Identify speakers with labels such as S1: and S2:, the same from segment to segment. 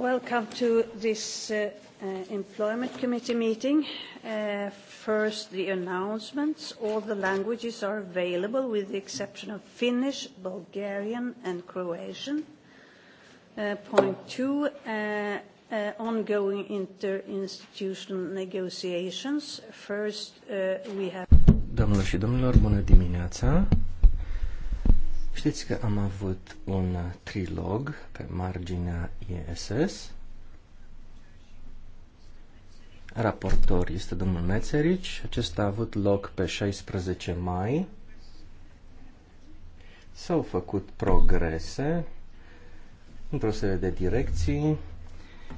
S1: Welcome to this uh, uh, Employment Committee meeting. Uh, first, the announcements. All the languages are available with the exception of Finnish, Bulgarian and Croatian. Uh, point two, uh, uh, ongoing interinstitutional negotiations. First, uh, we have...
S2: Domnilor și domnilor, bună dimineața! Știți că am avut un trilog pe marginea ISS. Raportor este domnul Mețerici. Acesta a avut loc pe 16 mai. S-au făcut progrese într-o serie de direcții,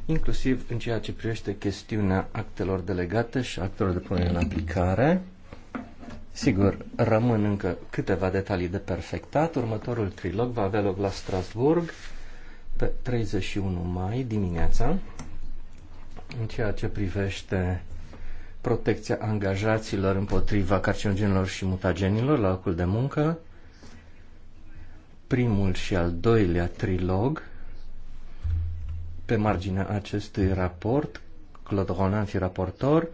S2: inclusiv în ceea ce privește chestiunea actelor delegate și actelor de punere în aplicare. Sigur, rămân încă câteva detalii de perfectat. Următorul trilog va avea loc la Strasburg pe 31 mai dimineața în ceea ce privește protecția angajaților împotriva carcinogenilor și mutagenilor la locul de muncă. Primul și al doilea trilog pe marginea acestui raport, Claude Ronan fi raportor,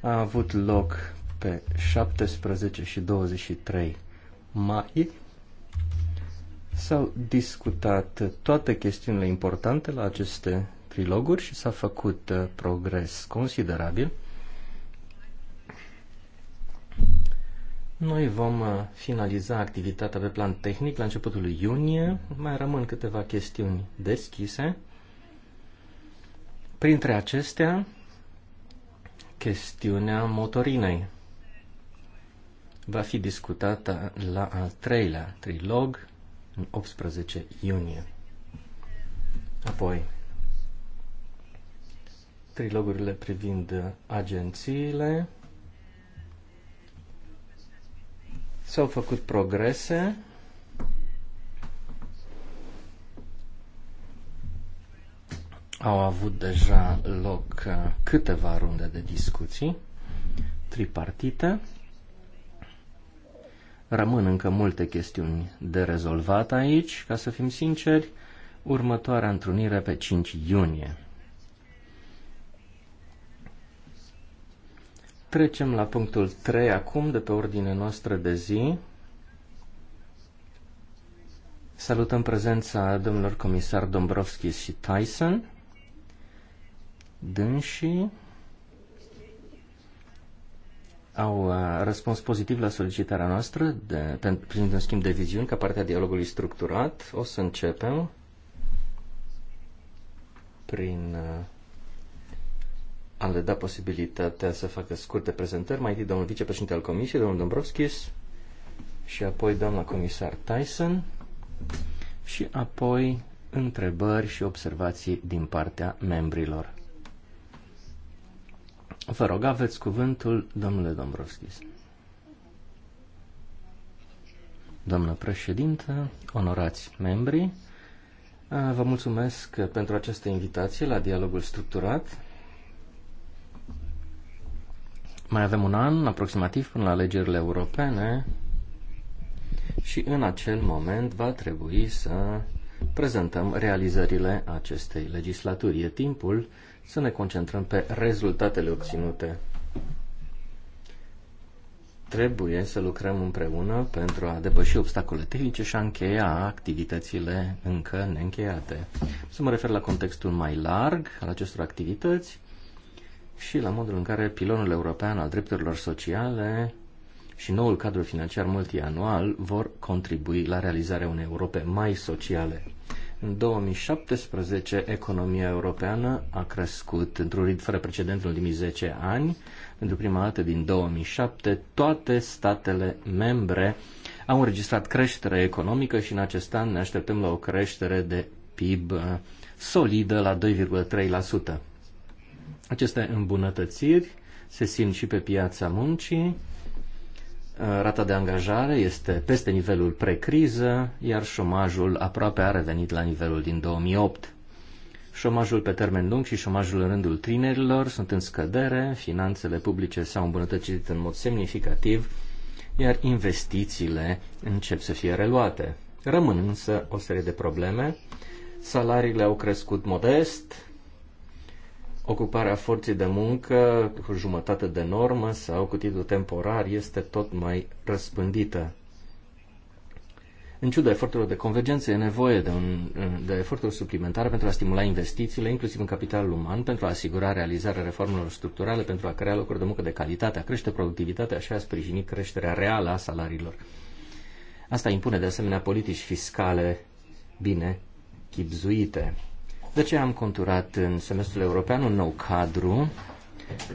S2: a avut loc pe 17 și 23 mai s-au discutat toate chestiunile importante la aceste triloguri și s-a făcut uh, progres considerabil. Noi vom uh, finaliza activitatea pe plan tehnic la începutul lui iunie. Mai rămân câteva chestiuni deschise. Printre acestea, chestiunea motorinei va fi discutată la al treilea trilog în 18 iunie. Apoi, trilogurile privind agențiile. S-au făcut progrese. Au avut deja loc câteva runde de discuții tripartite. Rămân încă multe chestiuni de rezolvat aici, ca să fim sinceri, următoarea întrunire pe 5 iunie. Trecem la punctul 3 acum de pe ordine noastră de zi. Salutăm prezența domnilor comisar Dombrovskis și Tyson. Dânsii au uh, răspuns pozitiv la solicitarea noastră de, de, prin un schimb de viziuni ca parte a dialogului structurat. O să începem prin uh, a le da posibilitatea să facă scurte prezentări. Mai întâi domnul vicepreședinte al Comisiei, domnul Dombrovskis, și apoi doamna comisar Tyson și apoi întrebări și observații din partea membrilor. Vă rog, aveți cuvântul, domnule Dombrovskis. Doamnă președintă, onorați membri, vă mulțumesc pentru această invitație la dialogul structurat. Mai avem un an aproximativ până la alegerile europene și în acel moment va trebui să prezentăm realizările acestei legislaturi. E timpul să ne concentrăm pe rezultatele obținute. Trebuie să lucrăm împreună pentru a depăși obstacole tehnice și a încheia activitățile încă neîncheiate. Să mă refer la contextul mai larg al acestor activități și la modul în care pilonul european al drepturilor sociale și noul cadru financiar multianual vor contribui la realizarea unei Europe mai sociale. În 2017, economia europeană a crescut într-un ritm fără precedent în ultimii 10 ani. Pentru prima dată din 2007, toate statele membre au înregistrat creștere economică și în acest an ne așteptăm la o creștere de PIB solidă la 2,3%. Aceste îmbunătățiri se simt și pe piața muncii Uh, rata de angajare este peste nivelul precriză, iar șomajul aproape a revenit la nivelul din 2008. Șomajul pe termen lung și șomajul în rândul tinerilor sunt în scădere, finanțele publice s-au îmbunătățit în mod semnificativ, iar investițiile încep să fie reluate. Rămân însă o serie de probleme. Salariile au crescut modest, ocuparea forței de muncă cu jumătate de normă sau cu titlu temporar este tot mai răspândită. În ciuda eforturilor de convergență, e nevoie de, un, de eforturi suplimentare pentru a stimula investițiile, inclusiv în capitalul uman, pentru a asigura realizarea reformelor structurale, pentru a crea locuri de muncă de calitate, a crește productivitatea și a sprijini creșterea reală a salariilor. Asta impune de asemenea politici fiscale bine chipzuite. De ce am conturat în semestrul european un nou cadru,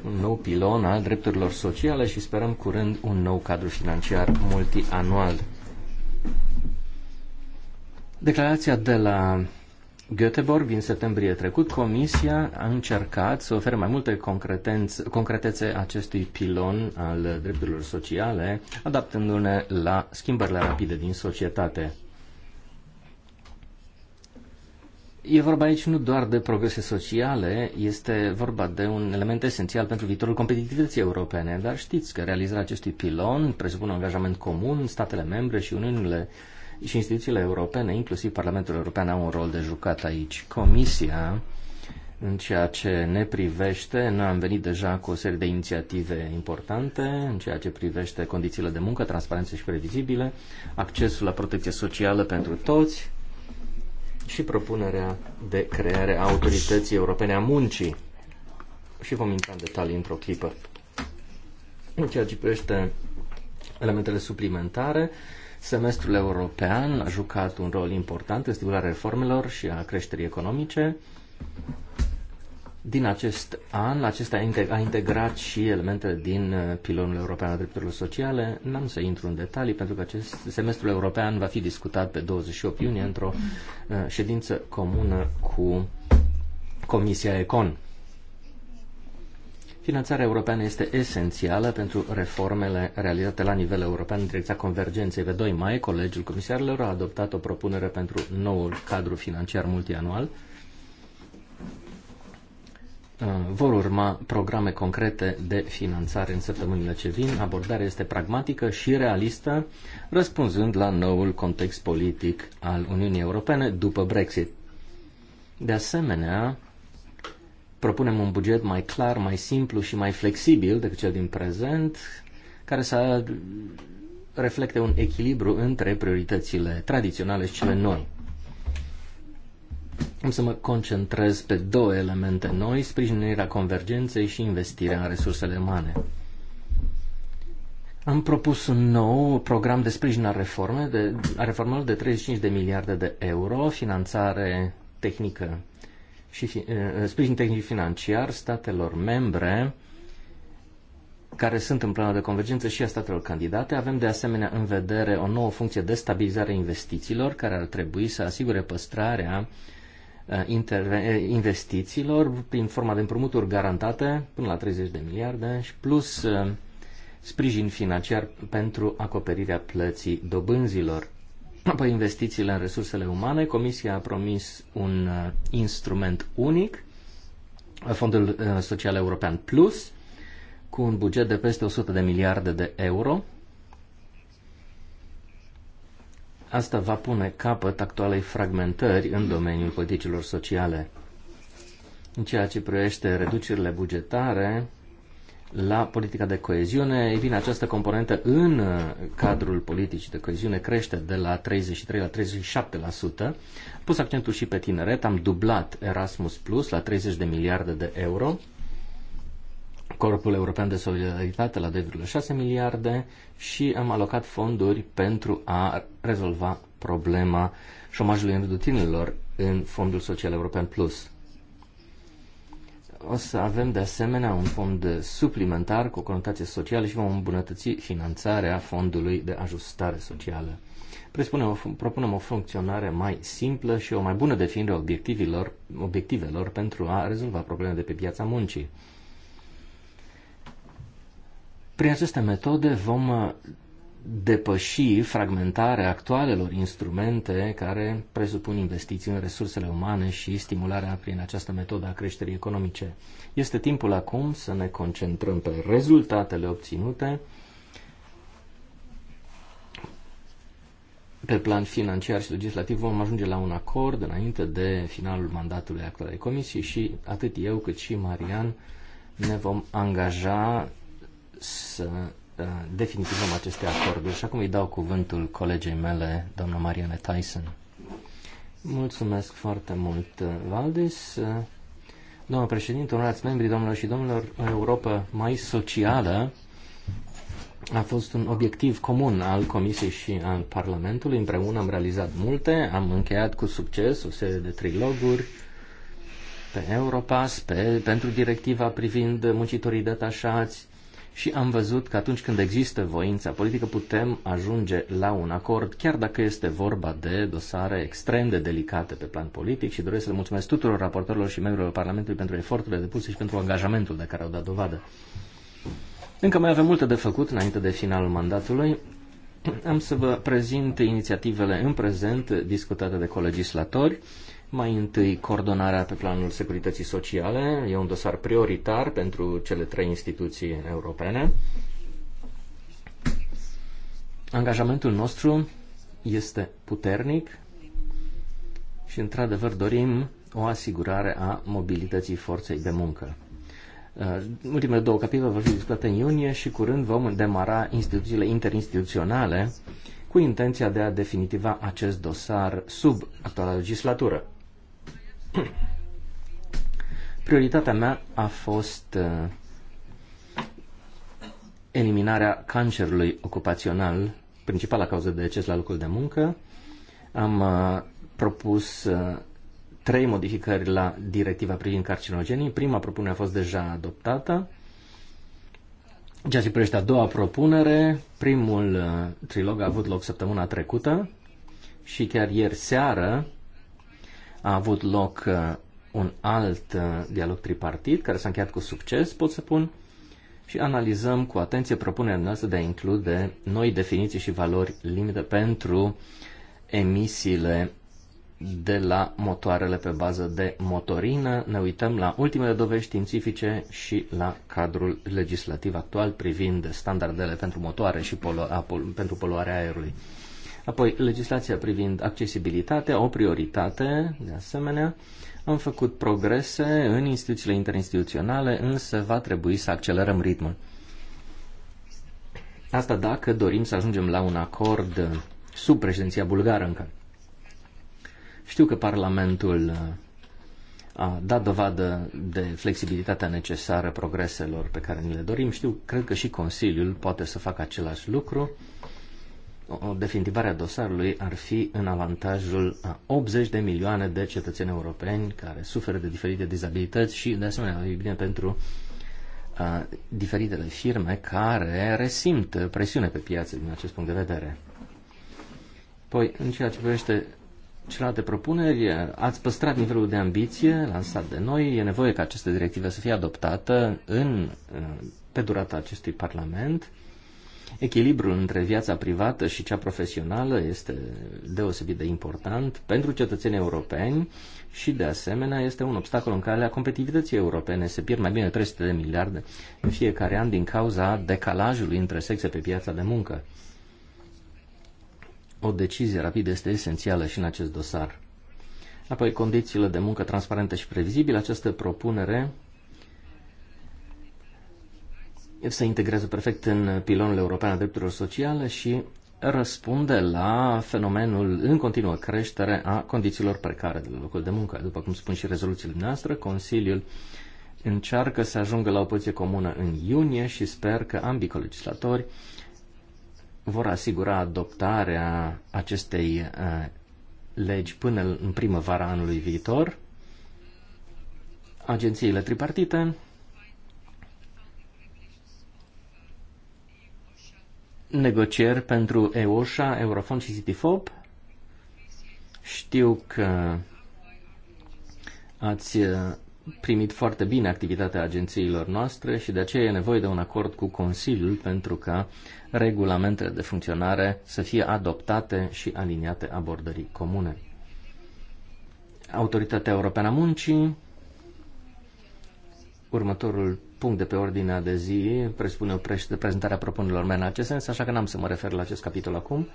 S2: un nou pilon al drepturilor sociale și sperăm curând un nou cadru financiar multianual. Declarația de la Göteborg din septembrie trecut, Comisia a încercat să ofere mai multe concretețe acestui pilon al drepturilor sociale, adaptându-ne la schimbările rapide din societate. E vorba aici nu doar de progrese sociale, este vorba de un element esențial pentru viitorul competitivității europene, dar știți că realizarea acestui pilon presupune un angajament comun, statele membre și uniunile și instituțiile europene, inclusiv Parlamentul European, au un rol de jucat aici. Comisia, în ceea ce ne privește, noi am venit deja cu o serie de inițiative importante în ceea ce privește condițiile de muncă, transparență și previzibile, accesul la protecție socială pentru toți, și propunerea de creare a Autorității Europene a Muncii. Și vom intra în detalii într-o clipă. În ceea ce privește elementele suplimentare, semestrul european a jucat un rol important în stimularea reformelor și a creșterii economice din acest an, acesta a integrat și elementele din uh, pilonul european al drepturilor sociale. N-am să intru în detalii, pentru că acest semestru european va fi discutat pe 28 iunie într-o uh, ședință comună cu Comisia Econ. Finanțarea europeană este esențială pentru reformele realizate la nivel european în direcția convergenței. Pe 2 mai, Colegiul Comisarilor a adoptat o propunere pentru noul cadru financiar multianual, Uh, vor urma programe concrete de finanțare în săptămânile ce vin. Abordarea este pragmatică și realistă, răspunzând la noul context politic al Uniunii Europene după Brexit. De asemenea, propunem un buget mai clar, mai simplu și mai flexibil decât cel din prezent, care să reflecte un echilibru între prioritățile tradiționale și cele noi. Am să mă concentrez pe două elemente noi, sprijinirea convergenței și investirea în resursele umane. Am propus un nou program de sprijin al reforme de, a reformelor de 35 de miliarde de euro, finanțare tehnică și sprijin tehnic financiar statelor membre care sunt în planul de convergență și a statelor candidate. Avem de asemenea în vedere o nouă funcție de stabilizare investițiilor care ar trebui să asigure păstrarea uh, Uh, eh, investițiilor prin forma de împrumuturi garantate până la 30 de miliarde și plus uh, sprijin financiar pentru acoperirea plății dobânzilor. Apoi investițiile în resursele umane. Comisia a promis un uh, instrument unic, Fondul Social European Plus, cu un buget de peste 100 de miliarde de euro Asta va pune capăt actualei fragmentări în domeniul politicilor sociale. În ceea ce privește reducerile bugetare la politica de coeziune, e bine, această componentă în cadrul politicii de coeziune crește de la 33 la 37%. Pus accentul și pe tineret, am dublat Erasmus Plus la 30 de miliarde de euro Corpul European de Solidaritate la 2,6 miliarde și am alocat fonduri pentru a rezolva problema șomajului în rândul tinerilor în Fondul Social European Plus. O să avem de asemenea un fond suplimentar cu o conotație socială și vom îmbunătăți finanțarea fondului de ajustare socială. Presupunem, propunem o funcționare mai simplă și o mai bună definire obiectivelor, obiectivelor pentru a rezolva probleme de pe piața muncii. Prin aceste metode vom uh, depăși fragmentarea actualelor instrumente care presupun investiții în resursele umane și stimularea prin această metodă a creșterii economice. Este timpul acum să ne concentrăm pe rezultatele obținute pe plan financiar și legislativ vom ajunge la un acord înainte de finalul mandatului actualei comisii și atât eu cât și Marian ne vom angaja să uh, definitivăm aceste acorduri. Și acum îi dau cuvântul colegei mele, doamna Marianne Tyson. Mulțumesc foarte mult, uh, Valdis. Uh, doamna președinte, onorați membri, domnilor și domnilor, o Europa mai socială a fost un obiectiv comun al Comisiei și al Parlamentului. Împreună am realizat multe, am încheiat cu succes o serie de triloguri pe Europass, pe, pentru directiva privind muncitorii detașați, și am văzut că atunci când există voința politică putem ajunge la un acord, chiar dacă este vorba de dosare extrem de delicate pe plan politic și doresc să le mulțumesc tuturor raportorilor și membrilor Parlamentului pentru eforturile depuse și pentru angajamentul de care au dat dovadă. Încă mai avem multe de făcut înainte de finalul mandatului. Am să vă prezint inițiativele în prezent discutate de colegislatori. Mai întâi, coordonarea pe planul securității sociale e un dosar prioritar pentru cele trei instituții europene. Angajamentul nostru este puternic și, într-adevăr, dorim o asigurare a mobilității forței de muncă. Uh, ultimele două capitole vor fi discutate în iunie și curând vom demara instituțiile interinstituționale cu intenția de a definitiva acest dosar sub actuala legislatură. Prioritatea mea a fost uh, eliminarea cancerului ocupațional, principala cauză de deces la locul de muncă. Am uh, propus uh, trei modificări la directiva privind carcinogenii. Prima propunere a fost deja adoptată. Ceea ce privește a doua propunere, primul trilog a avut loc săptămâna trecută și chiar ieri seară a avut loc uh, un alt uh, dialog tripartit care s-a încheiat cu succes, pot să pun, și analizăm cu atenție propunerea noastră de a include noi definiții și valori limite pentru emisiile de la motoarele pe bază de motorină. Ne uităm la ultimele dovești științifice și la cadrul legislativ actual privind standardele pentru motoare și polu- a, pentru poluarea aerului. Apoi, legislația privind accesibilitatea, o prioritate, de asemenea. Am făcut progrese în instituțiile interinstituționale, însă va trebui să accelerăm ritmul. Asta dacă dorim să ajungem la un acord sub președinția bulgară încă. Știu că Parlamentul a dat dovadă de flexibilitatea necesară progreselor pe care ni le dorim. Știu, cred că și Consiliul poate să facă același lucru o definitivare a dosarului ar fi în avantajul a 80 de milioane de cetățeni europeni care suferă de diferite dizabilități și, de asemenea, e bine pentru a, diferitele firme care resimt presiune pe piață din acest punct de vedere. Păi, în ceea ce privește celelalte propuneri, ați păstrat nivelul de ambiție lansat de noi. E nevoie ca aceste directive să fie adoptată în, pe durata acestui Parlament. Echilibrul între viața privată și cea profesională este deosebit de important pentru cetățenii europeni și, de asemenea, este un obstacol în calea competitivității europene. Se pierd mai bine 300 de miliarde în fiecare an din cauza decalajului între sexe pe piața de muncă. O decizie rapidă este esențială și în acest dosar. Apoi, condițiile de muncă transparente și previzibile. Această propunere se integrează perfect în pilonul european al drepturilor sociale și răspunde la fenomenul în continuă creștere a condițiilor precare de la locul de muncă. După cum spun și rezoluțiile noastre, Consiliul încearcă să ajungă la o poziție comună în iunie și sper că ambii colegislatori vor asigura adoptarea acestei uh, legi până în primăvara anului viitor. Agențiile tripartite negocieri pentru EOSHA, Eurofon și Citifop. Știu că ați uh, primit foarte bine activitatea agențiilor noastre și de aceea e nevoie de un acord cu Consiliul pentru ca regulamentele de funcționare să fie adoptate și aliniate abordării comune. Autoritatea Europeană a Muncii, următorul punct de pe ordinea de zi presupune o prezentare a propunerilor mele în acest sens, așa că n-am să mă refer la acest capitol acum.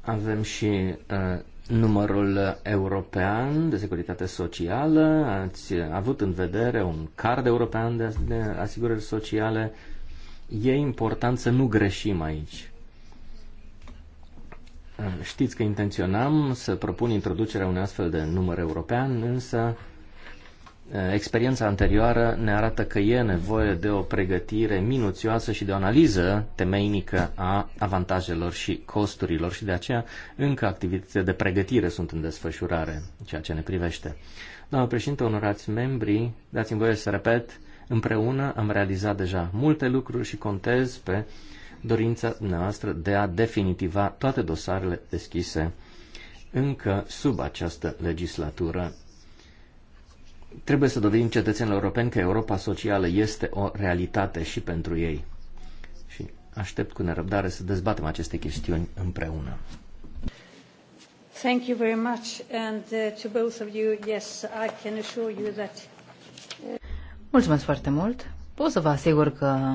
S2: Avem și uh, numărul european de securitate socială. Ați avut în vedere un card european de, de asigurări sociale. E important să nu greșim aici. Uh, știți că intenționam să propun introducerea unui astfel de număr european, însă uh, Eh, experiența anterioară ne arată că e nevoie de o pregătire minuțioasă și de o analiză temeinică a avantajelor și costurilor și de aceea încă activitățile de pregătire sunt în desfășurare, ceea ce ne privește. Doamna președinte, onorați membri, dați-mi voie să repet, împreună am realizat deja multe lucruri și contez pe dorința noastră de a definitiva toate dosarele deschise încă sub această legislatură Trebuie să dovedim cetățenilor europeni că Europa socială este o realitate și pentru ei. Și aștept cu nerăbdare să dezbatem aceste chestiuni împreună.
S1: Thank you very much and uh, to both of you, yes, I can assure you that
S3: uh, Mulțumesc foarte mult. Pot să vă asigur că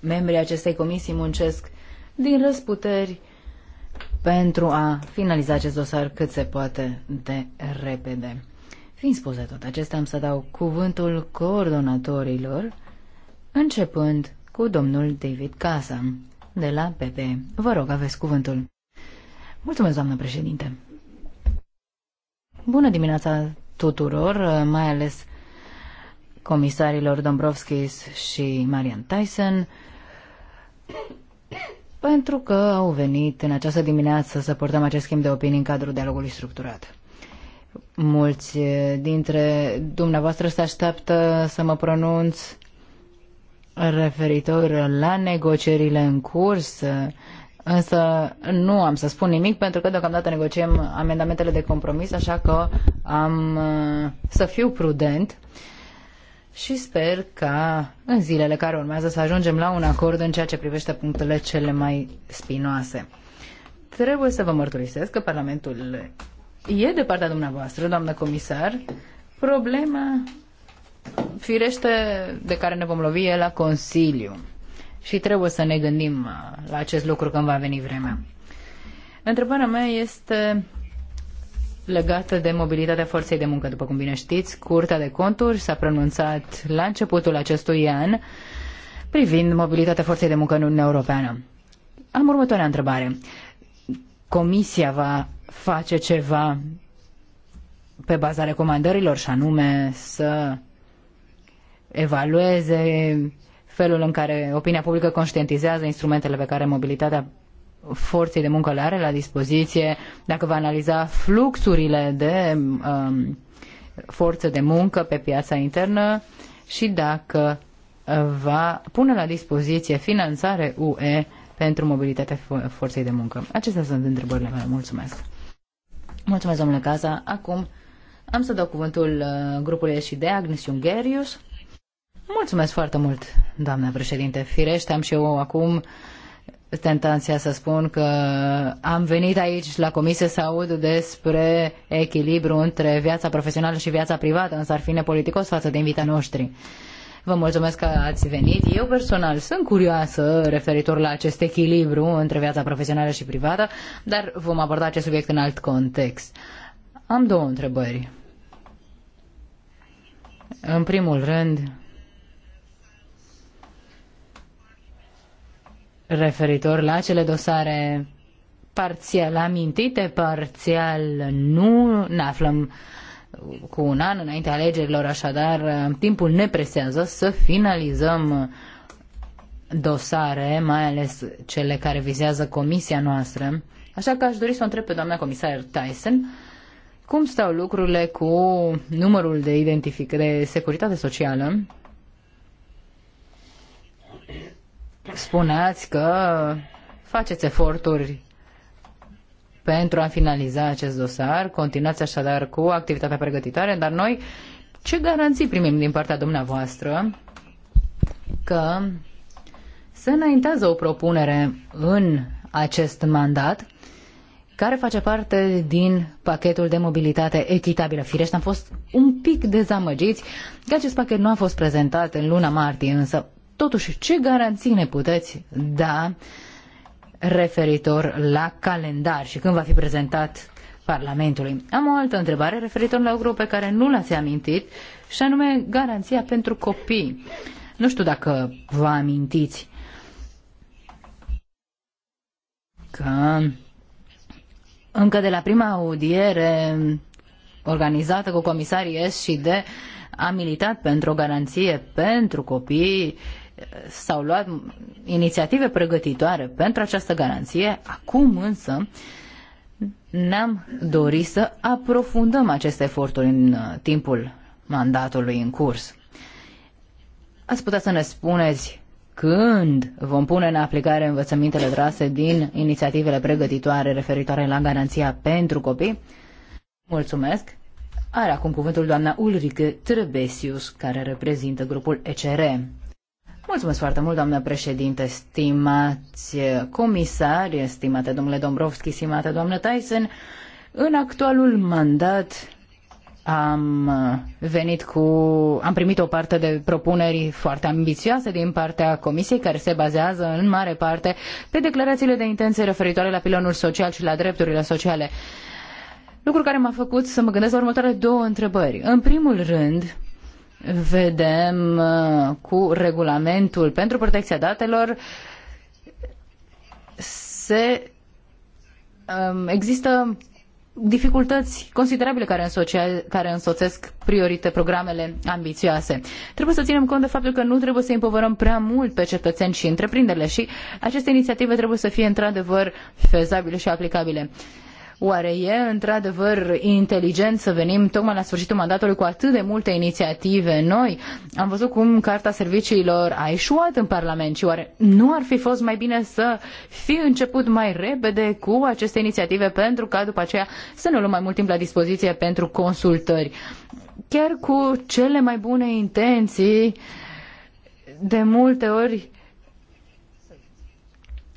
S3: membrii acestei comisii muncesc din răsputeri pentru a finaliza acest dosar cât se poate de repede. Fiind spuse tot acestea, am să dau cuvântul coordonatorilor, începând cu domnul David Casa, de la PP. Vă rog, aveți cuvântul. Mulțumesc, doamnă președinte. Bună dimineața tuturor, mai ales comisarilor Dombrovskis și Marian Tyson, pentru că au venit în această dimineață să portăm acest schimb de opinii în cadrul dialogului structurat. Mulți eh, dintre dumneavoastră se așteaptă să mă pronunț referitor la negocierile în curs, însă nu am să spun nimic pentru că deocamdată negociem amendamentele de compromis, așa că am eh, să fiu prudent și sper ca în zilele care urmează să ajungem la un acord în ceea ce privește punctele cele mai spinoase. Trebuie să vă mărturisesc că Parlamentul e de partea dumneavoastră, doamnă comisar. Problema, firește, de care ne vom lovi e la Consiliu. Și trebuie să ne gândim uh, la acest lucru când va veni vremea. Întrebarea mea este legată de mobilitatea forței de muncă. După cum bine știți, Curtea de Conturi s-a pronunțat la începutul acestui an privind mobilitatea forței de muncă în Uniunea Europeană. Am următoarea întrebare. Comisia va face ceva pe baza recomandărilor și anume să evalueze felul în care opinia publică conștientizează instrumentele pe care mobilitatea forței de muncă le are la dispoziție, dacă va analiza fluxurile de um, forță de muncă pe piața internă și dacă uh, va pune la dispoziție finanțare UE pentru mobilitatea forței de muncă. Acestea sunt întrebările mele. Mulțumesc! Mulțumesc, domnule Casa. Acum am să dau cuvântul uh, grupului și de Agnes Jungerius. Mulțumesc foarte mult, doamna președinte. Firește, am și eu acum tentația să spun că am venit aici la comisie să aud despre echilibru între viața profesională și viața privată, însă ar fi nepoliticos față de invita noștri. Vă mulțumesc că ați venit. Eu personal sunt curioasă referitor la acest echilibru între viața profesională și privată, dar vom aborda acest subiect în alt context. Am două întrebări. În primul rând, referitor la cele dosare parțial amintite, parțial nu ne aflăm uh, cu un an înainte alegerilor, așadar timpul ne presează să finalizăm dosare, mai ales cele care vizează comisia noastră. Așa că aș dori să o întreb pe doamna comisar Tyson cum stau lucrurile cu numărul de identificare de securitate socială. Spuneați că faceți eforturi pentru a finaliza acest dosar. Continuați așadar cu activitatea pregătitoare, dar noi ce garanții primim din partea dumneavoastră că se înaintează o propunere în acest mandat care face parte din pachetul de mobilitate echitabilă. Firește, am fost un pic dezamăgiți că acest pachet nu a fost prezentat în luna martie, însă totuși ce garanții ne puteți da uh, referitor la calendar și când va fi prezentat Parlamentului. Am o altă întrebare referitor la lucru pe care nu l-ați amintit și anume garanția pentru copii. Nu știu dacă vă amintiți că încă de la prima audiere organizată cu comisarii S și D, a militat pentru o garanție pentru copii s-au luat inițiative pregătitoare pentru această garanție, acum însă ne-am dorit să aprofundăm aceste eforturi în uh, timpul mandatului în curs. Ați putea să ne spuneți când vom pune în aplicare învățămintele trase din inițiativele pregătitoare referitoare la garanția pentru copii? Mulțumesc! Are acum cuvântul doamna Ulrike Trebesius, care reprezintă grupul ECR. Mulțumesc foarte mult, doamnă președinte, stimați comisari, stimate domnule Dombrovski, stimate doamnă Tyson. În actualul mandat am venit cu, am primit o parte de propuneri foarte ambițioase din partea Comisiei, care se bazează în mare parte pe declarațiile de intenție referitoare la pilonul social și la drepturile sociale. Lucru care m-a făcut să mă gândesc la următoarele două întrebări. În primul rând, vedem uh, cu regulamentul pentru protecția datelor se um, există dificultăți considerabile care, însocia, care însoțesc priorite programele ambițioase. Trebuie să ținem cont de faptul că nu trebuie să împovărăm prea mult pe cetățeni și întreprinderile și aceste inițiative trebuie să fie într-adevăr fezabile și aplicabile. Uh, Oare e într-adevăr inteligent să venim tocmai la sfârșitul mandatului cu atât de multe inițiative noi? Am văzut cum Carta Serviciilor a ieșuat în Parlament și oare nu ar fi fost mai bine să fi început mai repede cu aceste inițiative pentru ca după aceea să nu luăm mai mult timp la dispoziție pentru consultări? Chiar cu cele mai bune intenții, de multe ori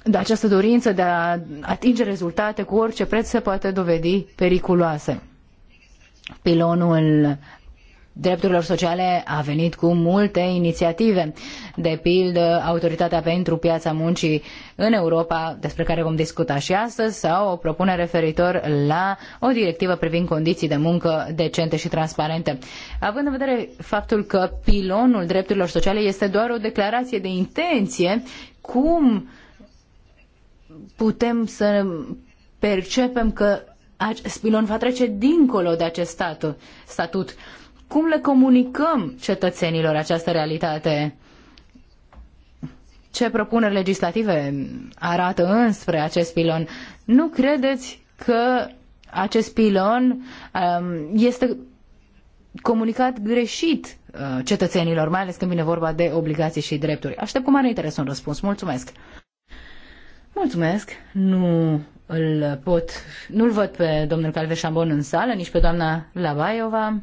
S3: de această dorință de a atinge rezultate cu orice preț se poate dovedi periculoase. Pilonul drepturilor sociale a venit cu multe inițiative, de pildă Autoritatea pentru Piața Muncii în Europa, despre care vom discuta și astăzi, sau o propunere referitor la o directivă privind condiții de muncă decente și transparente. Având în vedere faptul că pilonul drepturilor sociale este doar o declarație de intenție, cum uh, putem să percepem că Spilon va trece dincolo de acest statut. Cum le comunicăm cetățenilor această realitate? Ce propuneri legislative arată înspre acest pilon? Nu credeți că acest pilon um, este comunicat greșit uh, cetățenilor, mai ales când vine vorba de obligații și drepturi? Aștept cu mare interes un răspuns. Mulțumesc! Mulțumesc. Nu îl pot, nu-l văd pe domnul Calveșambon în sală, nici pe doamna Lavaiova.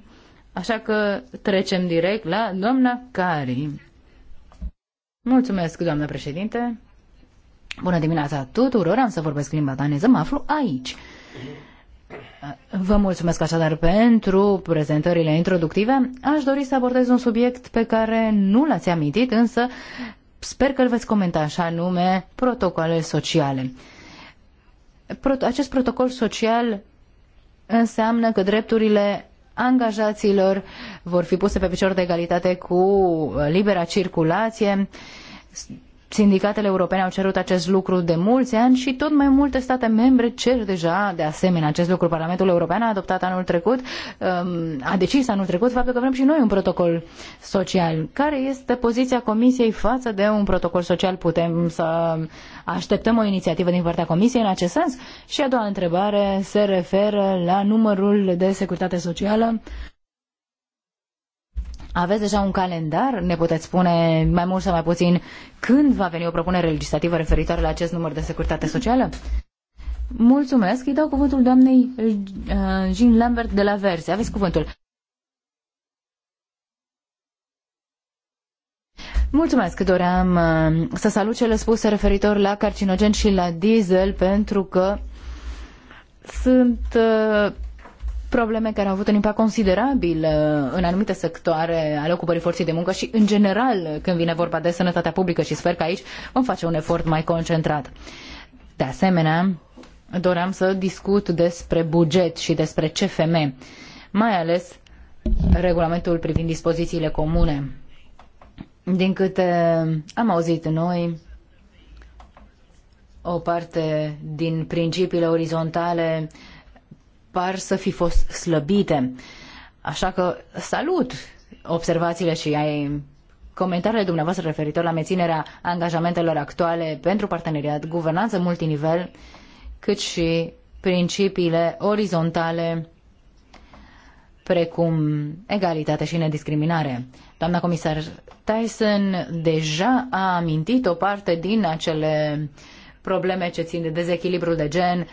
S3: așa că trecem direct la doamna Cari. Mulțumesc, doamnă președinte. Bună dimineața tuturor, am să vorbesc limba daneză, mă aflu aici. Vă mulțumesc așadar pentru prezentările introductive. Aș dori să abordez un subiect pe care nu l-ați amintit, însă sper că îl veți comenta, așa nume protocoale sociale. Acest protocol social înseamnă că drepturile angajaților vor fi puse pe picior de egalitate cu libera circulație, Sindicatele europene au cerut acest lucru de mulți ani și tot mai multe state membre cer deja de asemenea acest lucru. Parlamentul European a adoptat anul trecut, um, a decis anul trecut faptul că vrem și noi un protocol social. Care este poziția Comisiei față de un protocol social? Putem să așteptăm o inițiativă din partea Comisiei în acest sens? Și a doua întrebare se referă la numărul de securitate socială aveți deja un calendar? Ne puteți spune mai mult sau mai puțin când va veni o propunere legislativă referitoare la acest număr de securitate socială? Mulțumesc. Îi dau cuvântul doamnei uh, Jean Lambert de la Verse. Aveți cuvântul. Mulțumesc, doream uh, să salut cele spuse referitor la carcinogen și la diesel pentru că sunt uh, probleme care au avut un impact considerabil uh, în anumite sectoare ale ocupării forței de muncă și, în general, când vine vorba de sănătatea publică și sper că aici vom face un efort mai concentrat. De asemenea, doream să discut despre buget și despre CFM, mai ales regulamentul privind dispozițiile comune. Din câte am auzit noi, o parte din principiile orizontale par să fi fost slăbite. Așa că salut observațiile și ai comentariile dumneavoastră referitor la menținerea angajamentelor actuale pentru parteneriat, guvernanță multinivel, cât și principiile orizontale precum egalitate și nediscriminare. Doamna comisar Tyson deja a amintit o parte din acele probleme ce țin de dezechilibrul de gen,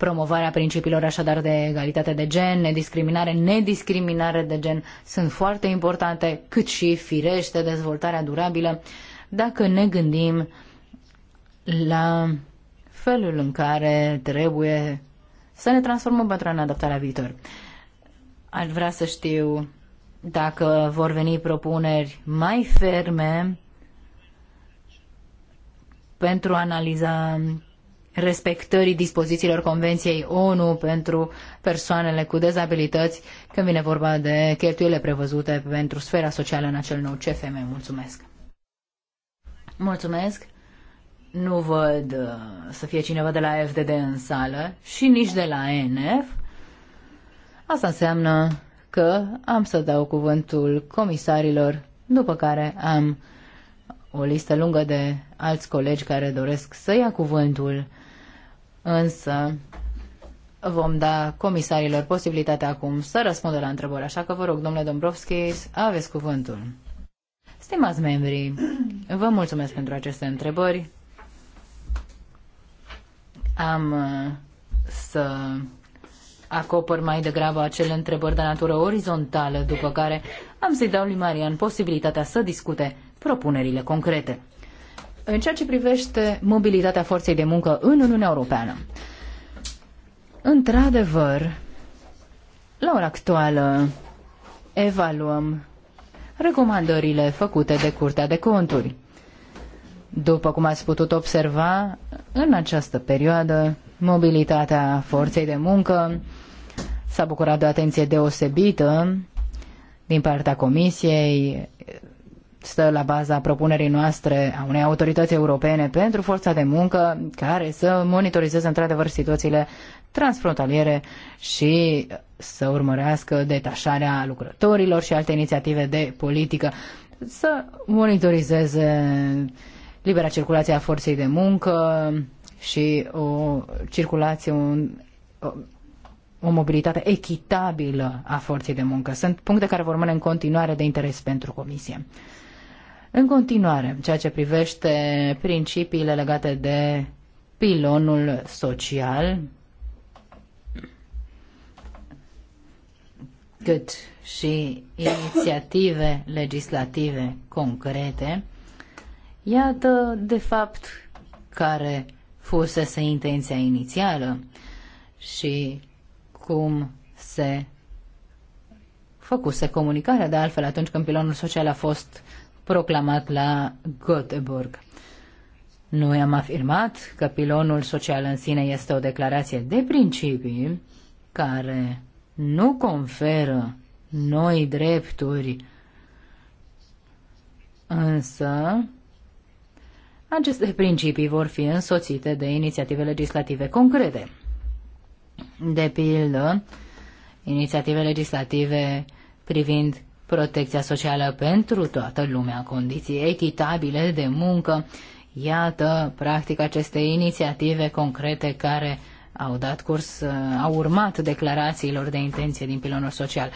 S3: promovarea principiilor așadar de egalitate de gen, nediscriminare, nediscriminare de gen sunt foarte importante, cât și firește dezvoltarea durabilă, dacă ne gândim la felul în care trebuie să ne transformăm pentru a ne adapta la viitor. Aș vrea să știu dacă vor veni propuneri mai ferme pentru a analiza respectării dispozițiilor Convenției ONU pentru persoanele cu dezabilități când vine vorba de cheltuielile prevăzute pentru sfera socială în acel nou CFM. Mulțumesc! Mulțumesc! Nu văd uh, să fie cineva de la FDD în sală și nici de la NF. Asta înseamnă că am să dau cuvântul comisarilor, după care am o listă lungă de alți colegi care doresc să ia cuvântul însă vom da comisarilor posibilitatea acum să răspundă la întrebări, așa că vă rog, domnule Dombrovski, aveți cuvântul. Stimați membrii, vă mulțumesc pentru aceste întrebări. Am uh, să acopăr mai degrabă acele întrebări de natură orizontală, după care am să-i dau lui Marian posibilitatea să discute propunerile concrete în ceea ce privește mobilitatea forței de muncă în Uniunea Europeană. Într-adevăr, la ora actuală evaluăm recomandările făcute de Curtea de Conturi. După cum ați putut observa, în această perioadă, mobilitatea forței de muncă s-a bucurat de o atenție deosebită din partea Comisiei, stă la baza propunerii noastre a unei autorități europene pentru forța de muncă care să monitorizeze într-adevăr situațiile transfrontaliere și să urmărească detașarea lucrătorilor și alte inițiative de politică, să monitorizeze libera circulație a forței de muncă și o circulație, o, o mobilitate echitabilă a forței de muncă. Sunt puncte care vor rămâne în continuare de interes pentru Comisie. În continuare, ceea ce privește principiile legate de pilonul social, cât și inițiative legislative concrete, iată, de fapt, care fusese intenția inițială și cum se făcuse comunicarea, de altfel atunci când pilonul social a fost proclamat la Göteborg. Noi am afirmat că pilonul social în sine este o declarație de principii care nu conferă noi drepturi, însă aceste principii vor fi însoțite de inițiative legislative concrete. De pildă, inițiative legislative privind protecția socială pentru toată lumea, condiții echitabile de muncă. Iată, practic, aceste inițiative concrete care au dat curs, uh, au urmat declarațiilor de intenție din pilonul social.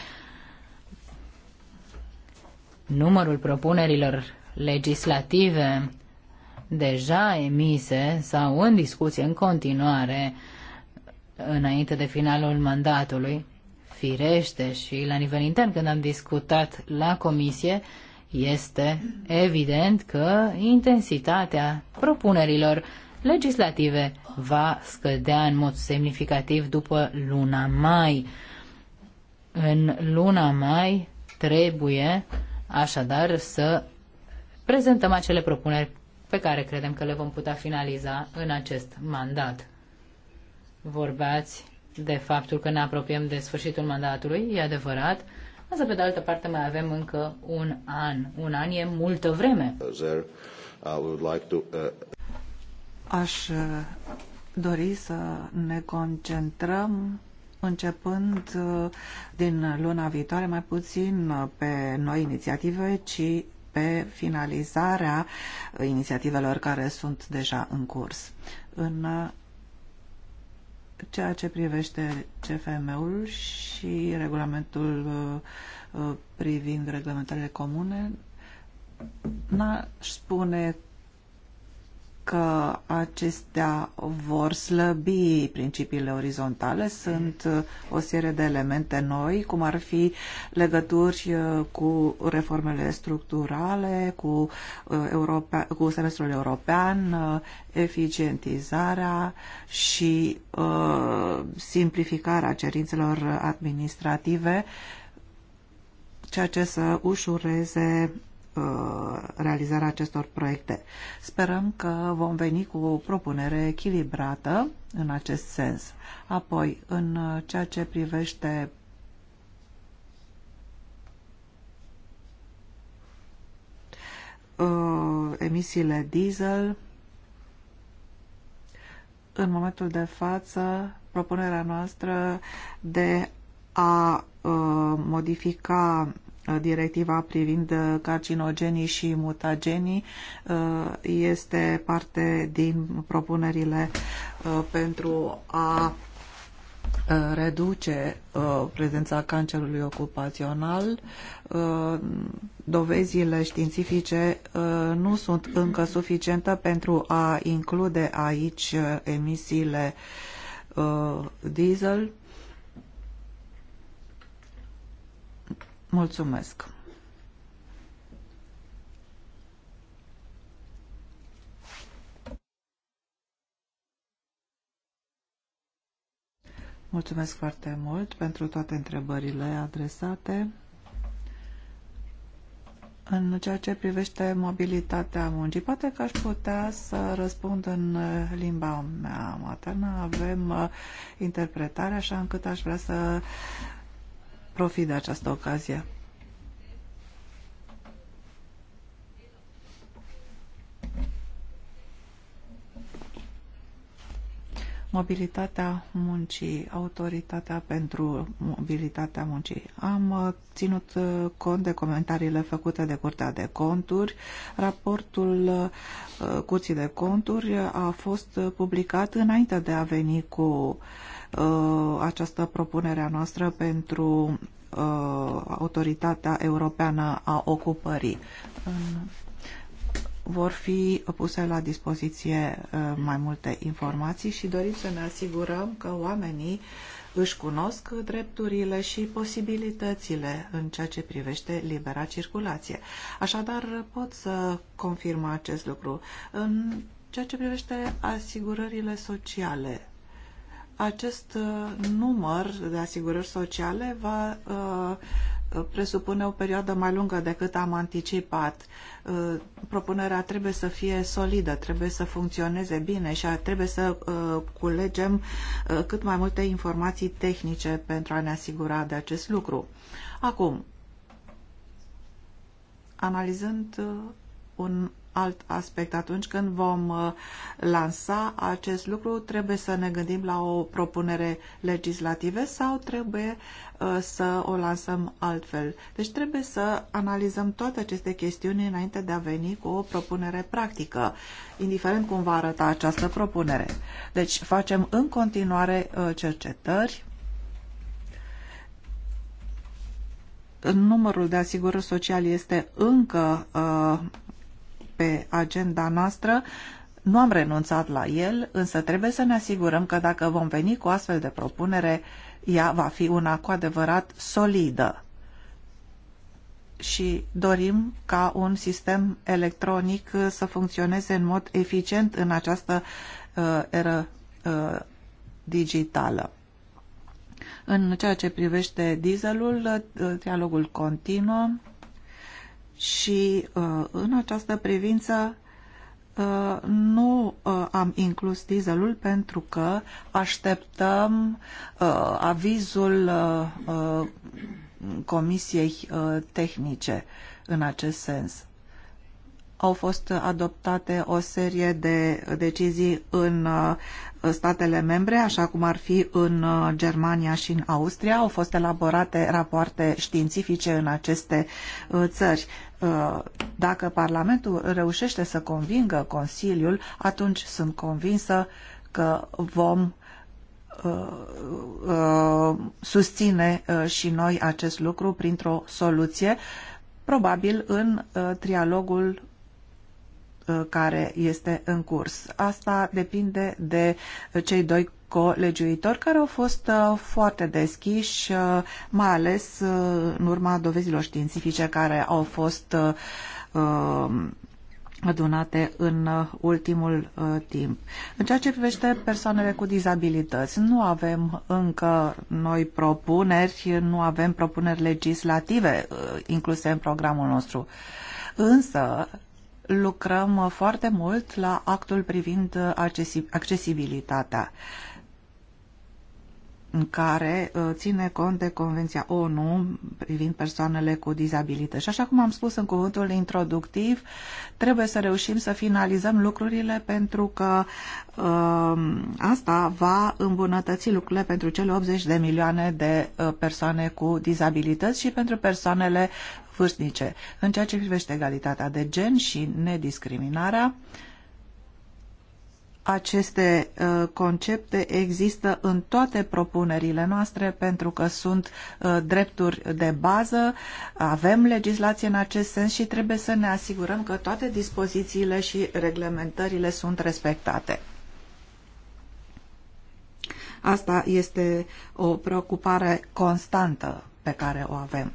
S3: Numărul propunerilor legislative deja emise sau în discuție în continuare înainte de finalul mandatului Firește și la nivel intern, când am discutat la comisie, este evident că intensitatea propunerilor legislative va scădea în mod semnificativ după luna mai. În luna mai trebuie așadar să prezentăm acele propuneri pe care credem că le vom putea finaliza în acest mandat. Vorbeați de faptul că ne apropiem de sfârșitul mandatului, e adevărat, însă pe de altă parte mai avem încă un an. Un an e multă vreme. Uh, Aș uh, dori să ne
S4: concentrăm începând uh, din luna viitoare, mai puțin pe noi inițiative, ci pe finalizarea inițiativelor care sunt deja în curs. În ceea ce privește CFM-ul și regulamentul uh, uh, privind reglementările comune, n-aș spune că acestea vor slăbi principiile orizontale. Sunt uh, o serie de elemente noi, cum ar fi legături uh, cu reformele structurale, cu, uh, europea, cu semestrul european, eficientizarea și simplificarea cerințelor administrative, ceea ce să ușureze Uh, realizarea acestor proiecte. Sperăm că vom veni cu o propunere echilibrată în acest sens. Apoi, în ceea ce privește uh, emisiile diesel, în momentul de față, propunerea noastră de a uh, modifica directiva privind uh, carcinogenii și mutagenii uh, este parte din propunerile uh, pentru a reduce prezența cancerului ocupațional. Dovezile științifice nu sunt încă suficiente pentru a include aici emisiile diesel Mulțumesc! Mulțumesc foarte mult pentru toate întrebările adresate. În ceea ce privește mobilitatea muncii, poate că aș putea să răspund în limba mea maternă. Avem uh, interpretare, așa încât aș vrea să profit de această ocazie. mobilitatea muncii, autoritatea pentru mobilitatea muncii. Am uh, ținut uh, cont de comentariile făcute de Curtea de Conturi. Raportul uh, Curții de Conturi a fost publicat înainte de a veni cu uh, Uh, această propunere a noastră pentru uh, Autoritatea Europeană a Ocupării. Vor fi puse la dispoziție uh, mai multe informații și dorim să ne asigurăm că oamenii își cunosc drepturile și posibilitățile în ceea ce privește libera circulație. Așadar, pot să confirm acest lucru. În ceea ce privește asigurările sociale, acest uh, număr de asigurări sociale va uh, presupune o perioadă mai lungă decât am anticipat. Uh, propunerea trebuie să fie solidă, trebuie să funcționeze bine și trebuie să culegem cât mai multe informații tehnice pentru a ne asigura de acest lucru. Acum, analizând un alt aspect. Atunci când vom uh, lansa acest lucru, trebuie să ne gândim la o propunere legislativă sau trebuie uh, să o lansăm altfel. Deci trebuie să analizăm toate aceste chestiuni înainte de a veni cu o propunere practică, indiferent cum va arăta această propunere. Deci facem în continuare uh, cercetări numărul de asigurări sociale este încă uh, pe agenda noastră. Nu am renunțat la el, însă trebuie să ne asigurăm că dacă vom veni cu astfel de propunere, ea va fi una cu adevărat solidă. Și dorim ca un sistem electronic uh, să funcționeze în mod eficient în această uh, eră uh, digitală. În ceea ce privește dieselul, uh, dialogul continuă și uh, în această privință uh, nu uh, am inclus dieselul pentru că așteptăm avizul Comisiei Tehnice în acest sens au fost adoptate o serie de decizii în uh, statele membre, așa cum ar fi în uh, Germania și în Austria. Au fost elaborate rapoarte științifice în aceste uh, țări. Dacă Parlamentul reușește să convingă Consiliul, atunci sunt convinsă că vom susține și noi acest lucru printr-o soluție, probabil în trialogul Uh, care este în curs. Asta depinde de cei doi colegiuitori care au fost uh, foarte deschiși, uh, mai ales în urma dovezilor științifice care au fost adunate în ultimul timp. În ceea ce privește persoanele cu dizabilități, nu avem încă noi propuneri, nu avem propuneri legislative incluse în programul nostru. Însă, lucrăm uh, foarte mult la actul privind uh, accesibilitatea în care uh, ține cont de Convenția ONU privind persoanele cu dizabilități. Și așa cum am spus în cuvântul introductiv, trebuie să reușim să finalizăm lucrurile pentru că asta va îmbunătăți lucrurile pentru cele 80 de milioane de persoane cu dizabilități și pentru persoanele vârstnice. În ceea ce privește egalitatea de gen și nediscriminarea, aceste uh, concepte există în toate propunerile noastre pentru că sunt uh, drepturi de bază, avem legislație în acest sens și trebuie să ne asigurăm că toate dispozițiile și reglementările sunt respectate. Asta este o preocupare constantă pe care o avem.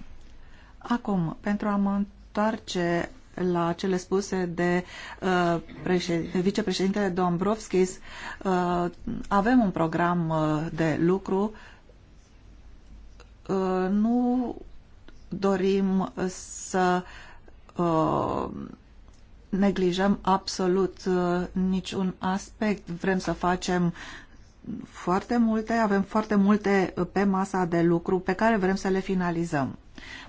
S4: Acum, pentru a mă întoarce la cele spuse de uh, vicepreședintele Dombrovskis, uh, avem un program uh, de lucru. Uh, nu dorim să uh, neglijăm absolut uh, niciun aspect. Vrem să facem foarte multe, avem foarte multe pe masa de lucru pe care vrem să le finalizăm.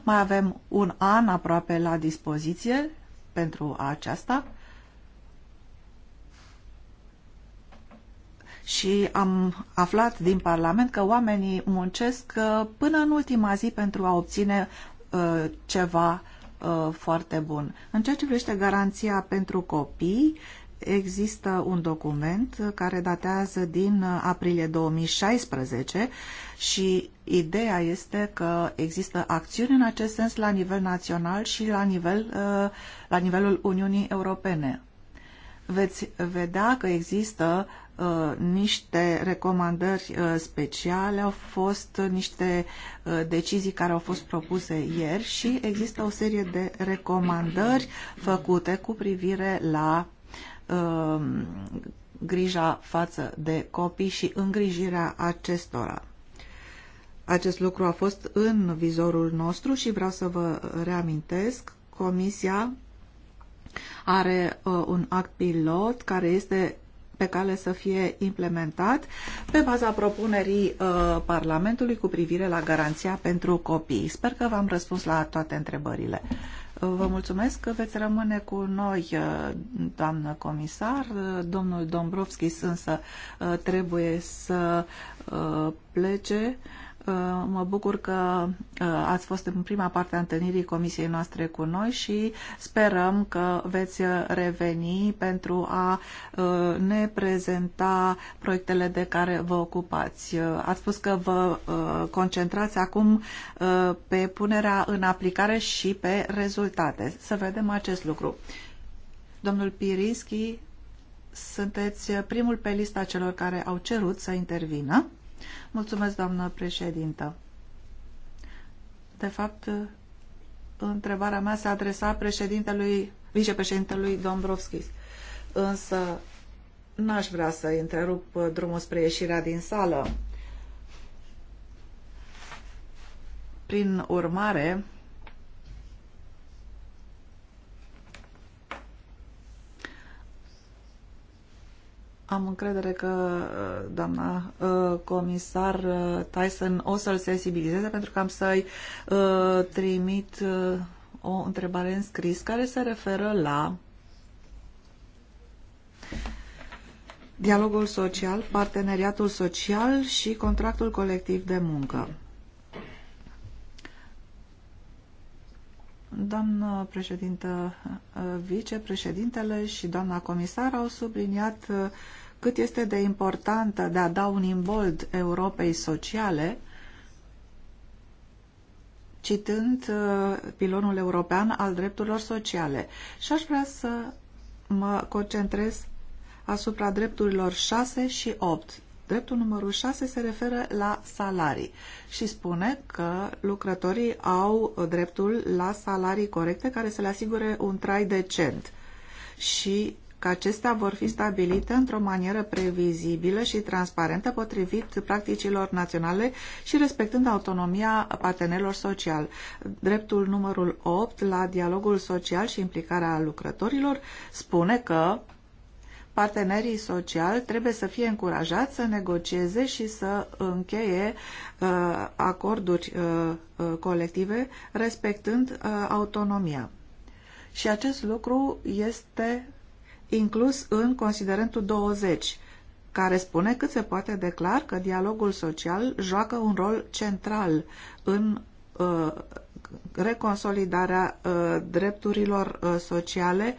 S4: Mai avem un an aproape la dispoziție pentru aceasta și am aflat din Parlament că oamenii muncesc uh, până în ultima zi pentru a obține uh, ceva uh, foarte bun. În ceea ce privește garanția pentru copii, există un document care datează din aprilie 2016 și ideea este că există acțiuni în acest sens la nivel național și la, nivel, uh, la nivelul Uniunii Europene. Veți vedea că există uh, niște recomandări uh, speciale, au fost niște decizii care au fost propuse ieri și există o serie de recomandări făcute cu privire la Um, grija față de copii și îngrijirea acestora. Acest lucru a fost în vizorul nostru și vreau să vă reamintesc, Comisia are uh, un act pilot care este pe cale să fie implementat pe baza propunerii uh, Parlamentului cu privire la garanția pentru copii. Sper că v-am răspuns la toate întrebările. Vă mulțumesc că veți rămâne cu noi, uh, doamnă comisar. Domnul Dombrovski, însă uh, trebuie să uh, plece. Uh, mă bucur că uh, ați fost în prima parte a întâlnirii comisiei noastre cu noi și sperăm că veți reveni pentru a uh, ne prezenta proiectele de care vă ocupați. Ați spus că vă concentrați acum pe punerea în aplicare și pe rezultate. Să vedem acest lucru. Domnul Pirinski, sunteți primul pe lista celor care au cerut să intervină. Mulțumesc, doamnă președintă. De fapt, întrebarea mea se adresa președintelui, vicepreședintelui Dombrovskis. Însă, n-aș vrea să întrerup drumul spre ieșirea din sală. Prin urmare, Am încredere că uh, doamna uh, comisar uh, Tyson o să-l sensibilizeze pentru că am să-i trimit o întrebare în scris care se referă la dialogul social, parteneriatul social și contractul colectiv de muncă. Doamna președintă, vicepreședintele și doamna comisar au subliniat cât este de importantă de a da un imbold Europei sociale, citând uh, pilonul european al drepturilor sociale. Și aș vrea să mă concentrez asupra drepturilor 6 și 8. Dreptul numărul 6 se referă la salarii și spune că lucrătorii au dreptul la salarii corecte care să le asigure un trai decent. Și că acestea vor fi stabilite într-o manieră previzibilă și transparentă potrivit practicilor naționale și respectând autonomia partenerilor social. Dreptul numărul 8 la dialogul social și implicarea lucrătorilor spune că partenerii sociali trebuie să fie încurajați să negocieze și să încheie uh, acorduri uh, uh colective respectând uh, autonomia. Și acest lucru este inclus în considerentul 20, care spune cât se poate declar că dialogul social joacă un rol central în uh, reconsolidarea uh, drepturilor uh, sociale,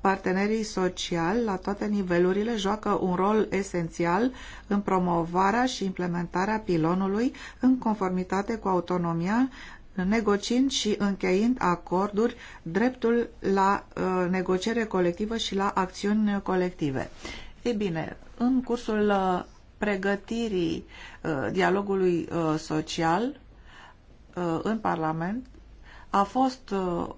S4: partenerii sociali la toate nivelurile joacă un rol esențial în promovarea și implementarea pilonului în conformitate cu autonomia, negociind și încheind acorduri, dreptul la uh, negociere colectivă și la acțiuni colective. Ei bine, în cursul uh, pregătirii uh, dialogului social în Parlament, a fost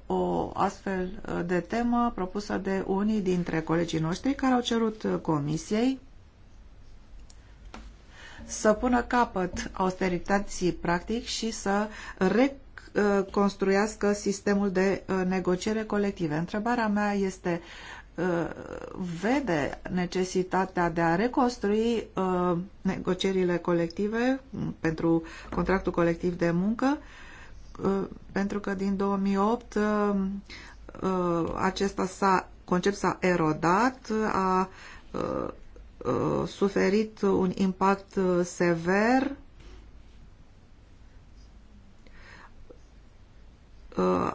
S4: o astfel de temă propusă de unii dintre colegii noștri care au cerut Comisiei să pună capăt austerității practic și să recunoască Uh, construiască sistemul de uh, negociere colective. Întrebarea mea este uh, vede necesitatea de a reconstrui negocierile colective mm, pentru contractul colectiv de muncă, pentru că din 2008 acesta s-a, concept s-a erodat, a suferit un impact sever Uh,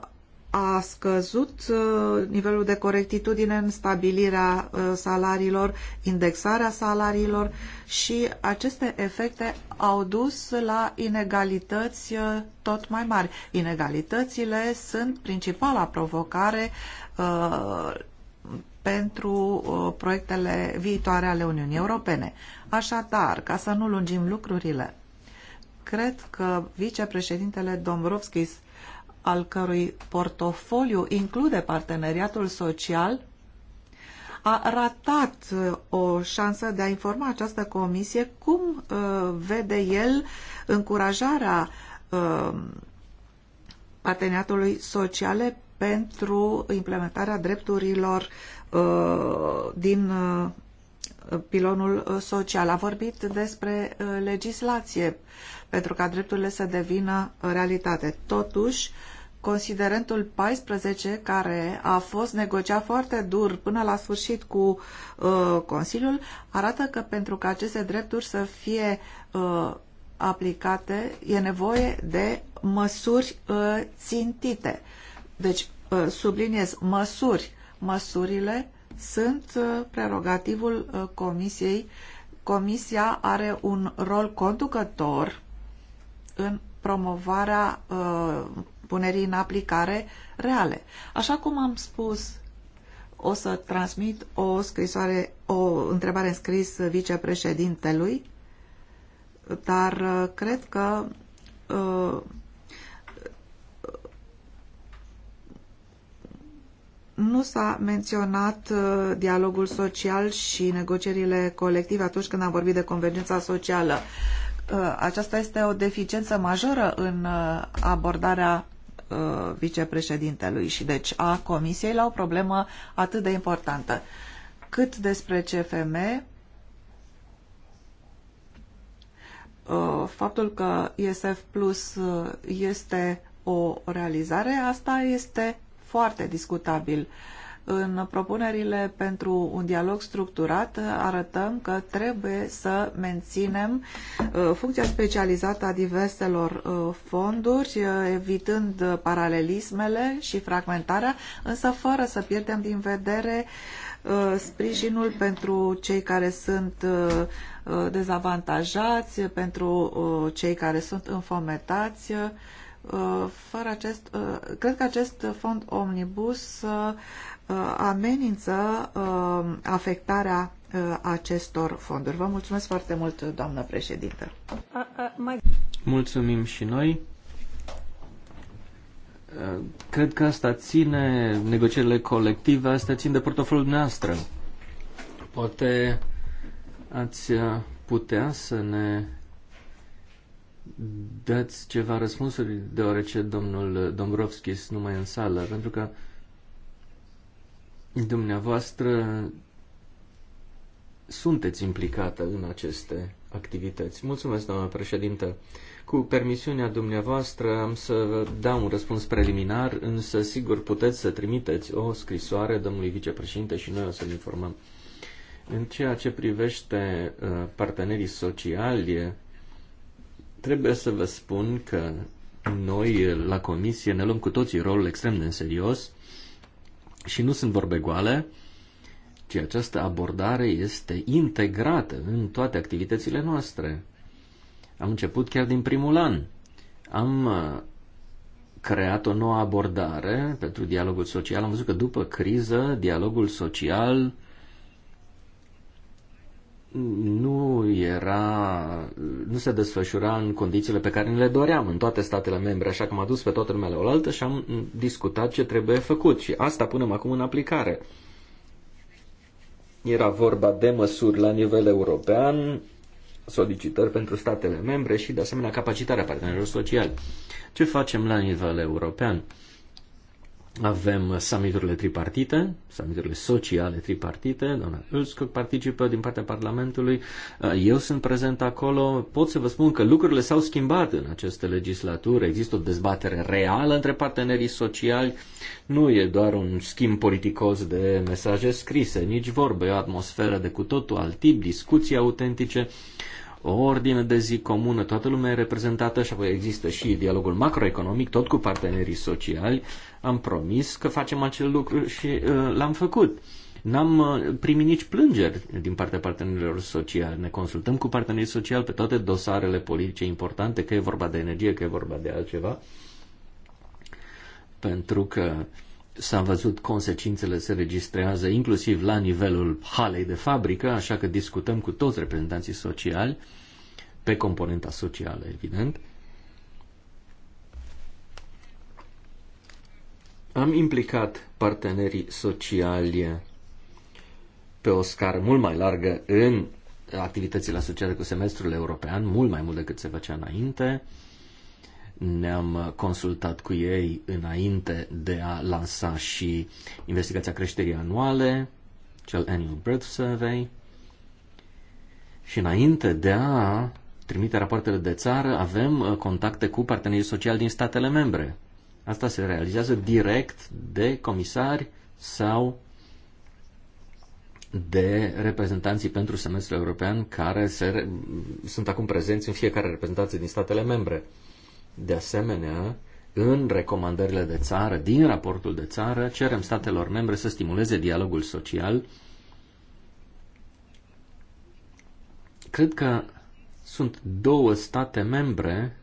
S4: a scăzut uh, nivelul de corectitudine în stabilirea uh, salariilor, indexarea salariilor și aceste efecte au dus la inegalități tot mai mari. Inegalitățile sunt principala provocare pentru proiectele viitoare ale Uniunii Europene. Așadar, ca să nu lungim lucrurile, cred că vicepreședintele Dombrovskis al cărui portofoliu include parteneriatul social, a ratat uh, o șansă de a informa această comisie cum uh, vede el încurajarea uh, parteneriatului sociale pentru implementarea drepturilor din pilonul social. A vorbit despre legislație pentru ca drepturile să devină realitate. Totuși, considerentul 14, care a fost negociat foarte dur până la sfârșit cu uh, Consiliul, arată că pentru ca aceste drepturi să fie uh, aplicate, e nevoie de măsuri uh, țintite. Deci, uh, subliniez, măsuri. Măsurile sunt uh, prerogativul uh, Comisiei. Comisia are un rol conducător în promovarea uh, punerii în aplicare reale. Așa cum am spus, o să transmit o scrisoare, o întrebare în scris vicepreședintelui, dar uh, cred că uh, nu s-a menționat uh, dialogul social și negocierile colective atunci când am vorbit de convergența socială. Aceasta este o deficiență majoră în abordarea Uh, vicepreședintelui și deci a Comisiei la o problemă atât de importantă. Cât despre CFM, uh, faptul că ISF Plus uh, este o realizare, asta este foarte discutabil. Uh, în propunerile pentru un dialog structurat arătăm că trebuie să menținem uh, funcția specializată a diverselor uh, fonduri, uh, evitând paralelismele și fragmentarea, însă fără să pierdem din vedere sprijinul pentru cei care sunt dezavantajați, pentru cei care sunt înfometați. Fără acest, cred că acest fond omnibus Uh, amenință uh, afectarea uh, acestor fonduri. Vă mulțumesc foarte mult, doamnă președintă.
S2: Mulțumim și noi. Cred că asta ține, negocierile colective, asta țin de portofoliul noastră. Poate ați putea să ne dați ceva răspunsuri, deoarece domnul Dombrovskis nu mai e în sală, pentru că Dumneavoastră sunteți implicată în aceste activități. Mulțumesc, doamna președintă. Cu permisiunea dumneavoastră am să vă dau un răspuns preliminar, însă sigur puteți să trimiteți o scrisoare domnului vicepreședinte și noi o să-l informăm. În ceea ce privește uh, partenerii sociali, trebuie să vă spun că noi la comisie ne luăm cu toții rolul extrem de în serios și nu sunt vorbe goale, ci această abordare este integrată în toate activitățile noastre. Am început chiar din primul an. Am uh, creat o nouă abordare pentru dialogul social. Am văzut că după criză, dialogul social nu era, nu se desfășura în condițiile pe care ni le doream în toate statele membre, așa că am adus pe toată lumea la oaltă și am discutat ce trebuie făcut și asta punem acum în aplicare. Era vorba de măsuri la nivel european, solicitări pentru statele membre și, de asemenea, capacitarea partenerilor sociali. Ce facem la nivel european? Uh, avem summiturile tripartite, summiturile sociale tripartite, doamna Ulskog participă din partea Parlamentului, eh, eu sunt prezent acolo, pot să vă spun că lucrurile s-au schimbat în aceste legislatură, există o dezbatere reală între partenerii sociali, nu e doar un schimb politicos de mesaje scrise, nici vorbe, o atmosferă de cu totul alt tip, discuții autentice, o ordine de zi comună, toată lumea e reprezentată și apoi există și dialogul macroeconomic, tot cu partenerii sociali, am promis că facem acel lucru și uh, l-am făcut. N-am uh, primit nici plângeri din partea partenerilor sociali. Ne consultăm cu partenerii sociali pe toate dosarele politice importante, că e vorba de energie, că e vorba de altceva, pentru că s-a văzut consecințele se registrează inclusiv la nivelul halei de fabrică, așa că discutăm cu toți reprezentanții sociali pe componenta socială, evident, Am implicat partenerii sociali pe o scară mult mai largă în activitățile asociate cu semestrul european, mult mai mult decât se făcea înainte. Ne-am consultat cu ei înainte de a lansa și investigația creșterii anuale, cel Annual Birth Survey, și înainte de a trimite rapoartele de țară, avem uh, contacte cu partenerii sociali din statele membre. Asta se realizează direct de comisari sau de reprezentanții pentru semestrul european care se, sunt acum prezenți în fiecare reprezentanță din statele membre. De asemenea, în recomandările de țară, din raportul de țară, cerem statelor membre să stimuleze dialogul social. Cred că sunt două state membre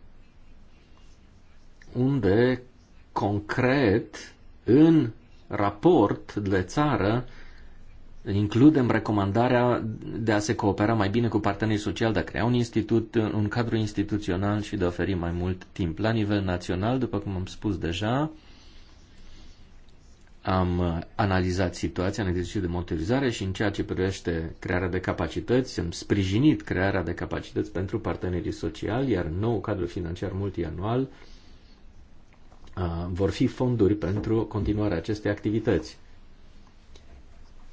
S2: unde concret în raport de țară includem recomandarea de a se coopera mai bine cu partenerii sociali, de a crea un institut, un cadru instituțional și de a oferi mai mult timp. La nivel național, după cum am spus deja, am analizat situația în exercițiu de motorizare și în ceea ce privește crearea de capacități, am sprijinit crearea de capacități pentru partenerii sociali, iar nou cadru financiar multianual vor fi fonduri pentru continuarea acestei activități.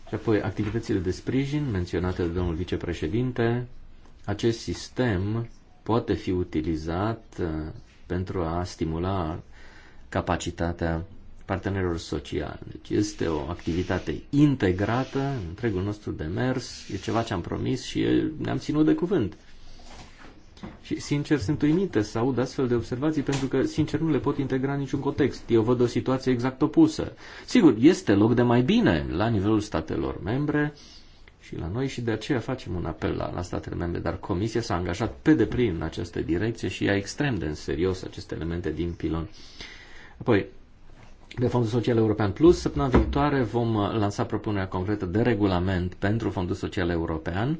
S2: Și apoi activitățile de sprijin menționate de domnul vicepreședinte, acest sistem poate fi utilizat pentru a stimula capacitatea partenerilor sociali. Deci este o activitate integrată, întregul nostru demers, e ceva ce am promis și ne-am ținut de cuvânt. Și, sincer, sunt uimită să aud astfel de observații pentru că, sincer, nu le pot integra în niciun context. Eu văd o situație exact opusă. Sigur, este loc de mai bine la nivelul statelor membre și la noi și de aceea facem un apel la, la statele membre, dar Comisia s-a angajat pe deplin în această direcție și ia extrem de în serios aceste elemente din pilon. Apoi, de Fondul Social European Plus, săptămâna viitoare vom lansa propunerea concretă de regulament pentru Fondul Social European. Uh,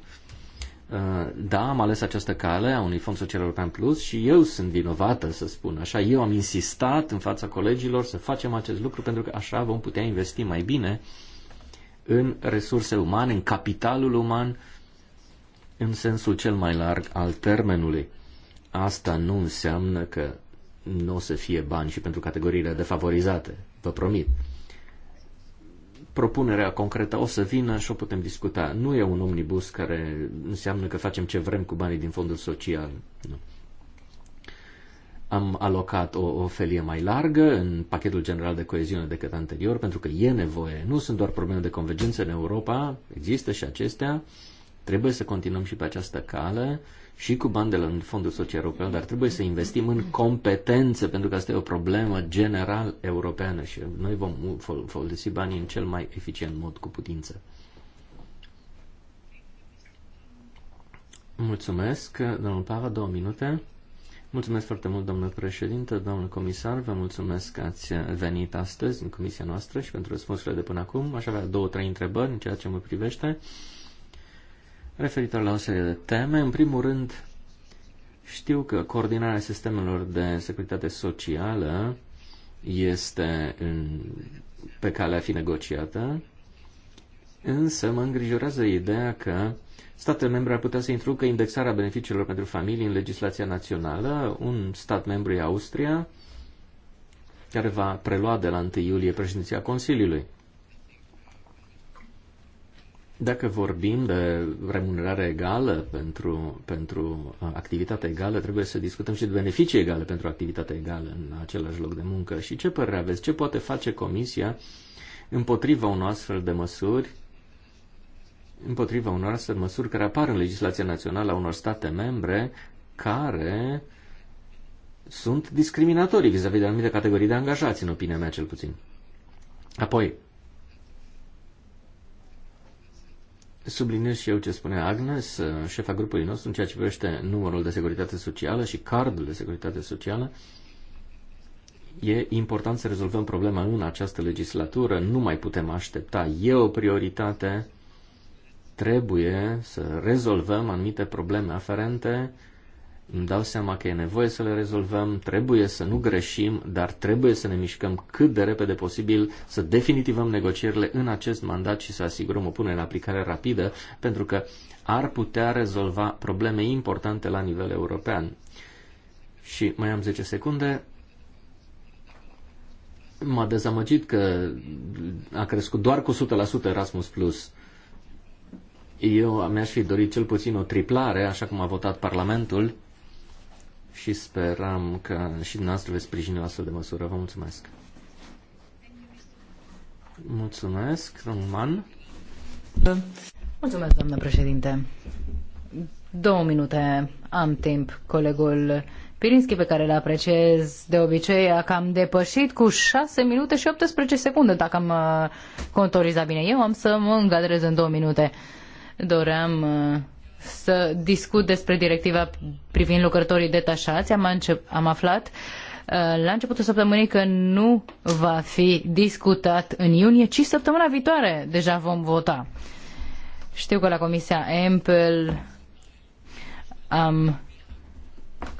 S2: Uh, da, am ales această cale a unui fond social european plus și eu sunt vinovată, să spun așa. Eu am insistat în fața colegilor să facem acest lucru pentru că așa vom putea investi mai bine în resurse umane, în capitalul uman, în sensul cel mai larg al termenului. Asta nu înseamnă că nu o să fie bani și pentru categoriile defavorizate, vă promit propunerea concretă o să vină și o putem discuta. Nu e un omnibus care înseamnă că facem ce vrem cu banii din fondul social. Nu. Am alocat o, o felie mai largă în pachetul general de coeziune decât anterior, pentru că e nevoie. Nu sunt doar probleme de convergență în Europa, există și acestea. Uh, Trebuie să continuăm și pe această cale și cu bani de la Fondul Social European, dar trebuie să investim în competențe, pentru că asta e o problemă general europeană și noi vom folosi banii în cel mai eficient mod cu putință. Mulțumesc, domnul Pava, două minute. Mulțumesc foarte mult, domnule președinte, domnule comisar, vă mulțumesc că ați venit astăzi în comisia noastră și pentru răspunsurile de până acum. Aș avea două, trei întrebări în ceea ce mă privește. Uh, referitor la o serie de teme. În primul rând, știu că coordinarea sistemelor de securitate socială este în, pe calea a fi negociată, însă mă îngrijorează ideea că statele membre ar putea să introducă indexarea beneficiilor pentru familii în legislația națională. Un stat membru e Austria, care va prelua de la 1 iulie președinția Consiliului. Dacă vorbim de remunerare egală pentru, pentru uh, activitate egală, trebuie să discutăm și de beneficii egale pentru activitate egală în același loc de muncă. Și ce părere aveți? Ce poate face Comisia împotriva unor astfel de măsuri, împotriva unor astfel de măsuri care apar în legislația națională a unor state membre care sunt discriminatorii vis-a-vis -vis de anumite categorii de angajați, în opinia mea cel puțin. Apoi, Subliniez și eu ce spune Agnes, șefa grupului nostru, în ceea ce privește numărul de securitate socială și cardul de securitate socială. E important să rezolvăm problema în această legislatură, nu mai putem aștepta. E o prioritate, trebuie să rezolvăm anumite probleme aferente îmi dau seama că e nevoie să le rezolvăm, trebuie să nu greșim, dar trebuie să ne mișcăm cât de repede posibil, să definitivăm negocierile în acest mandat și să asigurăm o punere în aplicare rapidă, pentru că ar putea rezolva probleme importante la nivel european. Și mai am 10 secunde. M-a dezamăgit că a crescut doar cu 100% Erasmus Plus. Eu mi-aș fi dorit cel puțin o triplare, așa cum a votat Parlamentul, și sperăm că și dumneavoastră veți sprijini o astfel de măsură. Vă mulțumesc! Mulțumesc, Roman.
S3: Mulțumesc, doamnă președinte. Două minute am timp. Colegul Pirinski, pe care îl apreciez de obicei, a cam depășit cu 6 minute și 18 secunde, dacă am uh, contorizat bine. Eu am să mă îngadrez în două minute. Doream uh, să discut despre directiva privind lucrătorii detașați. Am, încep, am aflat uh, la începutul săptămânii că nu va fi discutat în iunie, ci săptămâna viitoare deja vom vota. Știu că la Comisia Empel am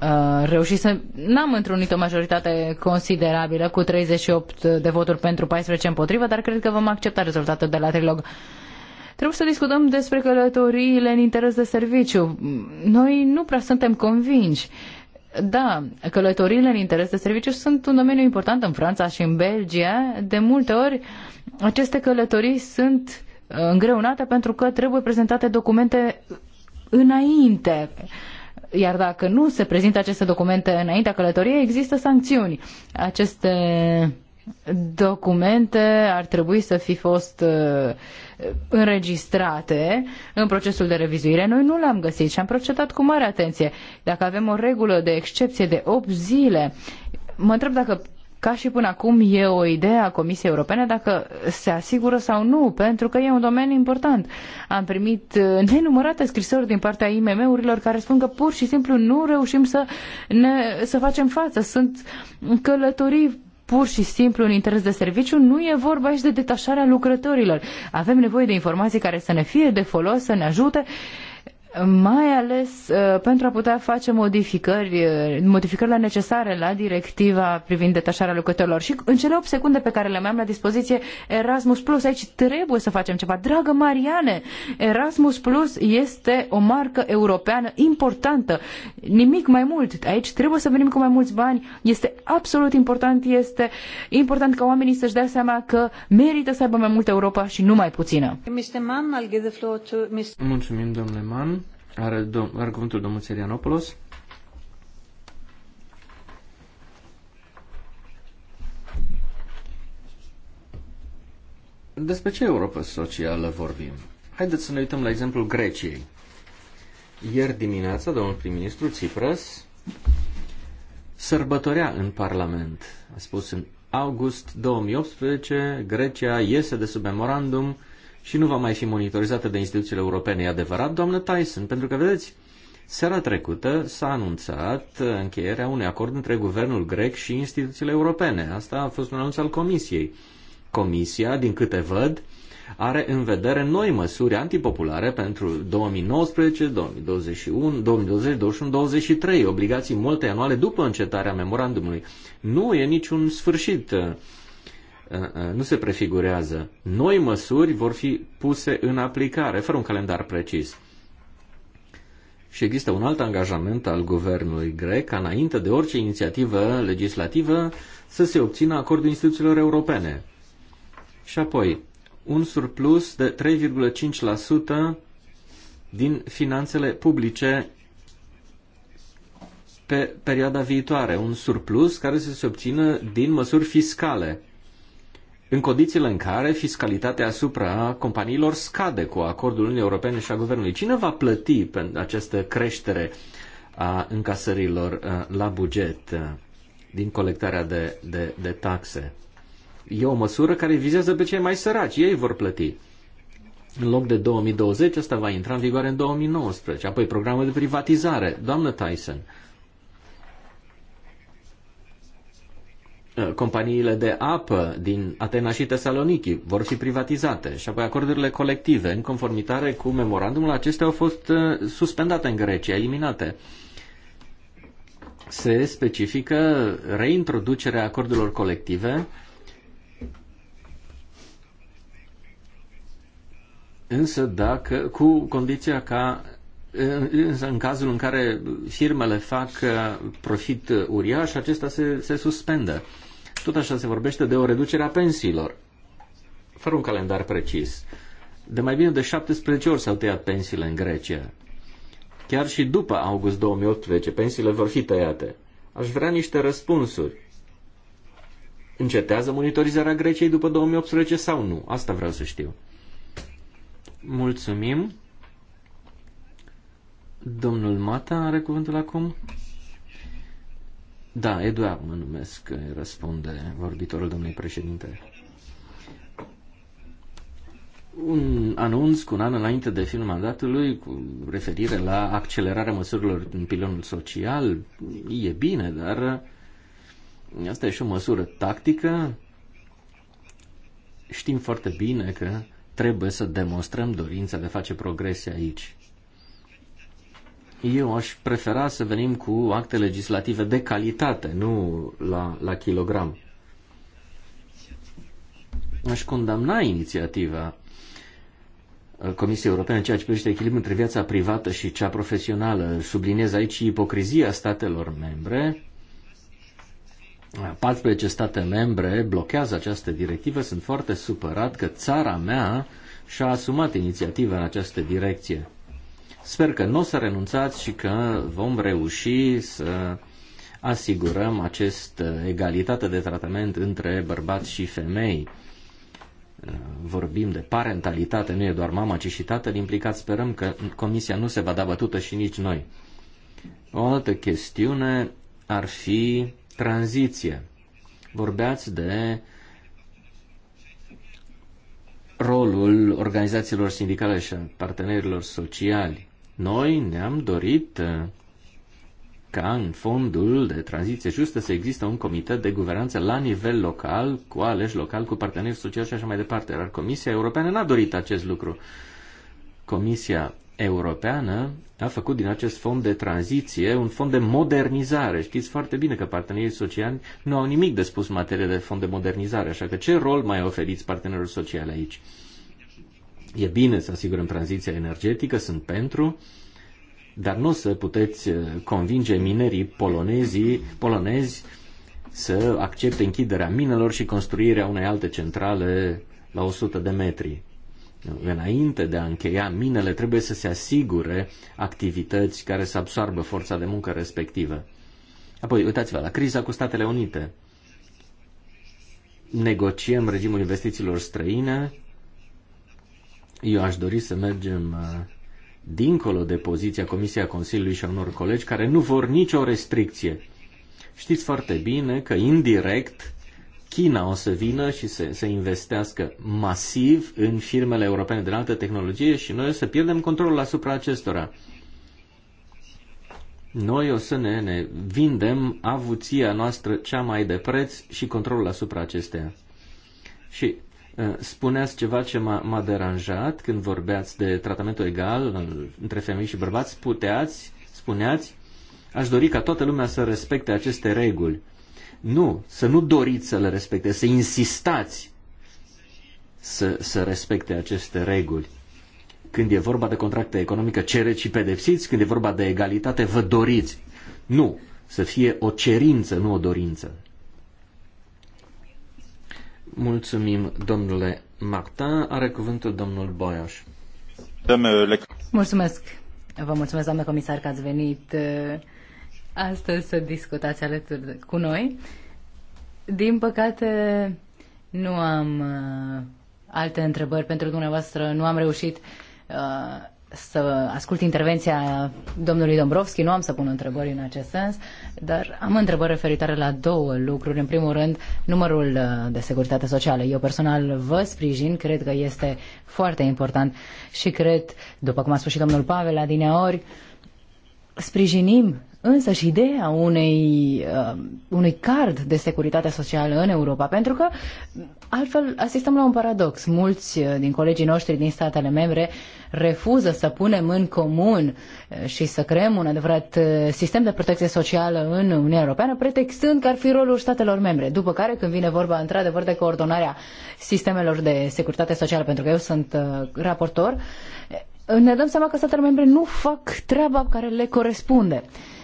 S3: uh, reușit să... N-am întrunit o majoritate considerabilă cu 38 de voturi pentru 14 împotrivă, dar cred că vom accepta rezultatul de la trilog. Uh, Trebuie să discutăm despre călătoriile în interes de serviciu. Noi nu prea suntem convinși. Da, călătoriile în interes de serviciu sunt un domeniu important în Franța și în Belgia. De multe ori, aceste călătorii sunt uh, îngreunate pentru că trebuie prezentate documente înainte. Iar dacă nu se prezintă aceste documente înaintea călătoriei, există sancțiuni. Aceste documente ar trebui să fi fost uh, înregistrate în procesul de revizuire. Noi nu le-am găsit și am procedat cu mare atenție. Dacă avem o regulă de excepție de 8 zile, mă întreb dacă ca și până acum e o idee a Comisiei Europene dacă se asigură sau nu, pentru că e un domeniu important. Am primit uh, nenumărate scrisori din partea IMM-urilor care spun că pur și simplu nu reușim să, ne, să facem față. Sunt călătorii pur și simplu un interes de serviciu, nu e vorba aici de detașarea lucrătorilor. Avem nevoie de informații care să ne fie de folos, să ne ajute mai ales uh, pentru a putea face modificări, uh, modificările necesare la directiva privind detașarea lucrătorilor. Și în cele 8 secunde pe care le mai am la dispoziție, Erasmus Plus, aici trebuie să facem ceva. Dragă Mariane, Erasmus Plus este o marcă europeană importantă. Nimic mai mult. Aici trebuie să venim cu mai mulți bani. Este absolut important. Este important ca oamenii să-și dea seama că merită să aibă mai mult Europa și nu mai puțină.
S2: Mulțumim, domnule Mann. Are, dom- are cuvântul domnul Serianopoulos. Despre ce Europa socială vorbim? Haideți să ne uităm la exemplul Greciei. Ieri dimineața, domnul prim-ministru Tsipras sărbătorea în Parlament. A spus în august 2018, Grecia iese de sub memorandum și nu va mai fi monitorizată de instituțiile europene, e adevărat, doamnă Tyson, pentru că, vedeți, seara trecută s-a anunțat încheierea unui acord între guvernul grec și instituțiile europene. Asta a fost un anunț al Comisiei. Comisia, din câte văd, are în vedere noi măsuri antipopulare pentru 2019, 2021, 2020, 2023. obligații multe anuale după încetarea memorandumului. Nu e niciun sfârșit Uh, uh, nu se prefigurează. Noi măsuri vor fi puse în aplicare, fără un calendar precis. Și există un alt angajament al guvernului grec ca înainte de orice inițiativă legislativă să se obțină acordul instituțiilor europene. Și apoi, un surplus de 3,5% din finanțele publice pe perioada viitoare, un surplus care să se obțină din măsuri fiscale în condițiile în care fiscalitatea asupra companiilor scade cu acordul Uniunii Europene și a Guvernului. Cine va plăti pentru această creștere a încasărilor la buget din colectarea de, de, de taxe? E o măsură care vizează pe cei mai săraci. Ei vor plăti. În loc de 2020, asta va intra în vigoare în 2019. Apoi programul de privatizare. Doamnă Tyson, uh, Eh, companiile de apă din Atena și Tesaloniki vor fi privatizate și apoi acordurile colective în conformitate cu memorandumul acestea au fost eh, suspendate în Grecia, eliminate. Se specifică reintroducerea acordurilor colective însă dacă cu condiția ca eh, în cazul în care firmele fac profit uriaș, acesta se, se suspendă tot așa se vorbește de o reducere a pensiilor, fără un calendar precis. De mai bine de 17 ori s-au tăiat pensiile în Grecia. Chiar și după august 2018, pensiile vor fi tăiate. Aș vrea niște răspunsuri. Încetează monitorizarea Greciei după 2018 sau nu? Asta vreau să știu. Mulțumim. Domnul Mata are cuvântul acum. Da, Eduard mă numesc, răspunde vorbitorul domnului președinte. Un anunț cu un an înainte de finul mandatului cu referire la accelerarea măsurilor în pilonul social e bine, dar asta e și o măsură tactică. Știm foarte bine că trebuie să demonstrăm dorința de a face progrese aici. Eu aș prefera să venim cu acte legislative de calitate, nu la, la kilogram. Aș condamna inițiativa Comisiei Europene în ceea ce privește echilibrul între viața privată și cea profesională. Subliniez aici ipocrizia statelor membre. 14 state membre blochează această directivă. Sunt foarte supărat că țara mea și-a asumat inițiativa în această direcție. Sper că nu o să renunțați și că vom reuși să asigurăm acest uh, egalitate de tratament între bărbați și femei. Uh, vorbim de parentalitate, nu e doar mama, ci și tatăl implicat. Sperăm că comisia nu se va da bătută și nici noi. O altă chestiune ar fi tranziție. Vorbeați de rolul organizațiilor sindicale și a partenerilor sociali. Noi ne-am dorit uh, ca în fondul de tranziție justă să există un comitet de guvernanță la nivel local, cu aleși local, cu parteneri sociali și așa mai departe. Dar Comisia Europeană n-a dorit acest lucru. Comisia Europeană a făcut din acest fond de tranziție un fond de modernizare. Știți foarte bine că partenerii sociali nu au nimic de spus în materie de fond de modernizare, așa că ce rol mai oferiți partenerilor sociale aici? E bine să asigurăm tranziția energetică, sunt pentru, dar nu o să puteți uh, convinge minerii polonezii, polonezi să accepte închiderea minelor și construirea unei alte centrale la 100 de metri. Înainte de a încheia minele, trebuie să se asigure activități care să absoarbă forța de muncă respectivă. Apoi, uitați-vă la criza cu Statele Unite. Negociem regimul investițiilor străine, eu aș dori să mergem uh, dincolo de poziția Comisiei Consiliului și a unor colegi care nu vor nicio restricție. Știți foarte bine că indirect China o să vină și să, să investească masiv în firmele europene de altă tehnologie și noi o să pierdem controlul asupra acestora. Noi o să ne, ne vindem avuția noastră cea mai de preț și controlul asupra acesteia. Și Eh, spuneați ceva ce m-a, deranjat când vorbeați de tratamentul egal între femei și bărbați. Puteați, spuneați, aș dori ca toată lumea să respecte aceste reguli. Nu, să nu doriți să le respecte, să insistați să, să respecte aceste reguli. Când e vorba de contracte economică, cereți și pedepsiți, când e vorba de egalitate, vă doriți. Nu, să fie o cerință, nu o dorință. Mulțumim, domnule Martin. Are cuvântul domnul Boiaș. Uh,
S3: mulțumesc. Vă mulțumesc, doamnă comisar, că ați venit uh, astăzi să discutați alături cu noi. Din păcate, nu am uh, alte întrebări pentru dumneavoastră, nu am reușit să ascult intervenția domnului Dombrovski, nu am să pun întrebări în acest sens, dar am întrebări referitoare la două lucruri. În primul rând, numărul uh, de securitate socială. Eu personal vă sprijin, cred că este foarte important și cred, după cum a spus și domnul Pavel adineori, sprijinim însă și ideea unei, uh, unui card de securitate socială în Europa, pentru că altfel asistăm la un paradox. Mulți uh, din colegii noștri din statele membre refuză să punem în comun uh, și să creăm un adevărat uh, sistem de protecție socială în Uniunea Europeană, pretextând că ar fi rolul statelor membre. După care, când vine vorba într-adevăr de coordonarea sistemelor de securitate socială, pentru că eu sunt uh, raportor, ne dăm seama că statele membre nu fac treaba care le corespunde. Uh,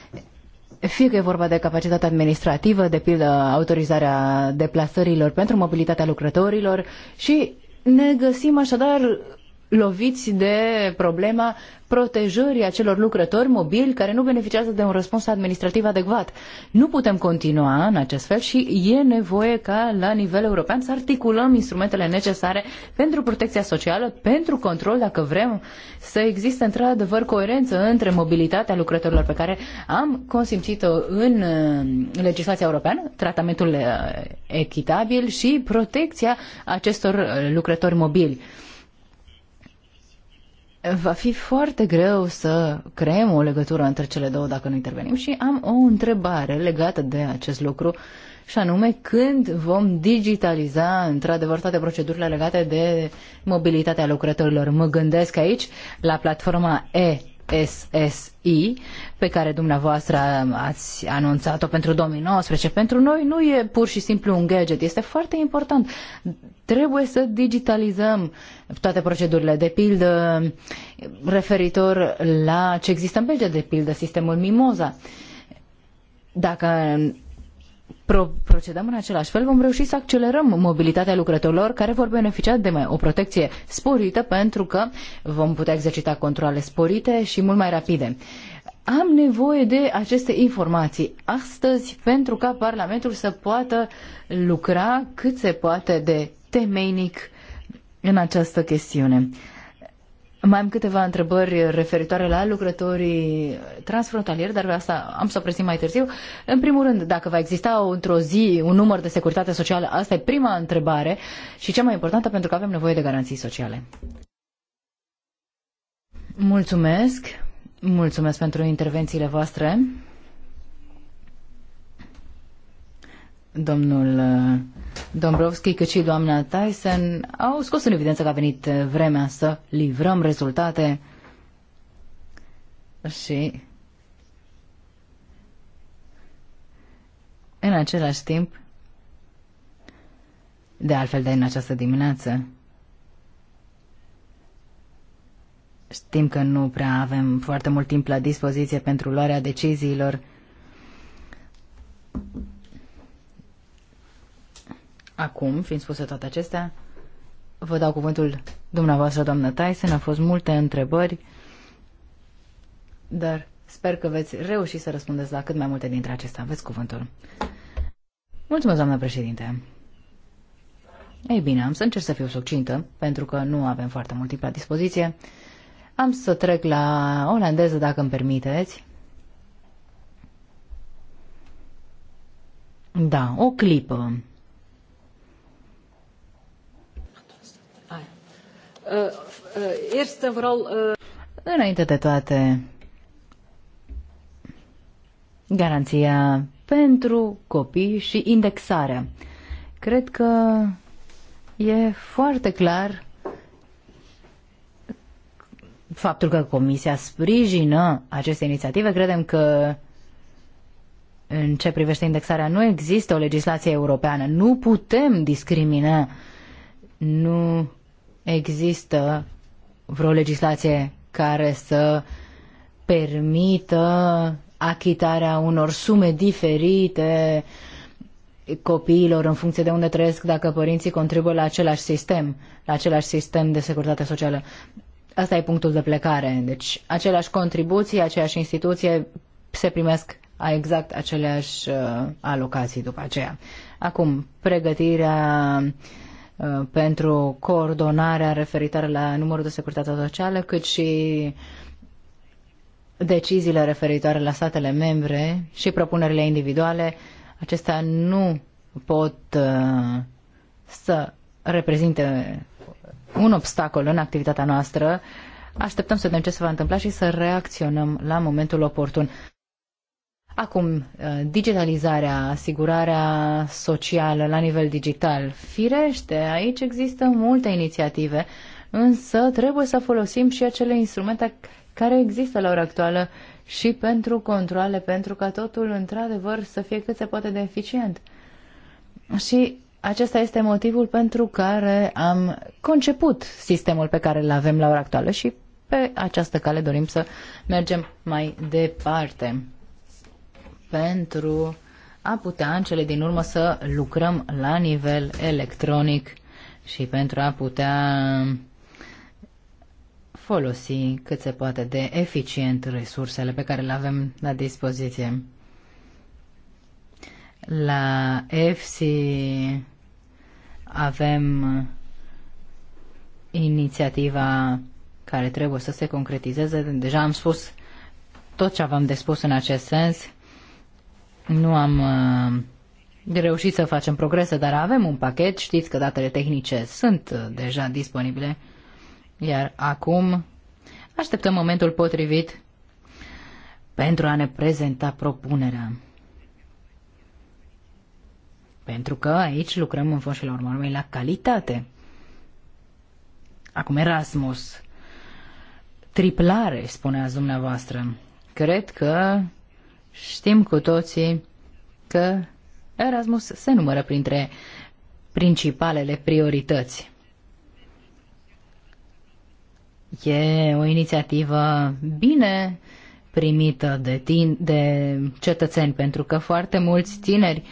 S3: fie că e vorba de capacitatea administrativă, de pildă autorizarea deplasărilor pentru mobilitatea lucrătorilor și ne găsim așadar loviți de problema protejării acelor lucrători mobili care nu beneficiază de un răspuns administrativ adecvat. Nu putem continua în acest fel și e nevoie ca la nivel european să articulăm instrumentele necesare pentru protecția socială, pentru control, dacă vrem să existe într-adevăr coerență între mobilitatea lucrătorilor pe care am consimțit-o în uh, legislația europeană, tratamentul uh, echitabil și protecția acestor uh, lucrători mobili. Va fi foarte greu să creăm o legătură între cele două dacă nu intervenim și am o întrebare legată de acest lucru și anume când vom digitaliza într-adevăr toate procedurile legate de mobilitatea lucrătorilor. Mă gândesc aici la platforma e SSI pe care dumneavoastră ați anunțat-o pentru 2019, pentru noi nu e pur și simplu un gadget, este foarte important. Trebuie să digitalizăm toate procedurile, de pildă referitor la ce există în Belgia, de pildă sistemul Mimoza. Dacă pro- procedăm în același fel, vom reuși să accelerăm mobilitatea lucrătorilor care vor beneficia de o protecție sporită pentru că vom putea exercita controle sporite și mult mai rapide. Am nevoie de aceste informații astăzi pentru ca Parlamentul să poată lucra cât se poate de temeinic în această chestiune. Mai am câteva întrebări referitoare la lucrătorii transfrontalieri, dar asta am să o prezint mai târziu. În primul rând, dacă va exista într-o zi un număr de securitate socială, asta e prima întrebare și cea mai importantă pentru că avem nevoie de garanții sociale. Mulțumesc! Mulțumesc pentru intervențiile voastre. domnul uh, Dombrovski cât și doamna Tyson au scos în evidență că a venit uh, vremea să livrăm rezultate și în același timp de altfel de în această dimineață știm că nu prea avem foarte mult timp la dispoziție pentru luarea deciziilor Acum, fiind spuse toate acestea, vă dau cuvântul dumneavoastră, doamnă Tyson. a fost multe întrebări, dar sper că veți reuși să răspundeți la cât mai multe dintre acestea. Aveți cuvântul. Mulțumesc, doamnă președinte. Ei bine, am să încerc să fiu succintă, pentru că nu avem foarte mult timp la dispoziție. Am să trec la olandeză, dacă îmi permiteți. Da, o clipă. Eh, eh, eh, Înainte de toate, garanția pentru copii și indexarea. Cred că e foarte clar faptul că Comisia sprijină aceste inițiative. Credem că în ce privește indexarea nu există o legislație europeană. Nu putem discrimina. Nu există vreo legislație care să permită achitarea unor sume diferite copiilor în funcție de unde trăiesc dacă părinții contribuie la același sistem, la același sistem de securitate socială. Asta e punctul de plecare. Deci, aceleași contribuții, aceeași instituție se primesc exact aceleași uh, alocații după aceea. Acum, pregătirea uh, Uh, pentru coordonarea referitoare la numărul de securitate socială, cât și deciziile referitoare la statele membre și propunerile individuale, acestea nu pot uh, să reprezinte un obstacol în activitatea noastră. Așteptăm să vedem ce se va întâmpla și să reacționăm la momentul oportun. Acum, uh, digitalizarea, asigurarea socială la nivel digital. Firește, aici există multe inițiative, însă trebuie să folosim și acele instrumente care există la ora actuală și pentru controle, pentru ca totul într-adevăr să fie cât se poate de eficient. Și acesta este motivul pentru care am conceput sistemul pe care îl avem la ora actuală și pe această cale dorim să mergem mai departe pentru a putea în cele din urmă să lucrăm la nivel electronic și pentru a putea folosi cât se poate de eficient resursele pe care le avem la dispoziție. La EFSI avem inițiativa care trebuie să se concretizeze. Deja am spus tot ce aveam de spus în acest sens. Nu am uh, reușit să facem progrese, dar avem un pachet. Știți că datele tehnice sunt uh, deja disponibile. Iar acum așteptăm momentul potrivit pentru a ne prezenta propunerea. Pentru că aici lucrăm în fond și la urmă la calitate. Acum Erasmus. Triplare, spuneați dumneavoastră. Cred că Știm cu toții că Erasmus se numără printre principalele priorități. E o inițiativă bine primită de, tin- de cetățeni, pentru că foarte mulți tineri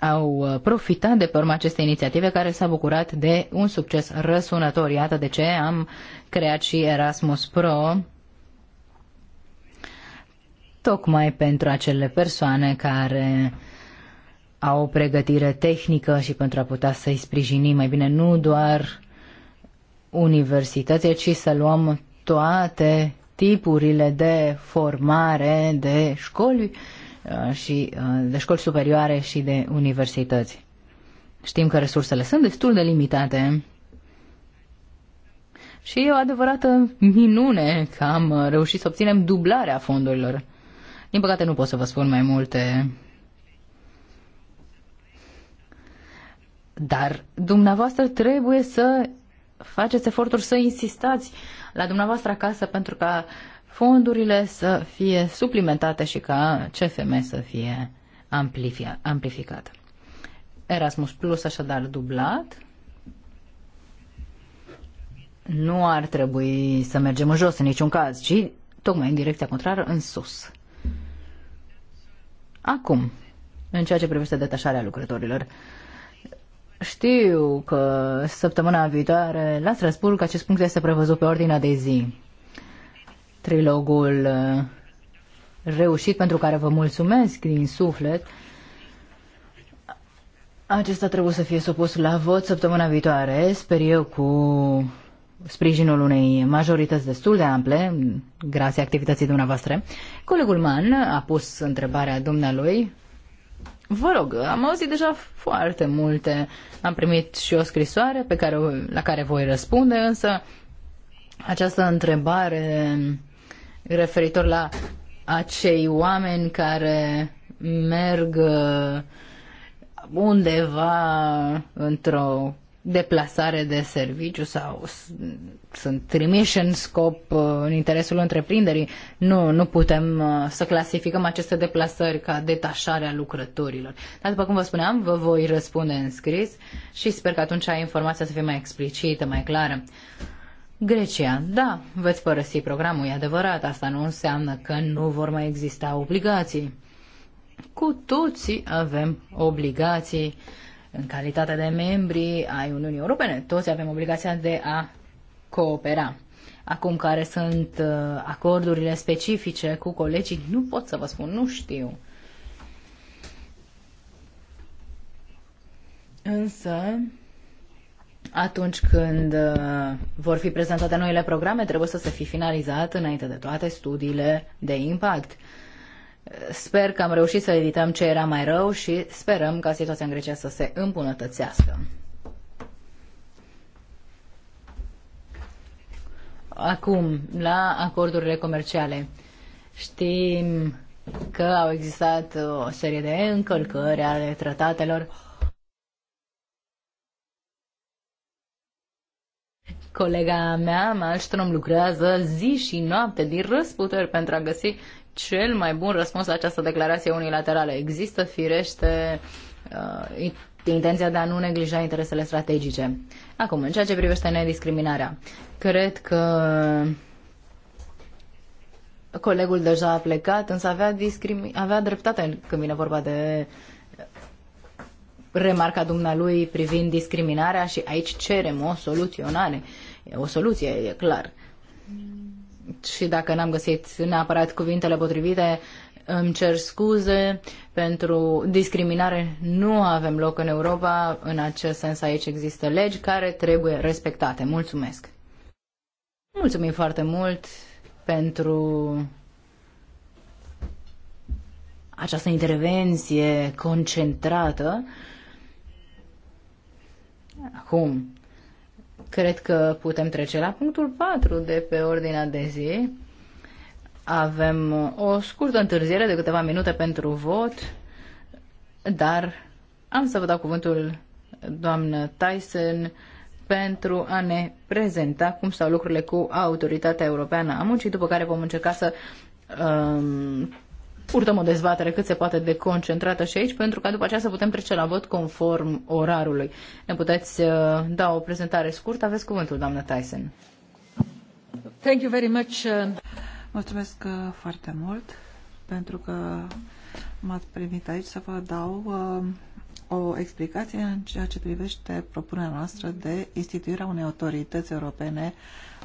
S3: au profitat de pe urma acestei inițiative care s-a bucurat de un succes răsunător. Iată de ce am creat și Erasmus Pro, tocmai pentru acele persoane care au o pregătire tehnică și pentru a putea să-i sprijinim mai bine nu doar universitățile, ci să luăm toate tipurile de formare, de școli uh, și uh, de școli superioare și de universități. Știm că resursele sunt destul de limitate și e o adevărată minune că am reușit să obținem dublarea fondurilor. Din păcate nu pot să vă spun mai multe. Dar dumneavoastră trebuie să faceți eforturi să insistați la dumneavoastră acasă pentru ca fondurile să fie suplimentate și ca CFM să fie amplificat. Erasmus Plus așadar dublat. Nu ar trebui să mergem în jos în niciun caz, ci tocmai în direcția contrară, în sus. Acum, în ceea ce privește detașarea lucrătorilor, știu că săptămâna viitoare la Strasburg acest punct este prevăzut pe ordinea de zi. Trilogul uh, reușit pentru care vă mulțumesc din suflet. Acesta trebuie să fie supus la vot săptămâna viitoare, sper eu, cu sprijinul unei majorități destul de ample, grație activității dumneavoastră. Colegul Man a pus întrebarea dumnealui. Vă rog, am auzit deja foarte multe. Am primit și o scrisoare pe care, la care voi răspunde, însă această întrebare referitor la acei oameni care merg uh, undeva într-o deplasare de serviciu sau sunt trimiși în scop uh, în interesul întreprinderii. Nu, nu putem uh, să clasificăm aceste deplasări ca detașarea lucrătorilor. Dar după cum vă spuneam, vă voi răspunde în scris și sper că atunci informația să fie mai explicită, mai clară. Grecia, da, veți părăsi programul, e adevărat, asta nu înseamnă că nu vor mai exista obligații. Cu toții avem obligații în calitate de membri ai Uniunii Europene, toți avem obligația de a coopera. Acum care sunt uh, acordurile specifice cu colegii, nu pot să vă spun, nu știu. Însă, atunci când uh, vor fi prezentate noile programe, trebuie să se fi finalizat înainte de toate studiile de impact. Sper că am reușit să evităm ce era mai rău și sperăm ca situația în Grecia să se îmbunătățească. Acum, la acordurile comerciale. Știm că au existat o serie de încălcări ale tratatelor. Colega mea, Malstrom, lucrează zi și noapte din răsputeri pentru a găsi cel mai bun răspuns la această declarație unilaterală. Există, firește, uh, intenția de a nu neglija interesele strategice. Acum, în ceea ce privește nediscriminarea, cred că colegul deja a plecat, însă avea, discrimi- avea dreptate când vine vorba de remarca dumnealui privind discriminarea și aici cerem o soluționare. O soluție, e clar și dacă n-am găsit neapărat cuvintele potrivite, îmi cer scuze pentru discriminare. Nu avem loc în Europa. În acest sens aici există legi care trebuie respectate. Mulțumesc! Mulțumim foarte mult pentru această intervenție concentrată. Acum, Cred că putem trece la punctul 4 de pe ordinea de zi. Avem o scurtă întârziere de câteva minute pentru vot, dar am să vă dau cuvântul doamnă Tyson pentru a ne prezenta cum stau lucrurile cu Autoritatea Europeană a Muncii, după care vom încerca să um, purtăm o dezbatere cât se poate de concentrată și aici, pentru ca după aceea să putem trece la vot conform orarului. Ne puteți uh, da o prezentare scurtă. Aveți cuvântul, doamnă Tyson.
S1: Thank you very much. Uh,
S4: Mulțumesc uh, foarte mult pentru că m-ați primit aici să vă dau uh, o explicație în ceea ce privește propunerea noastră de instituirea unei autorități europene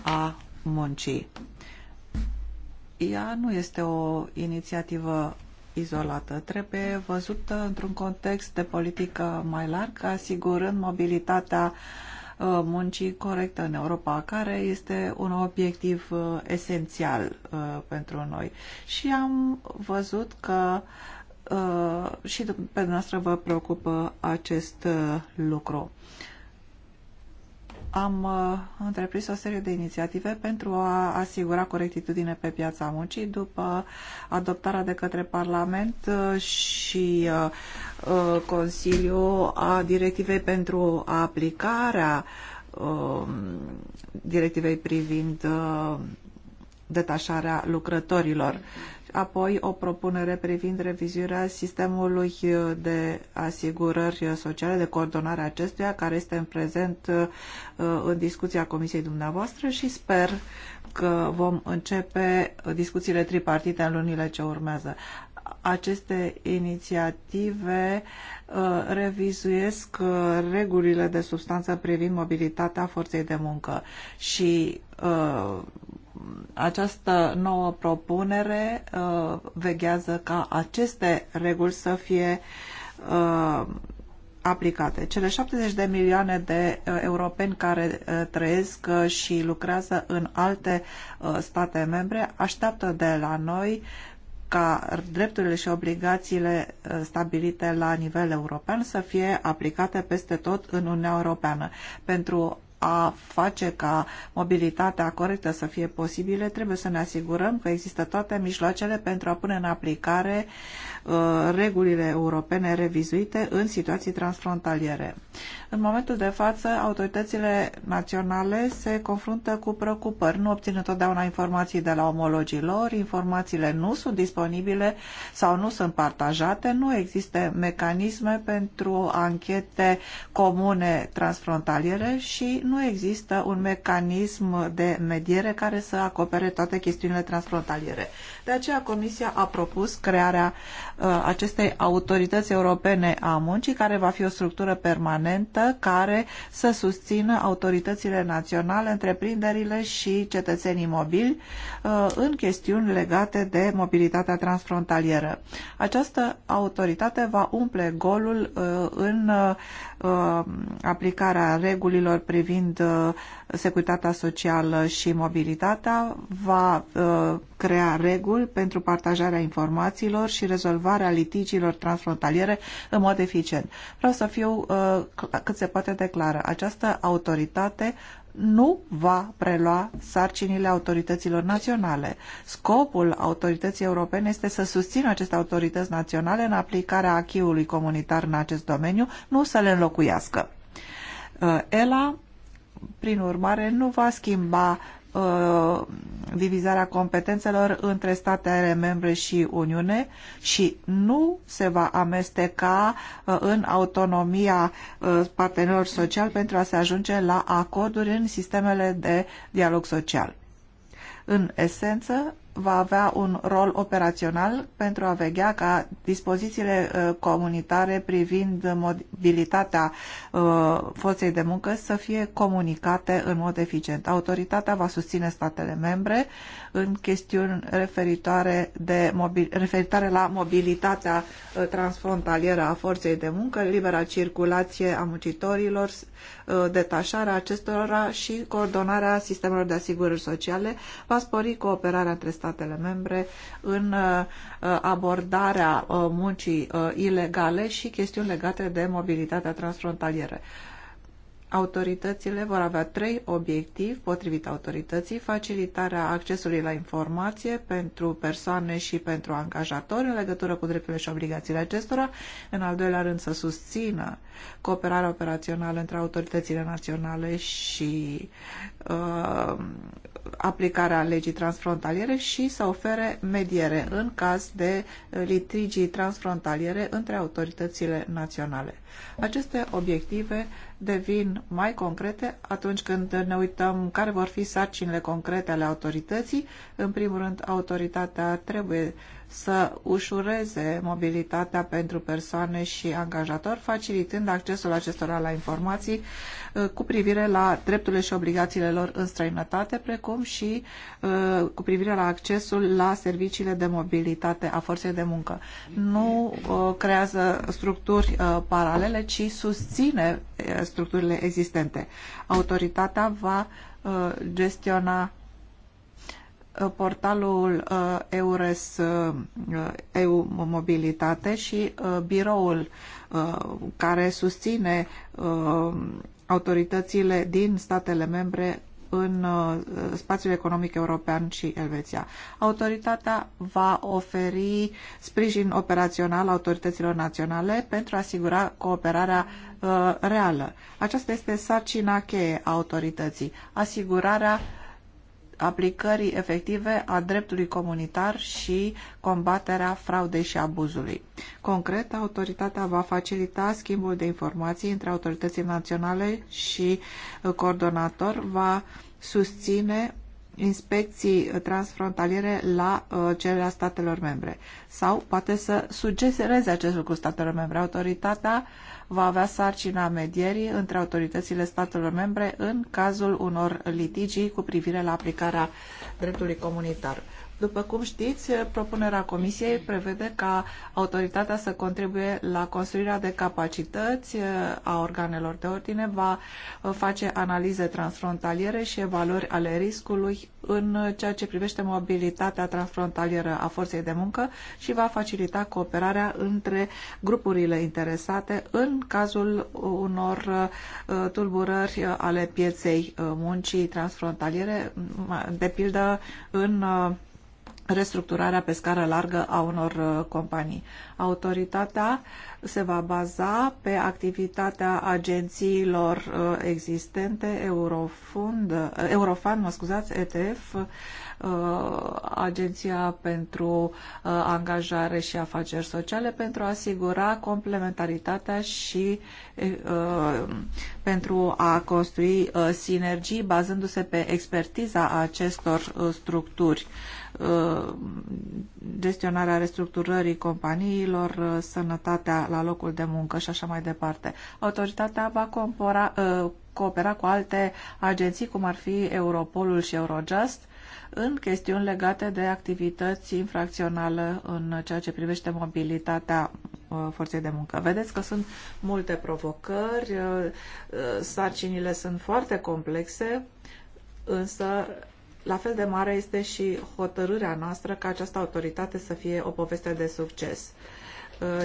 S4: a muncii. Uh, ea nu este o inițiativă izolată. Trebuie văzută într-un context de politică mai larg, asigurând mobilitatea uh, muncii corectă în Europa, care este un obiectiv uh, esențial uh, pentru noi. Și am văzut că și pe noastră vă preocupă acest lucru am uh, întreprins o serie de inițiative pentru a asigura corectitudine pe piața muncii după adoptarea de către Parlament uh, și uh, Consiliu a directivei pentru aplicarea um, directivei privind detașarea lucrătorilor apoi o propunere privind revizuirea sistemului de asigurări sociale, de coordonare a acestuia, care este în prezent uh, în discuția Comisiei dumneavoastră și sper că vom începe discuțiile tripartite în lunile ce urmează. Aceste inițiative uh, revizuiesc uh, regulile de substanță privind mobilitatea forței de muncă și această nouă propunere uh, veghează ca aceste reguli să fie uh, aplicate. Cele 70 de milioane de uh, europeni care uh, trăiesc uh, și lucrează în alte state membre așteaptă de la noi ca drepturile și obligațiile stabilite la nivel european să fie aplicate peste tot în Uniunea Europeană. Pentru a face ca mobilitatea corectă să fie posibilă, trebuie să ne asigurăm că există toate mijloacele pentru a pune în aplicare uh, Uh, regulile europene revizuite în situații transfrontaliere. În momentul de față, autoritățile naționale se confruntă cu preocupări, nu obțin întotdeauna informații de la omologii lor, informațiile nu sunt disponibile sau nu sunt partajate, nu există mecanisme pentru anchete comune transfrontaliere și nu există un mecanism de mediere care să acopere toate chestiunile transfrontaliere. De aceea Comisia a propus crearea Uh, acestei autorități europene a muncii, care va fi o structură permanentă care să susțină autoritățile naționale, întreprinderile și cetățenii mobili uh, în chestiuni legate de mobilitatea transfrontalieră. Această autoritate va umple golul uh, în aplicarea regulilor privind securitatea socială și mobilitatea, va crea reguli pentru partajarea informațiilor și rezolvarea rezolvarea litigiilor transfrontaliere în mod eficient. Vreau să fiu uh, cât se poate declară, Această autoritate nu va prelua sarcinile autorităților naționale. Scopul autorității europene este să susțină aceste autorități naționale în aplicarea achiului comunitar în acest domeniu, nu să le înlocuiască. Uh, ELA, prin urmare, nu va schimba Uh, divizarea competențelor între statele membre și Uniune și nu se va amesteca uh, în autonomia uh, partenerilor sociali pentru a se ajunge la acorduri în sistemele de dialog social. În esență, va avea un rol operațional pentru a veghea ca dispozițiile uh, comunitare privind mobilitatea uh, forței de muncă să fie comunicate în mod eficient. Autoritatea va susține statele membre în chestiuni referitoare, de mobil, referitoare la mobilitatea ă, transfrontalieră a forței de muncă, libera circulație a muncitorilor, ă, detașarea acestora și coordonarea sistemelor de asigurări sociale va spori cooperarea între statele membre în ă, abordarea muncii ilegale și chestiuni legate de mobilitatea transfrontalieră. Autoritățile vor avea trei obiectivi potrivit autorității, facilitarea accesului la informație pentru persoane și pentru angajatori în legătură cu drepturile și obligațiile acestora, în al doilea rând să susțină cooperarea operațională între autoritățile naționale și uh, aplicarea legii transfrontaliere și să ofere mediere în caz de uh, litigii transfrontaliere între autoritățile naționale. Aceste obiective devin mai concrete atunci când ne uităm care vor fi sarcinile concrete ale autorității. În primul rând, autoritatea trebuie să ușureze mobilitatea pentru persoane și angajatori, facilitând accesul acestora la informații uh, cu privire la drepturile și obligațiile lor în străinătate, precum și uh, cu privire la accesul la serviciile de mobilitate a forței de muncă.
S1: Nu
S4: uh, creează structuri paralele, ci susține structurile existente. Autoritatea va gestiona Uh, portalul uh, EURES uh, EU Mobilitate și biroul care susține autoritățile din statele membre în spațiul economic european și Elveția. Autoritatea va oferi sprijin operațional autorităților naționale pentru a asigura cooperarea reală. Aceasta este sarcina cheie a autorității, asigurarea aplicării efective a dreptului comunitar și combaterea fraudei și abuzului. Concret, autoritatea va facilita schimbul de informații între autoritățile naționale și uh, coordonator, va susține inspecții transfrontaliere la uh, cererea statelor membre sau poate să sugereze acest lucru statelor membre. Autoritatea uh, va avea sarcina medierii între autoritățile statelor membre în cazul unor litigii cu privire la aplicarea dreptului comunitar. După cum știți, propunerea Comisiei prevede ca autoritatea să contribuie la construirea de capacități a organelor de ordine, va face analize transfrontaliere și evaluări ale riscului în ceea ce privește mobilitatea transfrontalieră a forței de muncă și va facilita cooperarea între grupurile interesate în cazul unor uh, tulburări ale pieței uh, muncii transfrontaliere, de pildă în uh, restructurarea pe scară largă a unor uh, companii. Autoritatea se va baza pe activitatea agențiilor uh, existente, Eurofund, uh, Eurofund, mă scuzați, ETF, Agenția pentru Angajare și Afaceri Sociale pentru a asigura complementaritatea și pentru a construi sinergii bazându-se pe expertiza acestor structuri Uh, gestionarea restructurării companiilor, uh, sănătatea la locul de muncă și așa mai departe. Autoritatea va compora, uh, coopera cu alte agenții, cum ar fi Europolul și Eurojust, în chestiuni legate de activități infracționale în ceea ce privește mobilitatea forței de muncă. Vedeți că sunt multe provocări, sarcinile sunt foarte complexe, însă la fel de mare este și hotărârea noastră ca această autoritate să fie o poveste de succes.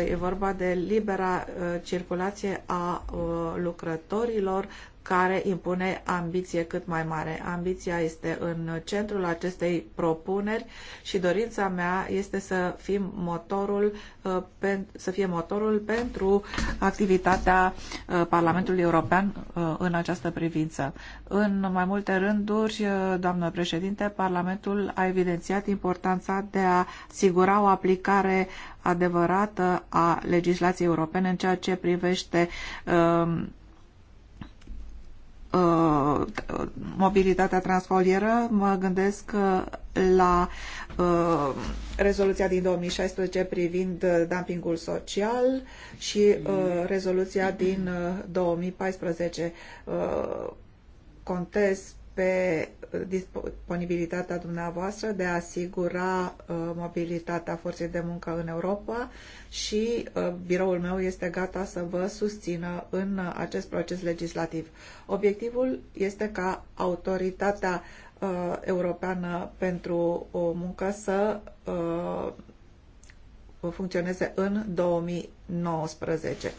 S4: Uh, e vorba de libera uh, circulație a uh, lucrătorilor, care impune ambiție cât mai mare. Ambiția este în centrul acestei propuneri și dorința mea este să fim motorul, uh, să fie motorul pentru activitatea uh, Parlamentului European uh, în această privință. În mai multe rânduri, doamnă președinte, Parlamentul a evidențiat importanța de a asigura o aplicare adevărată a legislației europene în ceea ce privește Uh, mobilitatea transfolieră, mă gândesc uh, la uh, rezoluția din 2016 privind dumpingul social și rezoluția din 2014. Contez pe uh, disponibilitatea dumneavoastră de a asigura uh, mobilitatea forței de muncă în Europa și uh, biroul meu este gata să vă susțină în acest proces legislativ. Obiectivul este ca autoritatea europeană pentru o muncă să funcționeze în 2019.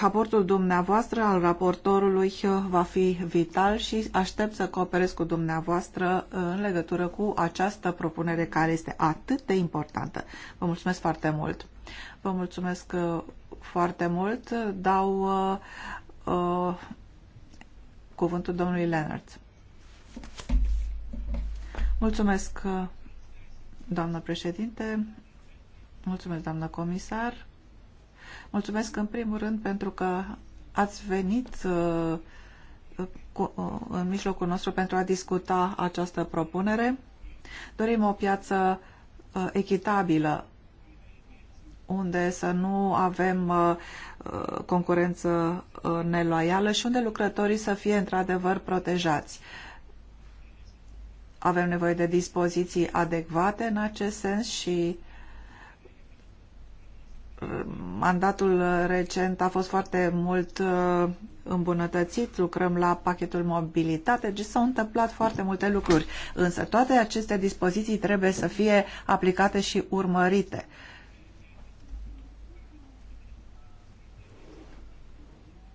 S4: Raportul uh, dumneavoastră al raportorului va fi vital și aștept să cooperez cu dumneavoastră uh, în legătură cu această propunere care este atât de importantă. Vă mulțumesc foarte mult! Vă mulțumesc uh, foarte mult! Dau uh, uh, cuvântul domnului Leonard. Mulțumesc, doamnă președinte! Mulțumesc, doamnă comisar! Mulțumesc în primul rând pentru că ați venit uh, uh, în mijlocul nostru pentru a discuta această propunere. Dorim o piață uh, echitabilă unde să nu avem concurență neloială și unde lucrătorii să fie într-adevăr protejați. Avem nevoie de dispoziții adecvate în acest sens și uh, mandatul recent a fost foarte mult uh, îmbunătățit, lucrăm la pachetul mobilitate, deci s-au întâmplat foarte multe lucruri. Însă toate aceste dispoziții trebuie să fie aplicate și urmărite.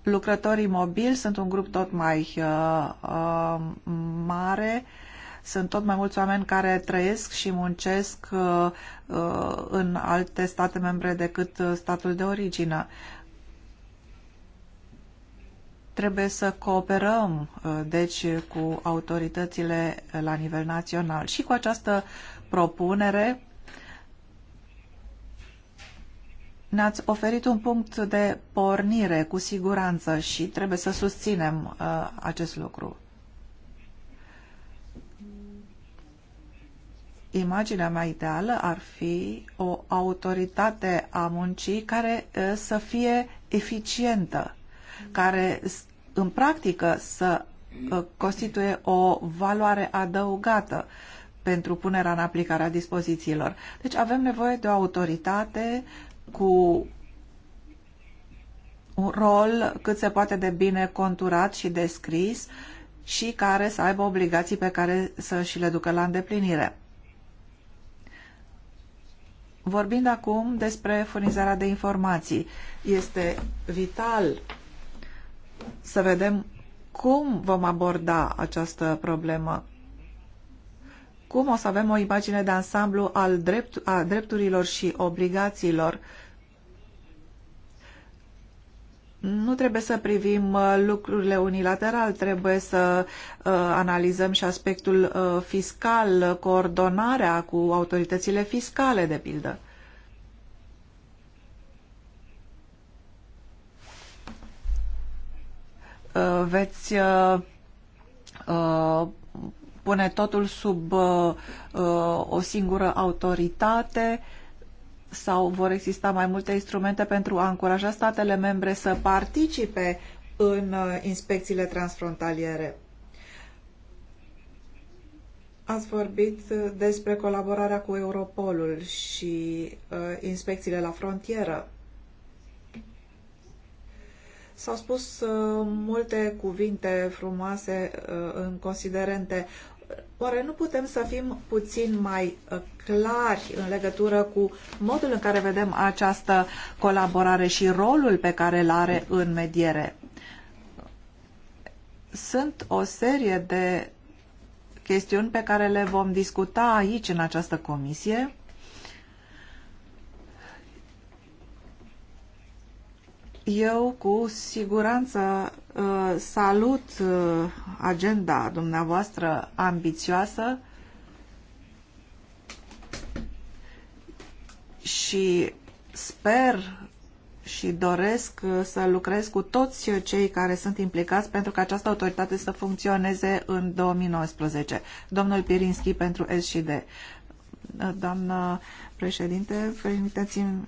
S4: Lucrătorii mobili sunt un grup tot mai uh, uh, mare uh, sunt tot mai mulți oameni care trăiesc și muncesc uh, uh, în alte state membre decât statul de origine. Trebuie să cooperăm, uh, deci, cu autoritățile la nivel național. Și cu această propunere ne-ați oferit un punct de pornire, cu siguranță, și trebuie să susținem acest lucru. Imaginea mea ideală ar fi o autoritate a muncii care să fie eficientă, care în practică să constituie o valoare adăugată pentru punerea în aplicare a dispozițiilor. Deci avem nevoie de o autoritate cu un rol cât se poate de bine conturat și descris și care să aibă obligații pe care să și le ducă la îndeplinire. Vorbind acum despre furnizarea de informații, este vital să vedem cum vom aborda această problemă. Cum o să avem o imagine de ansamblu al drept, a drepturilor și obligațiilor nu trebuie să privim uh, lucrurile unilateral, trebuie să uh, analizăm și aspectul uh, fiscal, coordonarea cu autoritățile fiscale, de pildă. Veți pune totul sub o singură autoritate, sau vor exista mai multe instrumente pentru a încuraja statele membre să participe în uh, inspecțiile transfrontaliere. Ați vorbit uh, despre colaborarea cu Europolul și uh, inspecțiile la frontieră. S-au spus uh, multe cuvinte frumoase uh, în considerente. Oare nu putem să fim puțin mai uh, clari în legătură cu modul în care vedem această colaborare și rolul pe care îl are în mediere? Sunt o serie de chestiuni pe care le vom discuta aici, în această comisie, Eu cu siguranță uh, salut uh, agenda dumneavoastră ambițioasă și sper și doresc uh, să lucrez cu toți cei care sunt implicați pentru că această autoritate să funcționeze în 2019. Domnul Pirinski pentru S și D. Doamnă președinte, permiteți-mi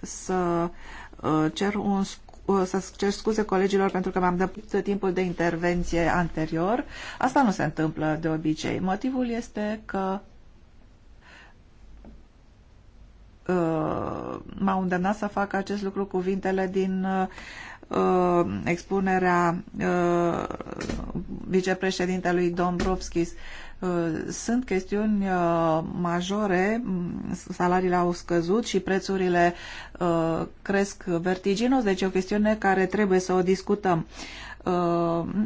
S4: să Uh, cer un uh, să cer scuze colegilor pentru că m-am depășit timpul de intervenție anterior. Asta nu se întâmplă de obicei. Motivul este că uh, m-au îndemnat să fac acest lucru cuvintele din uh, expunerea uh, vicepreședintelui Dombrovskis. Uh, Uh, sunt chestiuni uh, majore, salariile au scăzut și prețurile uh, cresc vertiginos, deci e o chestiune care trebuie să o discutăm.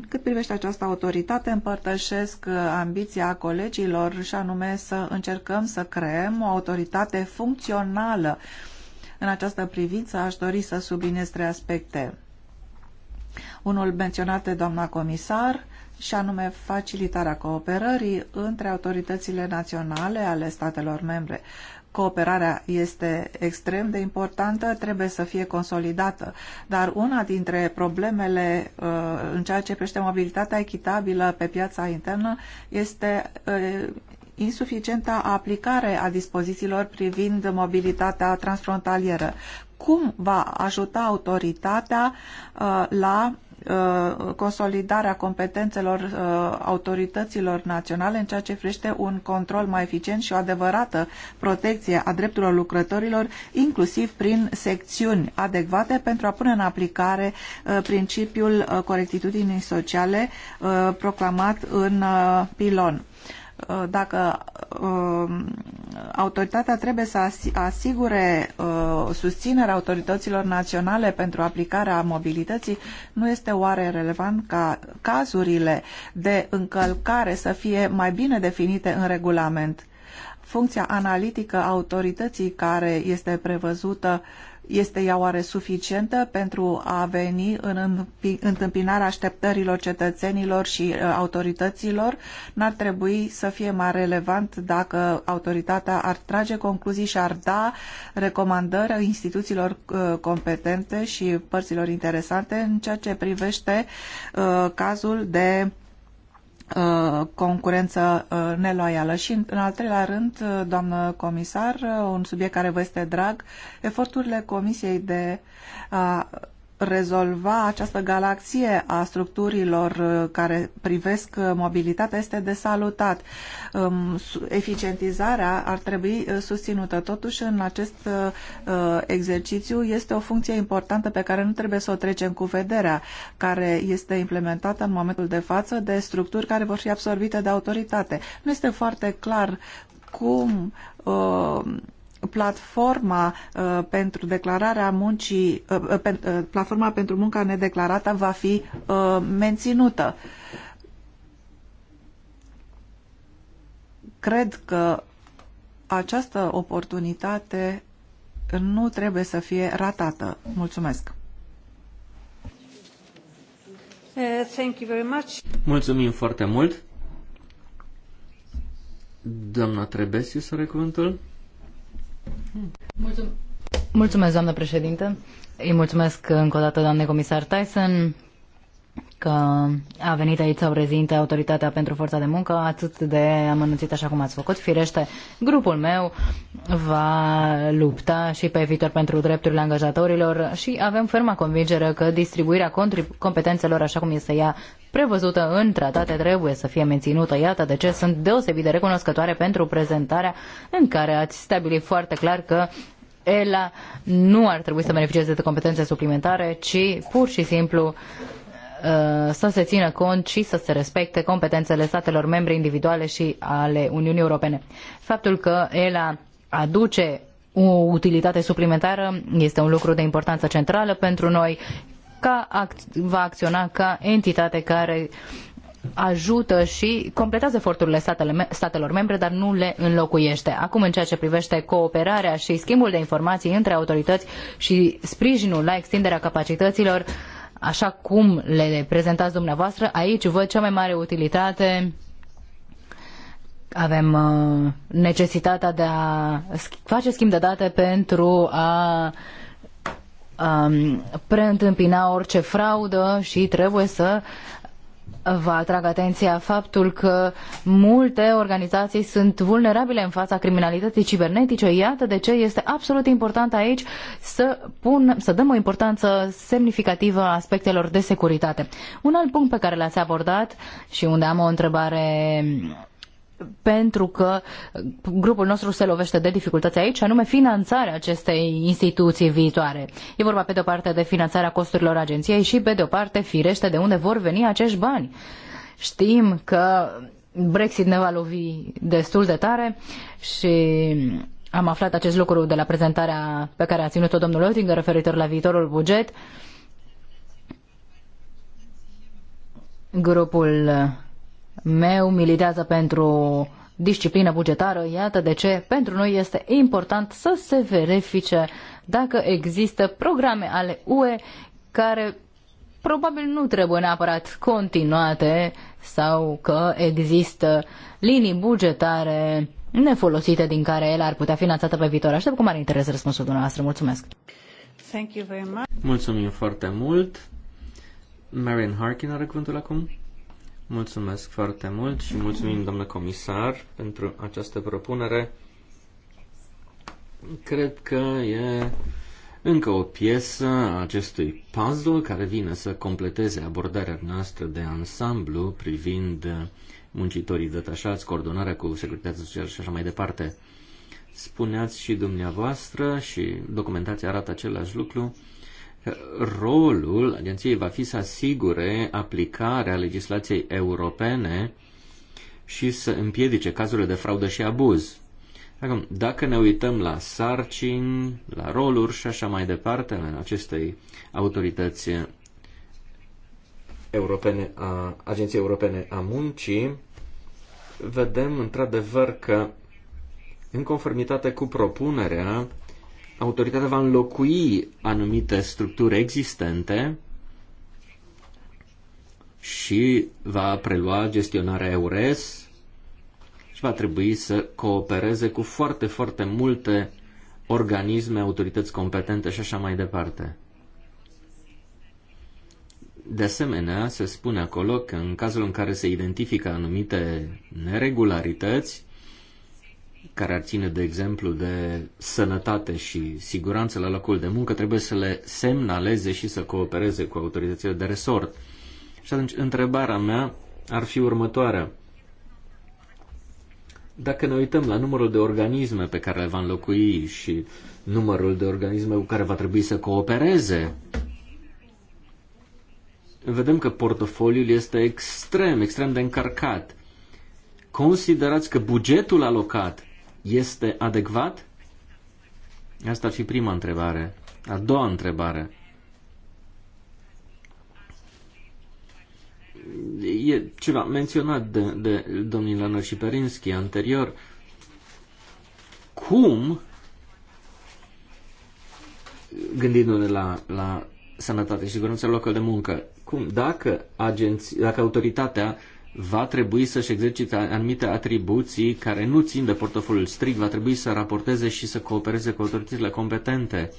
S4: Cât privește această autoritate, împărtășesc ambiția colegilor și anume să încercăm să creăm o autoritate funcțională. În această privință aș dori să subliniez trei aspecte. Unul menționat de doamna comisar, și anume facilitarea cooperării între autoritățile naționale ale statelor membre. Cooperarea este extrem de importantă, trebuie să fie consolidată, dar una dintre problemele uh, în ceea ce privește mobilitatea echitabilă pe piața internă este uh, insuficienta aplicare a dispozițiilor privind mobilitatea transfrontalieră. Cum va ajuta autoritatea uh, la Uh, consolidarea competențelor uh, autorităților naționale în ceea ce privește un control mai eficient și o adevărată protecție a drepturilor lucrătorilor, inclusiv prin secțiuni adecvate pentru a pune în aplicare uh, principiul corectitudinii sociale proclamat în pilon. Uh, dacă um, autoritatea trebuie să asigure uh, susținerea autorităților naționale pentru aplicarea mobilității, nu este oare relevant ca cazurile de încălcare să fie mai bine definite în regulament? Funcția analitică a autorității care este prevăzută uh, este ea oare suficientă pentru a veni în întâmpinarea așteptărilor cetățenilor și uh, autorităților? N-ar trebui să fie mai relevant dacă autoritatea ar trage concluzii și ar da recomandări instituțiilor uh, competente și părților interesante în ceea ce privește uh, cazul de Uh, concurență uh, neloială. Și în al treilea rând, uh, doamnă comisar, un subiect care vă este drag, eforturile Comisiei de a rezolva această galaxie a structurilor uh, care privesc uh, mobilitatea este de salutat. Um, eficientizarea ar trebui uh, susținută. Totuși, în acest exercițiu este o funcție importantă pe care nu trebuie să o trecem cu vederea, care este implementată în momentul de față de structuri care vor fi absorbite de autoritate. Nu este foarte clar cum platforma uh, pentru declararea muncii, uh, uh pe, uh, platforma pentru munca nedeclarată va fi uh, menținută. Cred că această
S1: oportunitate nu
S4: trebuie să fie ratată. Mulțumesc!
S1: Uh, thank you very much.
S2: Mulțumim foarte mult! Doamna Trebesiu să are cuvântul.
S3: Mulțumesc, mulțumesc doamnă președinte. Îi mulțumesc încă o dată, doamne comisar Tyson, că a venit aici să prezinte autoritatea pentru forța de muncă atât de amănunțit așa cum ați făcut. Firește, grupul meu va lupta și pe viitor pentru drepturile angajatorilor și avem ferma convingere că distribuirea competențelor așa cum este ea prevăzută în tratate trebuie să fie menținută. Iată de ce sunt deosebit de recunoscătoare pentru prezentarea în care ați stabilit foarte clar că ELA nu ar trebui să beneficieze de competențe suplimentare, ci pur și simplu uh, să se țină cont și să se respecte competențele statelor membre individuale și ale Uniunii Europene. Faptul că ELA aduce o utilitate suplimentară este un lucru de importanță centrală pentru noi ca act, va acționa ca entitate care ajută și completează eforturile statele, statelor membre, dar nu le înlocuiește. Acum, în ceea ce privește cooperarea și schimbul de informații între autorități și sprijinul la extinderea capacităților, așa cum le prezentați dumneavoastră, aici văd cea mai mare utilitate avem uh, necesitatea de a face schimb de date pentru a um, preîntâmpina orice fraudă și trebuie să vă atrag atenția faptul că multe organizații sunt vulnerabile în fața criminalității cibernetice. Iată de ce este absolut important aici să, pun, să dăm o importanță semnificativă aspectelor de securitate. Un alt punct pe care l-ați abordat și unde am o întrebare pentru că grupul nostru se lovește de dificultăți aici, anume finanțarea acestei instituții viitoare. E vorba pe de o parte de finanțarea costurilor agenției și pe de o parte, firește, de unde vor veni acești bani. Știm că Brexit ne va lovi destul de tare și am aflat acest lucru de la prezentarea pe care a ținut-o domnul Oettinger referitor la viitorul buget. Grupul meu militează pentru disciplină bugetară, iată de ce pentru noi este important să se verifice dacă există programe ale UE care probabil nu trebuie neapărat continuate sau că există linii bugetare nefolosite din care el ar putea fi pe viitor. Aștept cu mare interes răspunsul dumneavoastră. Mulțumesc!
S1: Thank you very much.
S2: Mulțumim foarte mult! Marian Harkin are cuvântul acum. Mulțumesc foarte mult și mulțumim, doamnă comisar, pentru această propunere. Cred că e încă o piesă a acestui puzzle care vine să completeze abordarea noastră de ansamblu privind muncitorii detașați, coordonarea cu securitatea socială și așa mai departe. Spuneați și dumneavoastră și documentația arată același lucru, rolul agenției va fi să asigure aplicarea legislației europene și să împiedice cazurile de fraudă și abuz. Acum, dacă ne uităm la sarcini, la roluri și așa mai departe în acestei autorități europene, a Agenției Europene a Muncii, vedem într-adevăr că, în conformitate cu propunerea, autoritatea va înlocui anumite structuri existente și va prelua gestionarea EURES și va trebui să coopereze cu foarte, foarte multe organisme, autorități competente și așa mai departe. De asemenea, se spune acolo că în cazul în care se identifică anumite neregularități, care ar ține, de exemplu, de sănătate și siguranță la locul de muncă, trebuie să le semnaleze și să coopereze cu autoritățile de resort. Și atunci, întrebarea mea ar fi următoarea. Dacă ne uităm la numărul de organisme pe care le va înlocui și numărul de organisme cu care va trebui să coopereze, vedem că portofoliul este extrem, extrem de încărcat. Considerați că bugetul alocat este adecvat? Asta ar fi prima întrebare. A doua întrebare. E ceva menționat de, de domnul Lanor și Perinski anterior. Cum, gândindu-ne la, la sănătate și siguranța locului de muncă, cum, dacă, agenți, dacă autoritatea uh, va trebui să-și exercite anumite atribuții care nu țin de portofoliul strict, va trebui să raporteze și să coopereze cu autoritățile competente.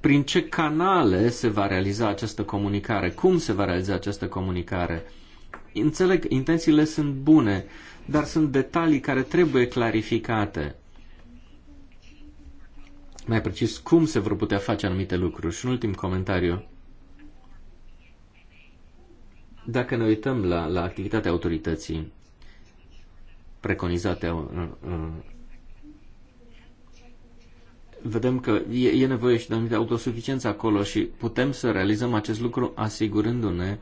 S2: Prin ce canale se va realiza această comunicare? Cum se va realiza această comunicare? Înțeleg, intențiile sunt bune, dar sunt detalii care trebuie clarificate. Mai precis, cum se vor putea face anumite lucruri? Și un ultim comentariu. Dacă ne uităm la, la activitatea autorității preconizate, uh, uh, vedem că e, e nevoie și de anumită autosuficiență acolo și putem să realizăm acest lucru asigurându-ne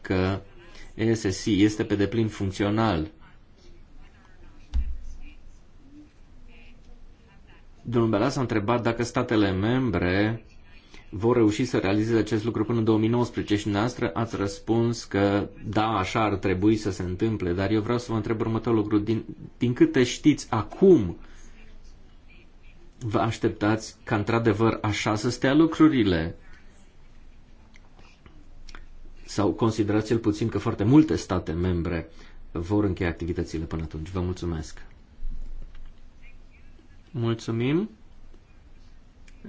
S2: că ESSI este pe deplin funcțional. Domnul Bela s-a întrebat dacă statele membre vor reuși să realizeze acest lucru până în 2019 și noastră ați răspuns că da, așa ar trebui să se întâmple, dar eu vreau să vă întreb următorul lucru. Din, din câte știți acum, vă așteptați ca într-adevăr așa să stea lucrurile? Sau considerați cel puțin că foarte multe state membre vor încheia activitățile până atunci? Vă mulțumesc! Mulțumim!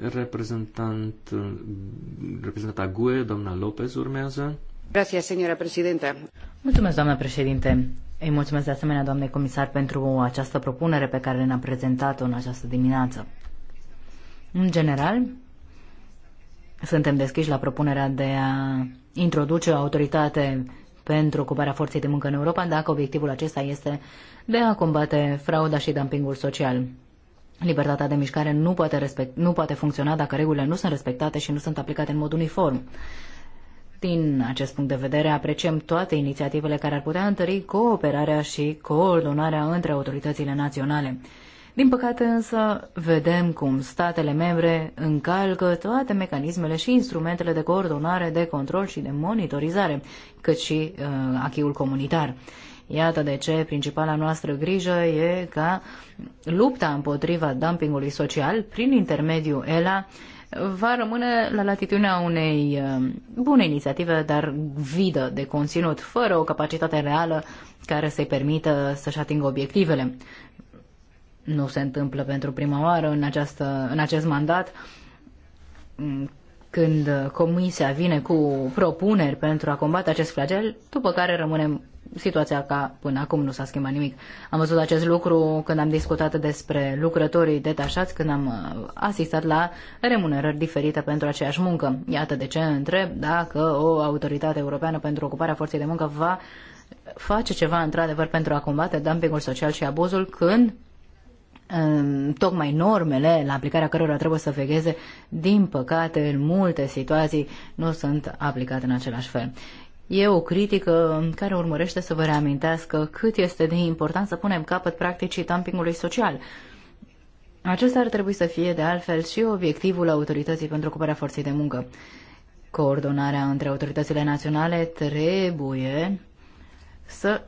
S2: Reprezentantul, reprezentanta GUE, doamna Lopez, urmează. Gracias, señora
S3: Mulțumesc, doamna președinte. Îi mulțumesc de asemenea, doamnei comisar, pentru această propunere pe care ne-a prezentat-o în această dimineață. În general, suntem deschiși la propunerea de a introduce o autoritate pentru ocuparea forței de muncă în Europa, dacă obiectivul acesta este de a combate frauda și dumpingul social. Libertatea de mișcare nu poate, respect, nu poate funcționa dacă regulile nu sunt respectate și nu sunt aplicate în mod uniform. Din acest punct de vedere, apreciem toate inițiativele care ar putea întări cooperarea și coordonarea între autoritățile naționale. Din păcate însă, vedem cum statele membre încalcă toate mecanismele și instrumentele de coordonare, de control și de monitorizare, cât și uh, achiul comunitar. Iată de ce principala noastră grijă e ca lupta împotriva dumpingului social prin intermediul ELA va rămâne la latitudinea unei uh, bune inițiative, dar vidă de conținut, fără o capacitate reală care să-i permită să-și atingă obiectivele. Nu se întâmplă pentru prima oară în, această, în acest mandat mm, când comisia vine cu propuneri pentru a combate acest flagel, după care rămânem situația ca până acum nu s-a schimbat nimic. Am văzut acest lucru când am discutat despre lucrătorii detașați, când am uh, asistat la remunerări diferite pentru aceeași muncă. Iată de ce întreb dacă o autoritate europeană pentru ocuparea forței de muncă va face ceva într-adevăr pentru a combate dumpingul social și abuzul când um, tocmai normele la aplicarea cărora trebuie să vegheze, din păcate, în multe situații nu sunt aplicate în același fel. E o critică care urmărește să vă reamintească cât este de important să punem capăt practicii dumpingului social. Acesta ar trebui să fie de altfel și obiectivul autorității pentru ocuparea forței de muncă. Coordonarea între autoritățile naționale trebuie să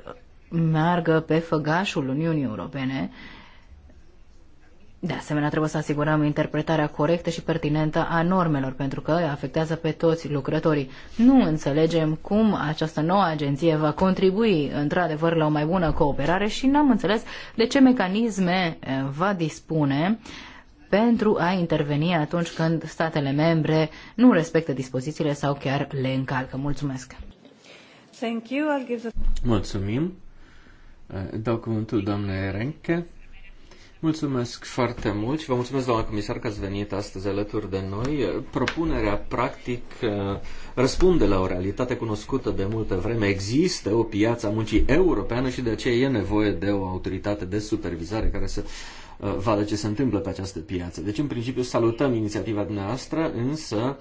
S3: meargă pe făgașul Uniunii Europene de asemenea, trebuie să asigurăm interpretarea corectă și pertinentă a normelor, pentru că afectează pe toți lucrătorii. Nu înțelegem cum această nouă agenție va contribui, într-adevăr, la o mai bună cooperare și n-am înțeles de ce mecanisme eh, va dispune pentru a interveni atunci când statele membre nu respectă dispozițiile sau chiar le încalcă. Mulțumesc!
S1: Thank you. I'll give the...
S2: Mulțumim! Eh, dau cuvântul doamnei Renke. Mulțumesc foarte mult și vă mulțumesc, doamna comisar, că ați venit astăzi alături de noi. Propunerea, practic, uh, răspunde la o realitate cunoscută de multă vreme. Există o piață a muncii europeană și de aceea e nevoie de o autoritate de supervizare care să uh, vadă ce se întâmplă pe această piață. Deci, în principiu, salutăm inițiativa dumneavoastră, însă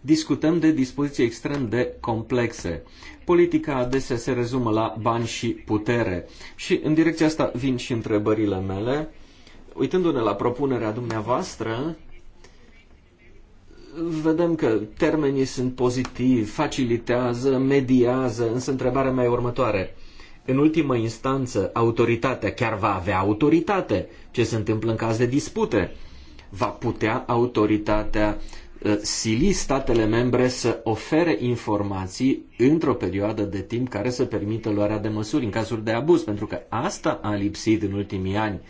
S2: discutăm de dispoziții extrem de complexe. Politica adesea se rezumă la bani și putere. Și în direcția asta vin și întrebările mele uitându-ne la propunerea dumneavoastră, vedem că termenii sunt pozitivi, facilitează, mediază, însă întrebarea mea e următoare. În ultimă instanță, autoritatea chiar va avea autoritate. Ce se întâmplă în caz de dispute? Va putea autoritatea uh, sili statele membre să ofere informații într-o perioadă de timp care să permită luarea de măsuri în cazuri de abuz, pentru că asta a lipsit în ultimii ani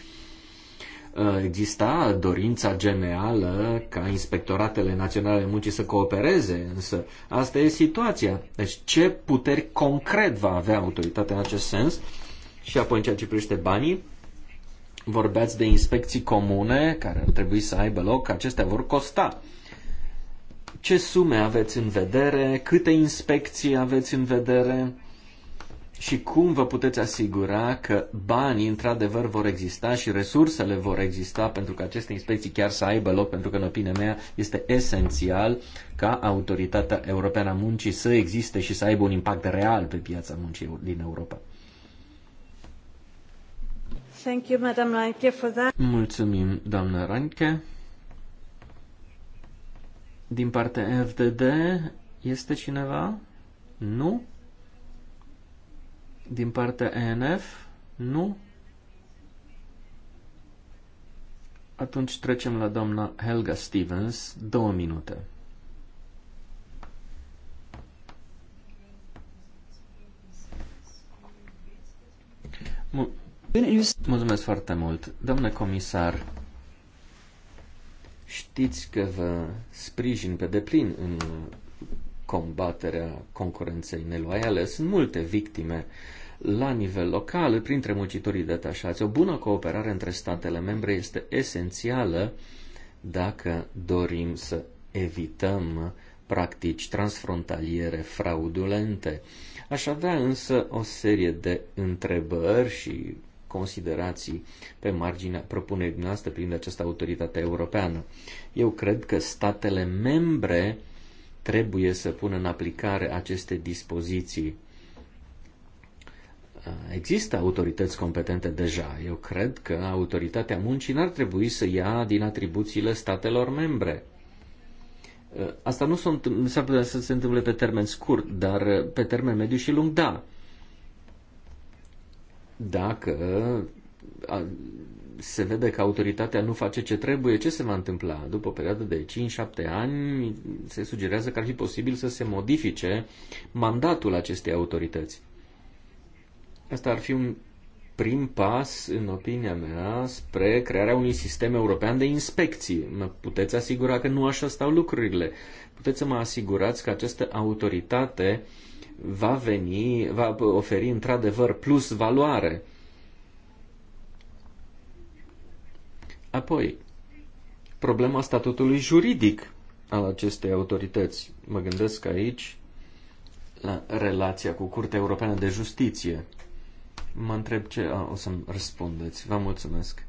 S2: exista dorința generală ca inspectoratele naționale muncii să coopereze, însă asta e situația. Deci ce puteri concret va avea autoritatea în acest sens? Și apoi în ceea ce privește banii, vorbeați de inspecții comune care ar trebui să aibă loc, acestea vor costa. Ce sume aveți în vedere? Câte inspecții aveți în vedere? și cum vă puteți asigura că banii într-adevăr vor exista și resursele vor exista pentru că aceste inspecții chiar să aibă loc, pentru că în opinia mea este esențial ca autoritatea europeană a muncii să existe și să aibă un impact real pe piața muncii din Europa.
S1: Thank you, Madam Reinke, for that.
S2: Mulțumim, doamnă Reinke. Din partea FDD este cineva? Nu? din partea ENF? Nu? Atunci trecem la doamna Helga Stevens, două minute. Mulțumesc foarte mult. Domnule comisar, știți că vă sprijin pe deplin în combaterea concurenței neloiale. Sunt multe victime uh, la nivel local, printre muncitorii detașați. O bună cooperare între statele membre este esențială dacă dorim să evităm practici transfrontaliere fraudulente. Aș avea însă o serie de întrebări și considerații pe marginea propunerii noastre prin această autoritate europeană. Eu cred că statele membre trebuie să pună în aplicare aceste dispoziții există autorități competente deja. Eu cred că autoritatea muncii n-ar trebui să ia din atribuțiile statelor membre. Uh, asta nu s-ar putea să se întâmple pe termen scurt, dar uh, pe termen mediu și lung, da. Dacă uh, se vede că autoritatea nu face ce trebuie, ce se va întâmpla? După o perioadă de 5-7 ani se sugerează că ar fi posibil să se modifice mandatul acestei autorități. Asta ar fi un prim pas, în opinia mea, spre crearea unui sistem european de inspecții. Mă puteți asigura că nu așa stau lucrurile. Puteți să mă asigurați că această autoritate va veni, va oferi într-adevăr plus valoare. Apoi, problema statutului juridic al acestei autorități. Mă gândesc aici la relația cu Curtea Europeană de Justiție. Mă întreb ce... A, o să-mi răspundeți. Vă mulțumesc.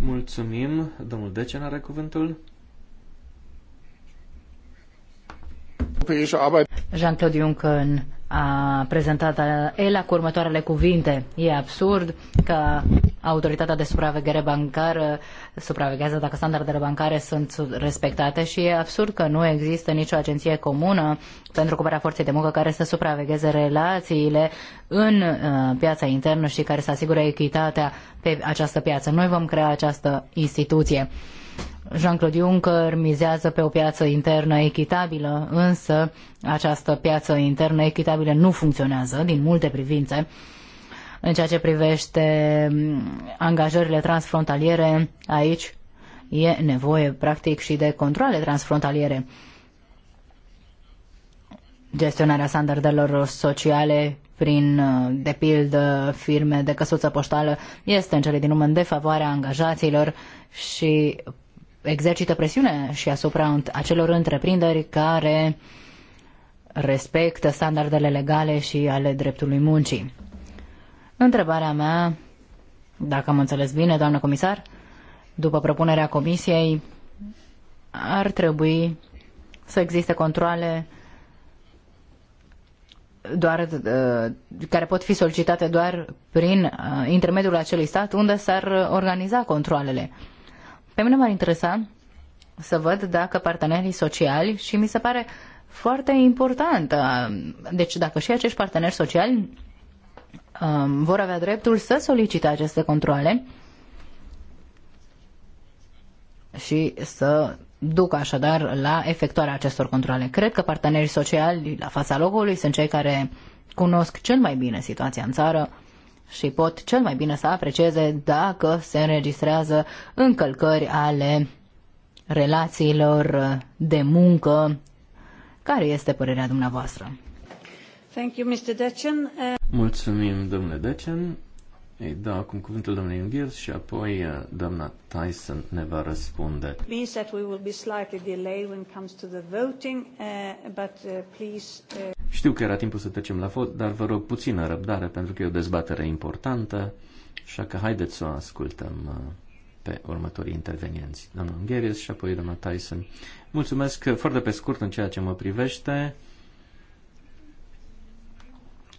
S2: Mulțumim. Domnul Decen are cuvântul. Păi Jean-Claude
S3: Juncker în a prezentat ELA cu următoarele cuvinte. E absurd că autoritatea de supraveghere bancară supraveghează dacă standardele bancare sunt respectate și e absurd că nu există nicio agenție comună pentru ocuparea forței de muncă care să supravegheze relațiile în uh, piața internă și care să asigure echitatea pe această piață. Noi vom crea această instituție. Jean-Claude Juncker mizează pe o piață internă echitabilă, însă această piață internă echitabilă nu funcționează din multe privințe. În ceea ce privește mm, angajările transfrontaliere, aici e nevoie practic și de controle transfrontaliere. Gestionarea standardelor sociale prin, mm, de pildă, firme de căsuță poștală este în cele din urmă în defavoarea angajaților și exercită presiune și asupra acelor întreprinderi care respectă standardele legale și ale dreptului muncii. Întrebarea mea, dacă am înțeles bine, doamnă comisar, după propunerea comisiei, ar trebui să existe controle doar, uh, care pot fi solicitate doar prin uh, intermediul acelui stat unde s-ar organiza controlele. Pe mine m-ar interesa să văd dacă partenerii sociali și mi se pare foarte important. Deci dacă și acești parteneri sociali um, vor avea dreptul să solicite aceste controle și să ducă așadar la efectuarea acestor controle. Cred că partenerii sociali la fața locului sunt cei care cunosc cel mai bine situația în țară și pot cel mai bine să aprecieze dacă se înregistrează încălcări ale relațiilor de muncă. Care este părerea dumneavoastră?
S1: Thank you, Mr. Uh,
S2: Mulțumim, domnule Decen. Ei, da, acum cuvântul domnului Inghirs și apoi uh, doamna Tyson ne va răspunde.
S1: Means that we will be slightly delayed when it comes to the voting, uh, but uh, please... Uh...
S2: Știu că era timpul să trecem la vot, dar vă rog puțină răbdare pentru că e o dezbatere importantă, așa că haideți să o ascultăm uh, pe următorii intervenienți. Doamna Ungherius și apoi doamna Tyson. Mulțumesc uh, foarte pe scurt în ceea ce mă privește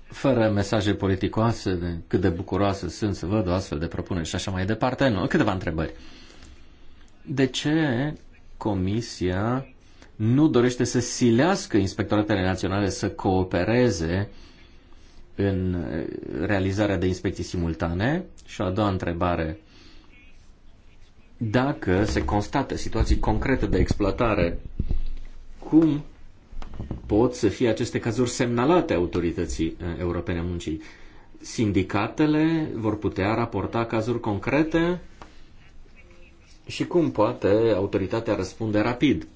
S2: fără mesaje politicoase, de cât de bucuroase sunt să văd o astfel de propunere și așa mai departe, nu, câteva întrebări. De ce Comisia nu dorește să silească inspectoratele naționale să coopereze în realizarea de inspecții simultane? Și a doua întrebare, dacă se constată situații concrete de exploatare, cum pot să fie aceste cazuri semnalate autorității eh, europene a muncii. Sindicatele vor putea raporta cazuri concrete și cum poate autoritatea răspunde rapid.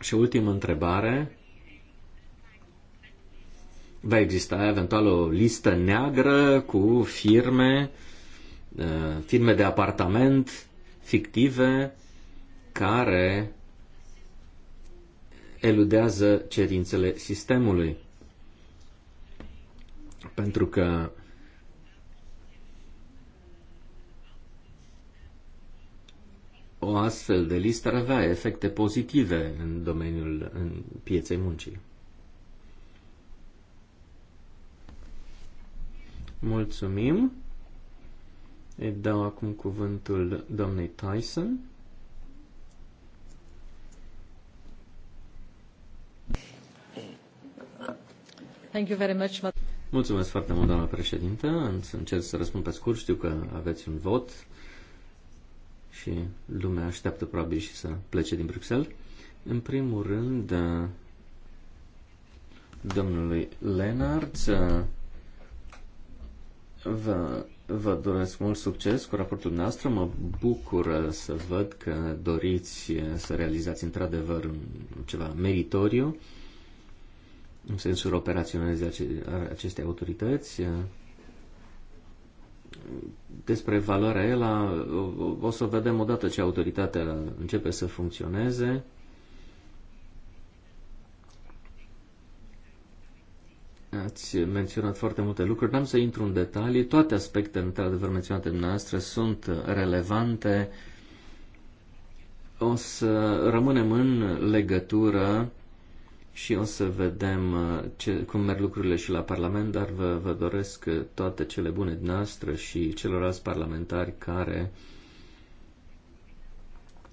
S2: Și ultimă întrebare. Va exista eventual o listă neagră cu firme, eh, firme de apartament fictive care eludează cerințele sistemului. Pentru că o astfel de listă ar avea efecte pozitive în domeniul în pieței muncii. Mulțumim. Îi dau acum cuvântul domnului Tyson.
S1: Thank you very much.
S2: Mulțumesc foarte mult, doamna președintă. Să încerc să răspund pe scurt. Știu că aveți un vot și lumea așteaptă probabil și să plece din Bruxelles. În primul rând, domnului Leonard vă, vă doresc mult succes cu raportul nostru. Mă bucur să văd că doriți să realizați într-adevăr ceva meritoriu în sensul operaționalizării acestei autorități. Despre valoarea ELA o să vedem odată ce autoritatea începe să funcționeze. Ați menționat foarte multe lucruri, n-am să intru în detalii. Toate aspectele, într-adevăr, menționate dumneavoastră sunt relevante. O să rămânem în legătură și o să vedem uh, ce, cum merg lucrurile și la Parlament, dar vă, vă doresc uh, toate cele bune din noastră și celorlalți parlamentari care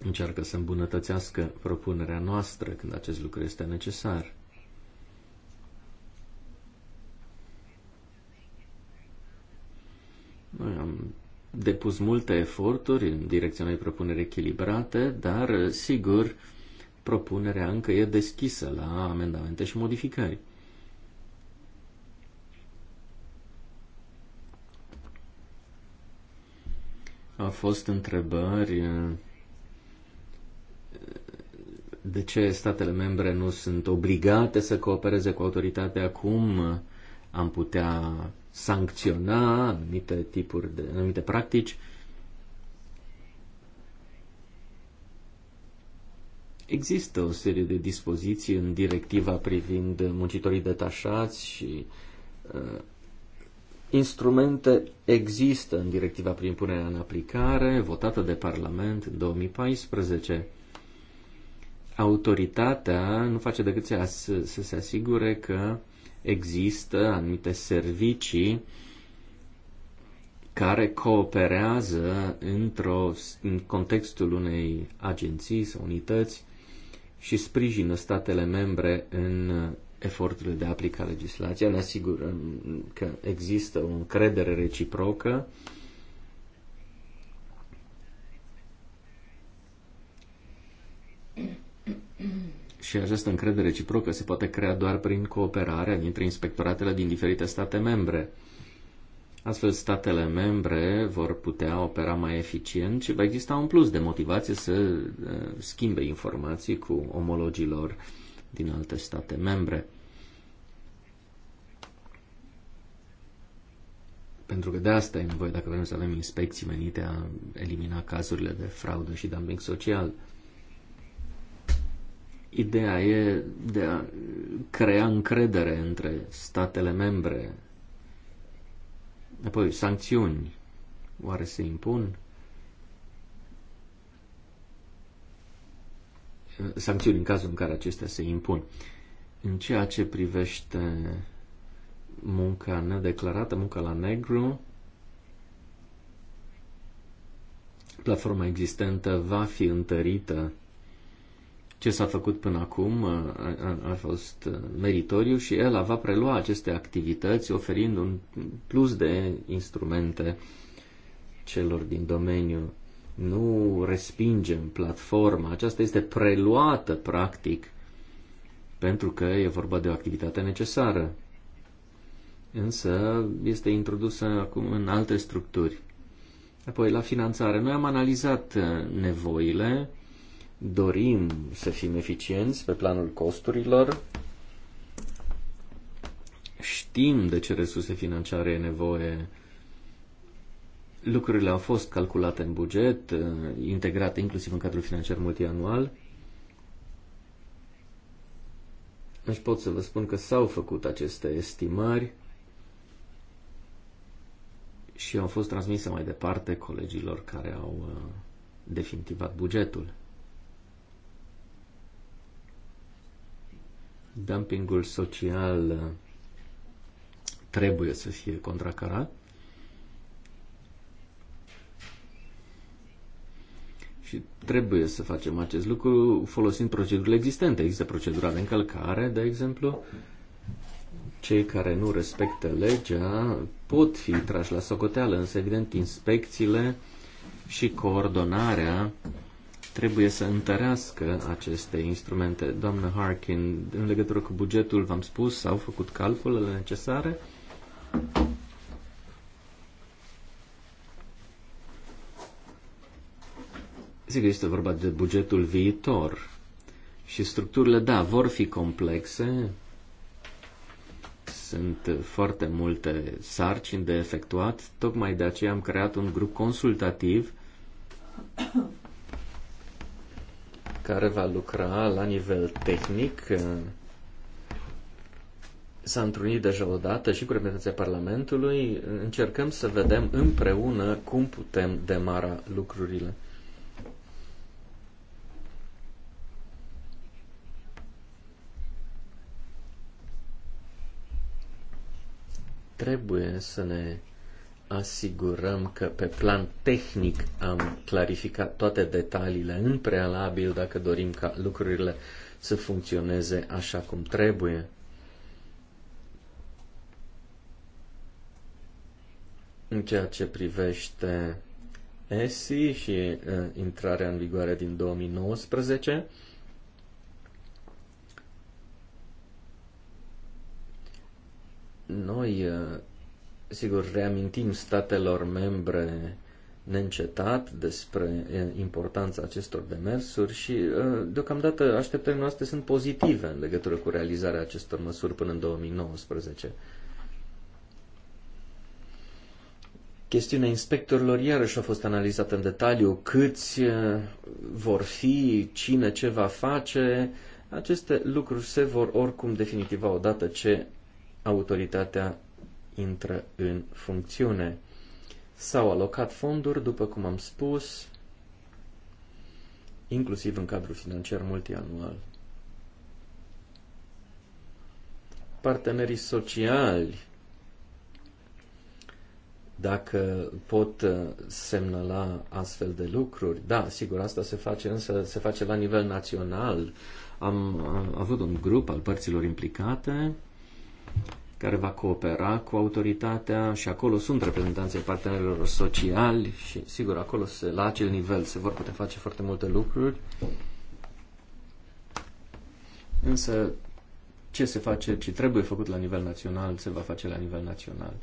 S2: încearcă să îmbunătățească propunerea noastră când acest lucru este necesar. Noi am depus multe eforturi în direcția unei propuneri echilibrate, dar, uh, sigur, propunerea încă e deschisă la amendamente și modificări. Au fost întrebări de ce statele membre nu sunt obligate să coopereze cu autoritatea, cum am putea sancționa anumite tipuri de anumite practici. Uh, Există o serie de dispoziții în directiva privind muncitorii detașați și uh, instrumente există în directiva prin punerea în aplicare, votată de Parlament în 2014. Autoritatea nu face decât să, să se asigure că există anumite servicii care cooperează într-o, în contextul unei agenții sau unități și sprijină statele membre în uh, eforturile de a aplica legislația, ne asigurăm că există o încredere reciprocă și această încredere reciprocă se poate crea doar prin cooperarea dintre inspectoratele din diferite state membre. Astfel, statele membre vor putea opera mai eficient și va exista un plus de motivație să uh, schimbe informații cu omologilor din alte state membre. Pentru că de asta e nevoie dacă vrem să avem inspecții menite a elimina cazurile de fraudă și dumping social. Ideea e de a crea încredere între statele membre Apoi, sancțiuni. Oare se impun? Sancțiuni în cazul în care acestea se impun. În ceea ce privește munca nedeclarată, munca la negru, platforma existentă va fi întărită ce s-a făcut până acum uh, a, fost uh, meritoriu și el va prelua aceste activități oferind un plus de instrumente celor din domeniu. Nu respingem platforma, aceasta este preluată practic pentru că e vorba de o activitate necesară. Însă este introdusă acum în alte structuri. Apoi, la finanțare, noi am analizat uh, nevoile, dorim să fim eficienți pe planul costurilor, știm de ce resurse financiare e nevoie. Lucrurile au fost calculate în buget, eh, integrate inclusiv în cadrul financiar multianual. Deci pot să vă spun că s-au făcut aceste estimări și au fost transmise mai departe colegilor care au eh, definitivat bugetul. Dumpingul social uh, trebuie să fie contracarat. Și trebuie să facem acest lucru folosind procedurile existente. Există procedura de încălcare, de exemplu. Cei care nu respectă legea pot fi trași la socoteală, însă, evident, inspecțiile și coordonarea trebuie să întărească aceste instrumente. Doamnă Harkin, în legătură cu bugetul, v-am spus, s-au făcut calculele necesare. Sigur, este vorba de bugetul viitor și structurile, da, vor fi complexe, sunt foarte multe sarcini de efectuat, tocmai de aceea am creat un grup consultativ care va lucra la nivel tehnic. S-a întrunit deja o dată și cu reprezentanția Parlamentului. Încercăm să vedem împreună cum putem demara lucrurile. Trebuie să ne asigurăm că pe plan tehnic am clarificat toate detaliile în prealabil dacă dorim ca lucrurile să funcționeze așa cum trebuie. În ceea ce privește ESI și uh, intrarea în vigoare din 2019, noi uh, Sigur, reamintim statelor membre neîncetat despre importanța acestor demersuri și uh, deocamdată așteptările noastre sunt pozitive în legătură cu realizarea acestor măsuri până în 2019. Chestiunea inspectorilor iarăși a fost analizată în detaliu. Câți uh, vor fi, cine ce va face, aceste lucruri se vor oricum definitiva odată ce autoritatea intră în funcțiune. S-au alocat fonduri, după cum am spus, inclusiv în cadrul financiar multianual. Partenerii sociali, dacă pot uh, semnala astfel de lucruri, da, sigur, asta se face, însă se face la nivel național. Am, am avut un grup al părților implicate care va coopera cu autoritatea și acolo sunt reprezentanții partenerilor sociali și, sigur, acolo se, la acel nivel se vor putea face foarte multe lucruri. Însă, ce se face, ce trebuie făcut la nivel național, se va face la nivel național.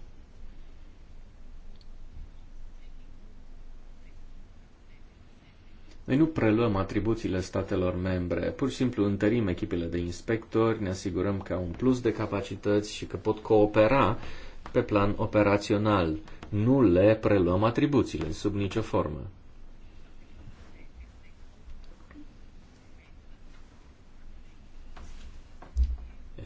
S2: Noi nu preluăm atribuțiile statelor membre, pur și simplu întărim echipele de inspectori, ne asigurăm că au un plus de capacități și că pot coopera pe plan operațional. Nu le preluăm atribuțiile sub nicio formă.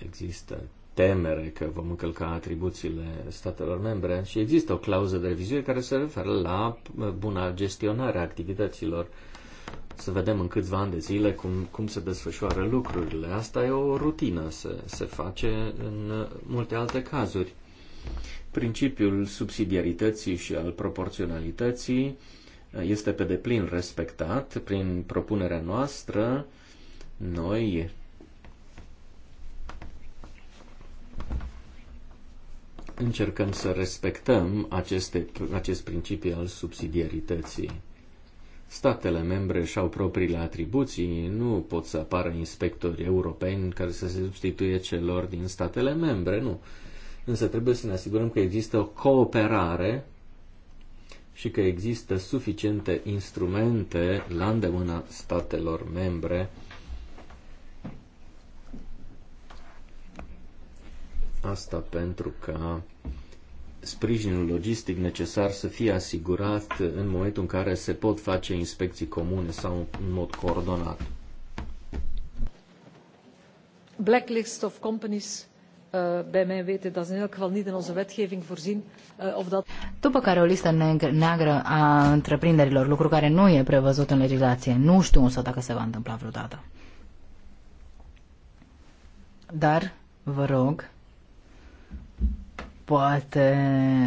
S2: Există temere că vom încălca atribuțiile statelor membre și există o clauză de revizuire care se referă la buna gestionare a activităților uh, să vedem în câțiva ani de zile cum, cum se desfășoară lucrurile. Asta e o rutină, se, se face în multe alte cazuri. Principiul subsidiarității și al proporționalității uh, este pe deplin respectat prin propunerea noastră. Noi încercăm să respectăm aceste, acest principiu al subsidiarității statele membre și-au propriile atribuții, nu pot să apară inspectori europeni care să se substituie celor din statele membre, nu. Însă trebuie să ne asigurăm că există o cooperare și că există suficiente instrumente la îndemâna statelor membre asta pentru că sprijinul logistic necesar să fie asigurat în momentul în care se pot face inspecții comune sau în mod coordonat.
S1: Blacklist of companies eh, bij mijn weten, dat is in elk geval niet in onze wetgeving voorzien. Eh, of dat...
S3: După care o listă neagră a întreprinderilor, lucru care nu e prevăzut în legislație. Nu știu însă dacă se va întâmpla vreodată. Dar, vă rog, poate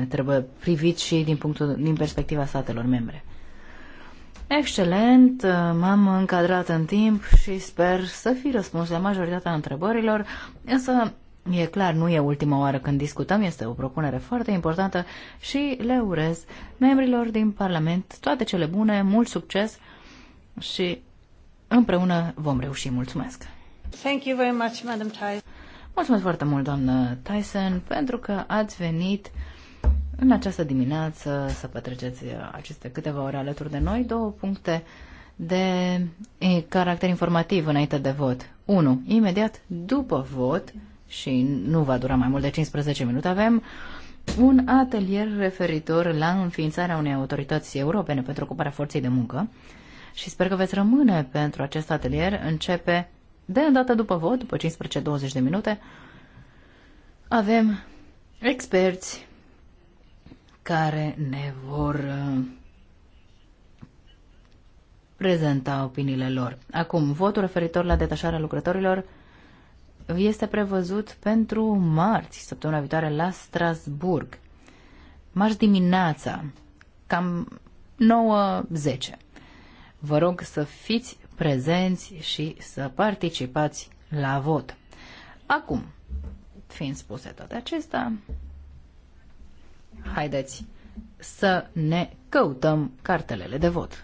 S3: trebuie privit și din, punctul, din perspectiva statelor membre. Excelent, m-am încadrat în timp și sper să fi răspuns la majoritatea întrebărilor, însă e clar, nu e ultima oară când discutăm, este o propunere foarte importantă și le urez membrilor din Parlament toate cele bune, mult succes și împreună vom reuși. Mulțumesc!
S1: Thank you very much, Madam Tyson.
S3: Mulțumesc foarte mult, doamnă Tyson, pentru că ați venit în această dimineață să petreceți aceste câteva ore alături de noi. Două puncte de caracter informativ înainte de vot. 1. Imediat după vot, și nu va dura mai mult de 15 minute, avem un atelier referitor la înființarea unei autorități europene pentru ocuparea forței de muncă și sper că veți rămâne pentru acest atelier. Începe de îndată după vot, după 15-20 de minute, avem experți care ne vor uh, prezenta opiniile lor. Acum, votul referitor la detașarea lucrătorilor este prevăzut pentru marți, săptămâna viitoare, la Strasburg. Marți dimineața, cam 9-10. Vă rog să fiți prezenți și să participați la vot. Acum, fiind spuse toate acestea, haideți să ne căutăm cartelele de vot.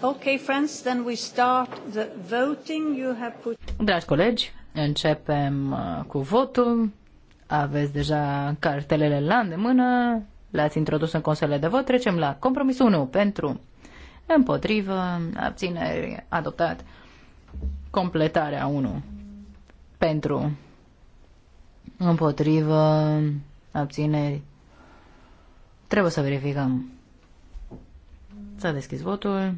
S1: Okay, friends, then we start the voting. You have put...
S3: Dragi colegi, începem uh, cu votul. Aveți deja cartelele la îndemână, le-ați introdus în consele de vot. Trecem la compromisul 1 pentru, împotrivă, abțineri, adoptat. Completarea 1 pentru, împotrivă, abțineri. Trebuie să verificăm. S-a deschis votul.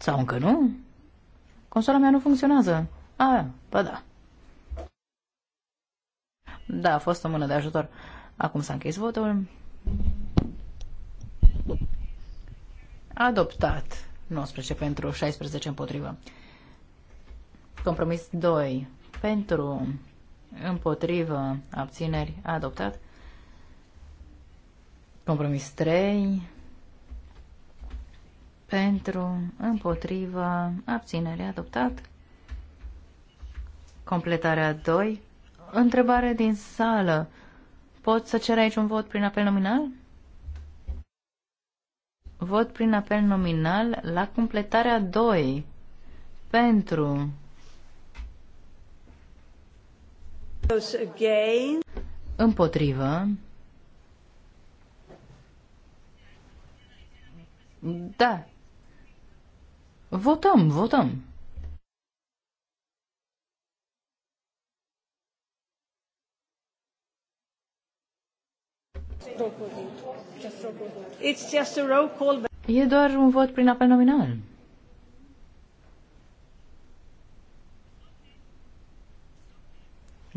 S3: Sau încă nu? Consola mea nu funcționează. A, bă da. Da, a fost o mână de ajutor. Acum s-a închis votul. Adoptat. 19 pentru, 16 împotrivă. Compromis 2. Pentru, împotrivă, abțineri, adoptat. Compromis 3 pentru, împotrivă, abținere adoptat. Completarea 2. Întrebare din sală. Pot să cer aici un vot prin apel nominal? Vot prin apel nominal la completarea 2. Pentru.
S1: Again.
S3: Împotrivă. Da, Votăm, votăm.
S1: It's just a roll call.
S3: E doar un vot prin apel nominal.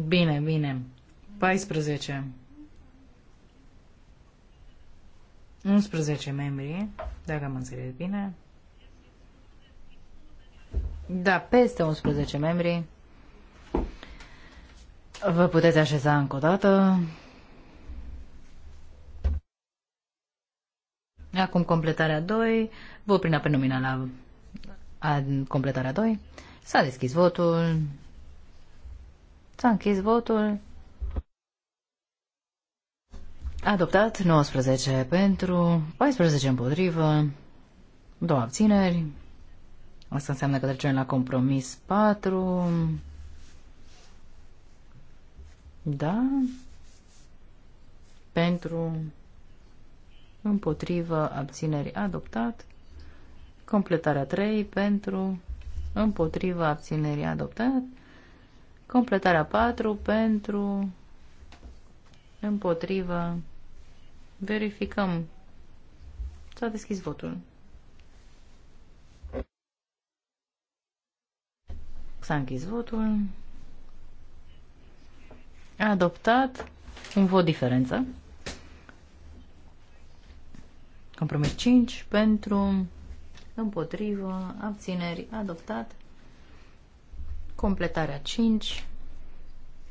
S3: Bine, bine. 14. 11 membri, dacă am înțeles bine. Da, peste 11 membri. Vă puteți așeza încă o dată. Acum completarea 2. Vă prin pe nomina la a, completarea 2. S-a deschis votul. S-a închis votul. Adoptat 19 pentru, 14 împotrivă, două abțineri. Asta înseamnă că trecem la compromis 4. Da? Pentru, împotrivă, abținerii adoptat. Completarea 3 pentru, împotrivă, abținerii adoptat. Completarea 4 pentru, împotrivă, verificăm. S-a deschis votul. S-a închis votul. A adoptat un vot diferență. Compromis 5 pentru, împotrivă, abțineri, adoptat. Completarea 5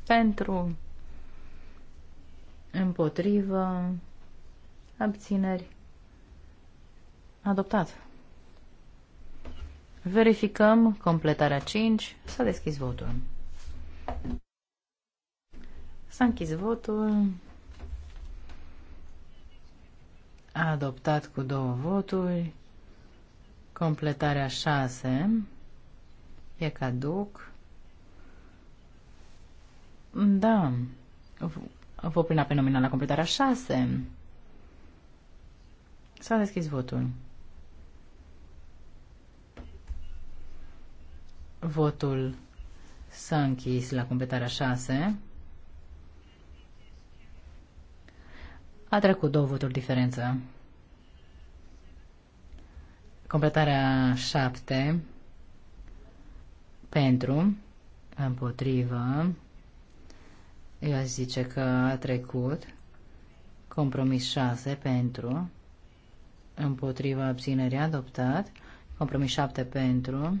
S3: pentru, împotrivă, abțineri, adoptat. Verificăm completarea 5. S-a deschis votul. S-a închis votul. A adoptat cu două voturi. Completarea 6. E caduc. Da. Vă prin pe nominal la completarea 6. S-a deschis votul. Votul s-a închis la completarea 6. A trecut două voturi diferență. Completarea 7 pentru, împotrivă, eu aș zice că a trecut, compromis 6 pentru, împotriva abținerea adoptat, compromis 7 pentru,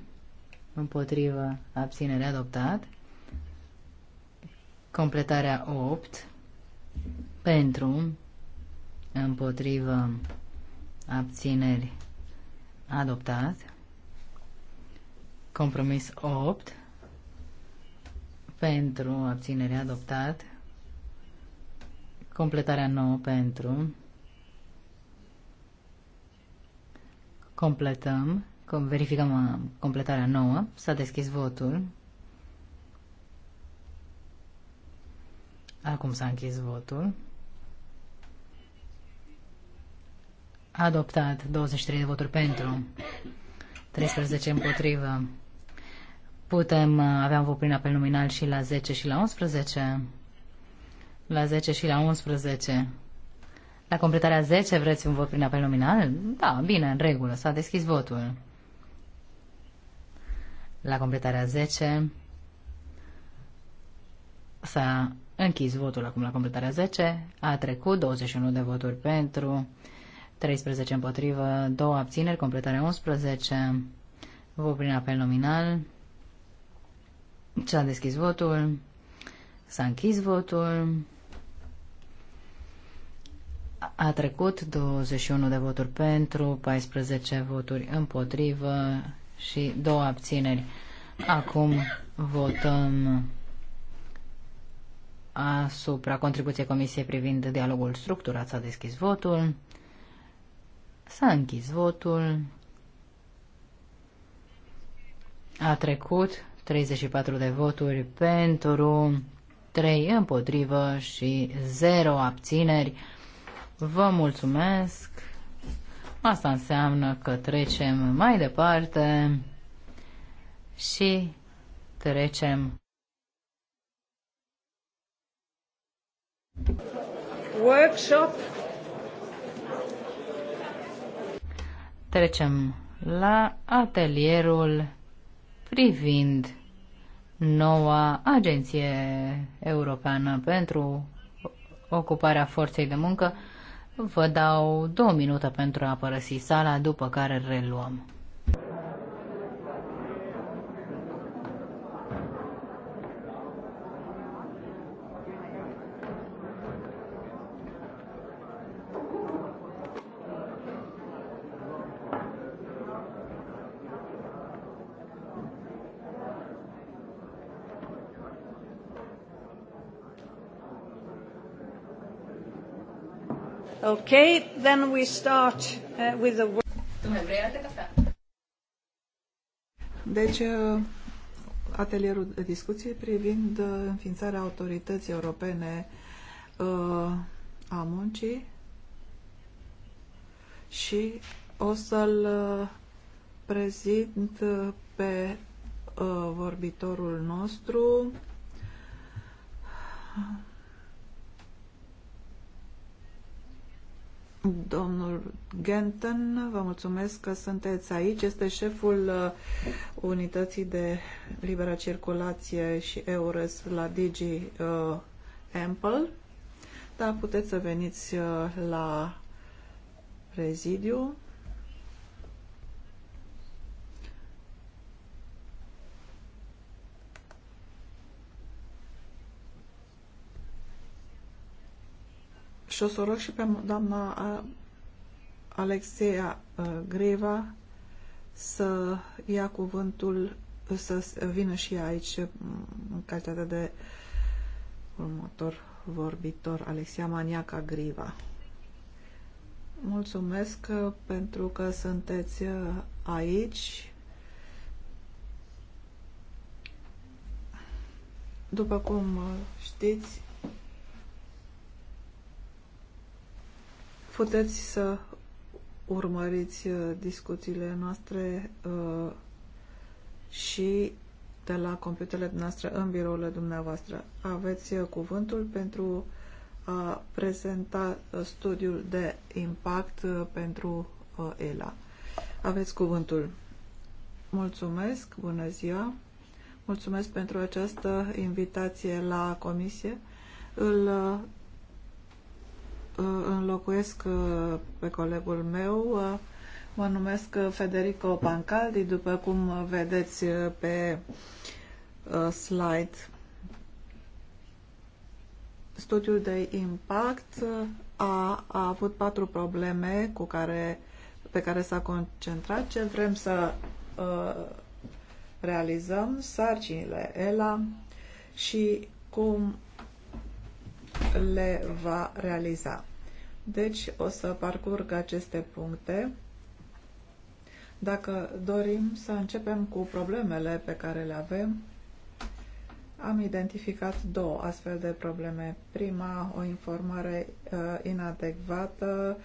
S3: împotrivă, abținere adoptat. Completarea 8 pentru, împotrivă, abțineri adoptat. Compromis 8 pentru abținere adoptat. Completarea 9 pentru. Completăm verificăm uh, completarea nouă. S-a deschis votul. Acum s-a închis votul. Adoptat 23 de voturi pentru, 13 împotrivă. Putem uh, avea un vot prin apel nominal și la 10 și la 11. La 10 și la 11. La completarea 10 vreți un vot prin apel nominal? Da, bine, în regulă, s-a deschis votul. La completarea 10 s-a închis votul acum la completarea 10, a trecut 21 de voturi pentru, 13 împotrivă, 2 abțineri, completarea 11, vot prin apel nominal, s-a deschis votul, s-a închis votul, a trecut 21 de voturi pentru, 14 voturi împotrivă, și două abțineri. Acum votăm asupra contribuției Comisiei privind dialogul structurat. S-a deschis votul. S-a închis votul. A trecut 34 de voturi pentru, 3 împotrivă și 0 abțineri. Vă mulțumesc! Asta înseamnă că trecem mai departe și trecem.
S1: Workshop.
S3: Trecem la atelierul privind noua Agenție Europeană pentru Ocuparea Forței de Muncă Vă dau două minute pentru a părăsi sala, după care reluăm.
S1: then we start uh, with the... Deci, uh,
S4: atelierul de discuție privind uh, înființarea autorității europene uh, a muncii și o să-l prezint pe vorbitorul nostru Domnul Genten, vă mulțumesc că sunteți aici. Este șeful uh, Unității de Liberă Circulație și EURES la Digi uh, Ample. Da, puteți să veniți uh, la prezidiu. și o să o rog și pe doamna Alexeia Greva să ia cuvântul, să vină și aici în calitate de următor vorbitor, Alexia Maniaca Griva. Mulțumesc pentru că sunteți aici. După cum știți, puteți să urmăriți uh, discuțiile noastre uh, și de la computerele noastre în birourile dumneavoastră. Aveți uh, cuvântul pentru a prezenta studiul de impact pentru ELA. Aveți cuvântul. Mulțumesc, bună ziua! Mulțumesc pentru această invitație la comisie. Îl înlocuiesc pe colegul meu. Mă numesc Federico Pancaldi, după cum vedeți pe slide. Studiul de impact a, a avut patru probleme cu care, pe care s-a concentrat. Ce vrem să uh, realizăm, sarcinile ELA și cum le va realiza. Deci o să parcurg aceste puncte. Dacă dorim să începem cu problemele pe care le avem, am identificat două astfel de probleme. Prima, o informare uh, inadecvată,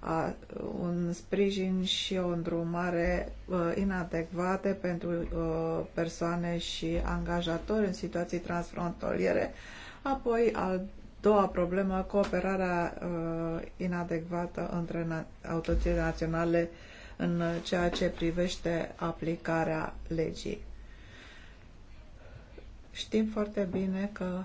S4: a, un sprijin și o îndrumare uh, inadecvate pentru uh, persoane și angajatori în situații transfrontaliere. Apoi, al doua problemă, cooperarea uh, inadecvată între na- autoritățile naționale în ceea ce privește aplicarea legii. Știm foarte bine că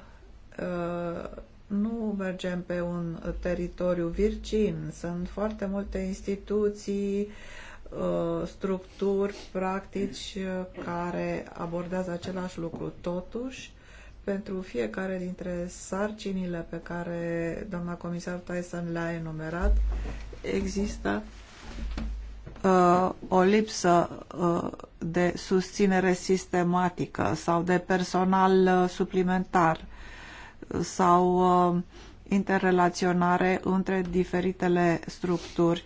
S4: uh, nu mergem pe un teritoriu virgin. Sunt foarte multe instituții, uh, structuri, practici uh, care abordează același lucru. Totuși, pentru fiecare dintre sarcinile pe care doamna comisar Tyson le-a enumerat, există uh, o lipsă uh, de susținere sistematică sau de personal uh, suplimentar sau uh, interrelaționare între diferitele structuri.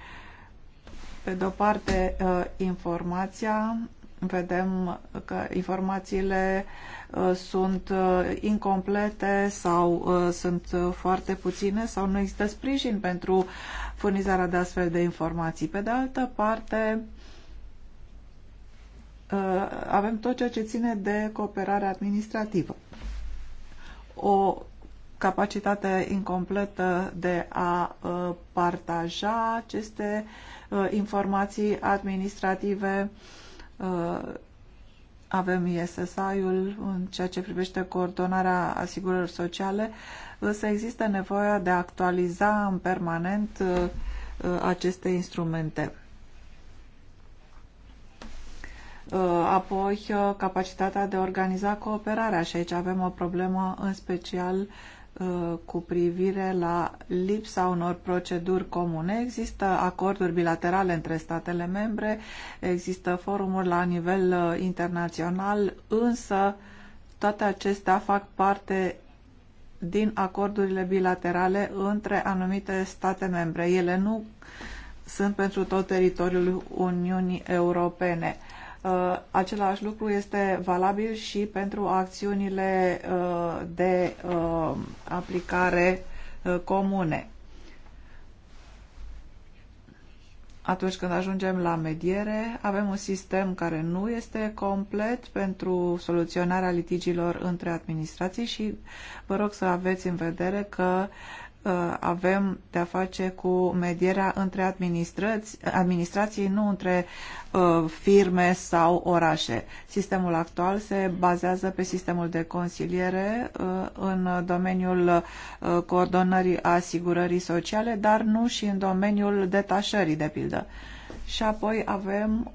S4: Pe de-o parte, uh, informația vedem că informațiile uh, sunt uh, incomplete sau uh, sunt foarte puține sau nu există sprijin pentru furnizarea de astfel de informații. Pe de altă parte, avem tot ceea ce ține de cooperare administrativă. O capacitate incompletă de a partaja aceste informații administrative uh, Uh, avem ISSI-ul în ceea ce privește coordonarea asigurărilor sociale, însă există nevoia de a actualiza în permanent uh, uh, aceste instrumente. Apoi, capacitatea de a organiza cooperarea și aici avem o problemă în special Uh, cu privire la lipsa unor proceduri comune. Există acorduri bilaterale între statele membre, există forumuri la nivel uh, internațional, însă toate acestea fac parte din acordurile bilaterale între anumite state membre. Ele nu sunt pentru tot teritoriul Uniunii Europene. Uh, același lucru este valabil și pentru acțiunile uh, de uh, aplicare comune. Atunci când ajungem la mediere, avem un sistem care nu este complet pentru soluționarea litigiilor între administrații și vă rog să aveți în vedere că uh, Uh, avem de-a face cu medierea între administrații, nu între uh, firme sau orașe. Sistemul actual se bazează pe sistemul de consiliere uh, în domeniul coordonării asigurării sociale, dar nu și în domeniul detașării, de pildă. Și apoi avem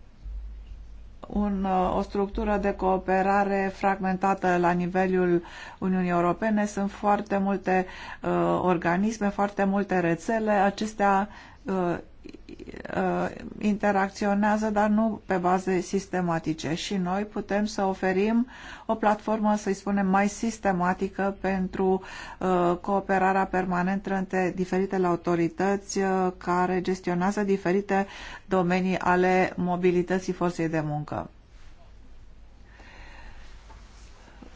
S4: un, uh, o structură de cooperare fragmentată la nivelul Uniunii Europene. Sunt foarte multe uh, organisme, foarte multe rețele. Acestea uh, uh, interacționează, dar nu pe baze sistematice și noi putem să oferim o platformă, să-i spunem, mai sistematică pentru uh, cooperarea permanentă între diferitele autorități uh, care gestionează diferite domenii ale mobilității forței de muncă.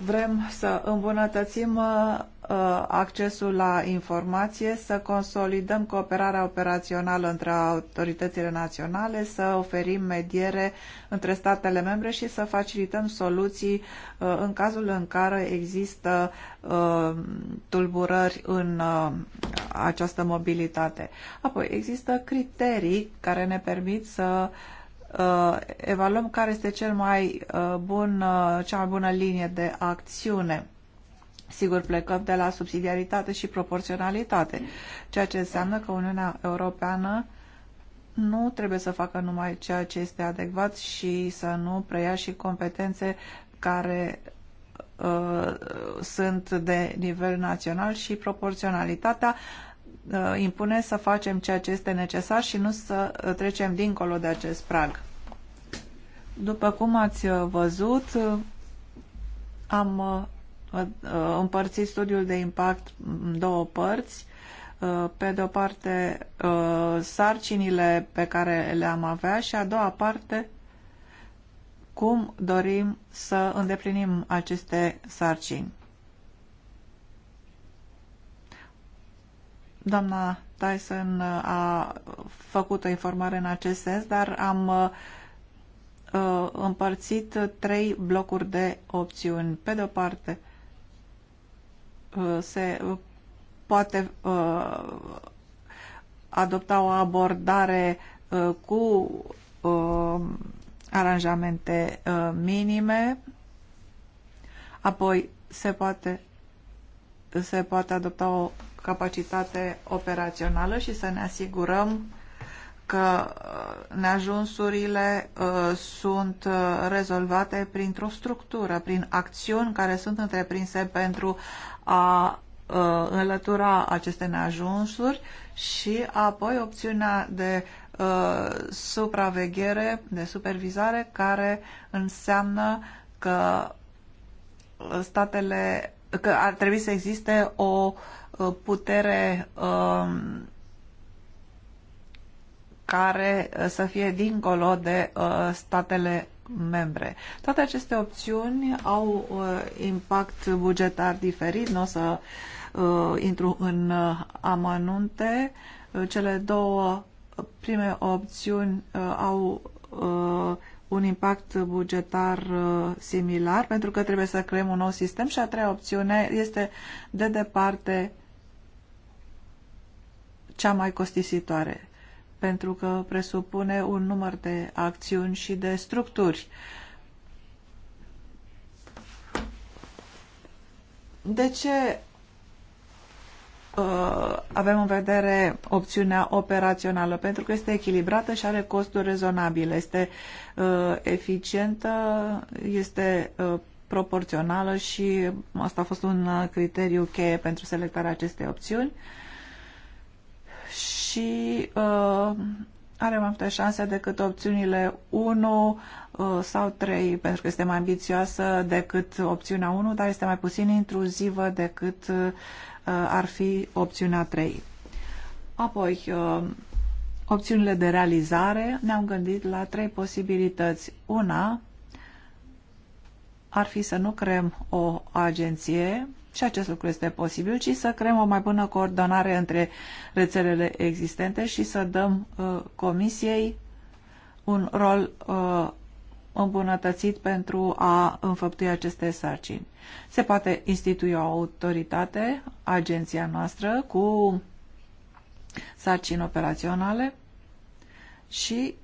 S4: Vrem să îmbunătățim uh, Uh, accesul la informație, să consolidăm cooperarea operațională între autoritățile naționale, să oferim mediere între statele membre și să facilităm soluții uh, în cazul în care există uh, tulburări în această mobilitate. Apoi, există criterii care ne permit să evaluăm care este cel mai bun, cea mai bună linie de acțiune Sigur, plecăm de la subsidiaritate și proporționalitate, ceea ce înseamnă că Uniunea Europeană nu trebuie să facă numai ceea ce este adecvat și să nu preia și competențe care uh, sunt de nivel național și proporționalitatea uh, impune să facem ceea ce este necesar și nu să trecem dincolo de acest prag. După cum ați uh, văzut, uh, am uh, Uh, împărți studiul de impact în două părți. Uh, pe de o parte, uh, sarcinile pe care le-am avea și a doua parte, cum dorim să îndeplinim aceste sarcini. Doamna Tyson a făcut o informare în acest sens, dar am împărțit trei blocuri de opțiuni. Pe de o parte, Uh, se uh, poate uh, adopta o abordare cu aranjamente minime, apoi se poate, se poate adopta o capacitate operațională și să ne asigurăm că neajunsurile sunt rezolvate printr-o structură, prin acțiuni care sunt întreprinse pentru a ă, înlătura aceste neajunsuri și apoi opțiunea de ă, supraveghere, de supervizare, care înseamnă că statele, că ar trebui să existe o ă, putere um, care să fie dincolo de uh, statele membre. Toate aceste opțiuni au uh, impact bugetar diferit, nu o să uh, intru în uh, amănunte. Uh, cele două uh, prime opțiuni uh, au uh, un impact bugetar uh, similar, pentru că trebuie să creăm un nou sistem și a treia opțiune este de departe cea mai costisitoare pentru că presupune un număr de acțiuni și de structuri. De ce uh, avem în vedere opțiunea operațională? Pentru că este echilibrată și are costuri rezonabile, este uh, eficientă, este uh, proporțională și asta a fost un uh, criteriu cheie pentru selectarea acestei opțiuni. Uh, și uh, are mai multe șanse decât opțiunile 1 uh, sau 3, pentru că este mai ambițioasă decât opțiunea 1, dar este mai puțin intruzivă decât uh, ar fi opțiunea 3. Apoi, uh, opțiunile de realizare, ne-am gândit la trei posibilități. Una ar fi să nu creăm o agenție, și acest lucru este posibil, ci să creăm o mai bună coordonare între rețelele existente și să dăm uh, comisiei un rol uh, îmbunătățit pentru a înfăptui aceste sarcini. Se poate institui o autoritate, agenția noastră, cu sarcini operaționale și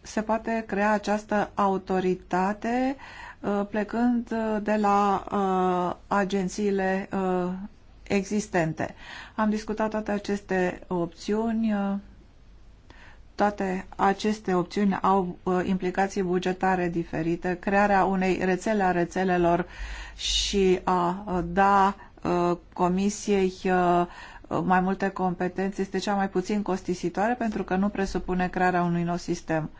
S4: se poate crea această autoritate uh, Uh, plecând uh, de la uh, agențiile existente. Am discutat toate aceste opțiuni. Toate aceste opțiuni au implicații bugetare diferite. Crearea unei rețele a rețelelor și a da comisiei mai multe competențe este cea mai puțin costisitoare pentru că nu presupune crearea unui nou sistem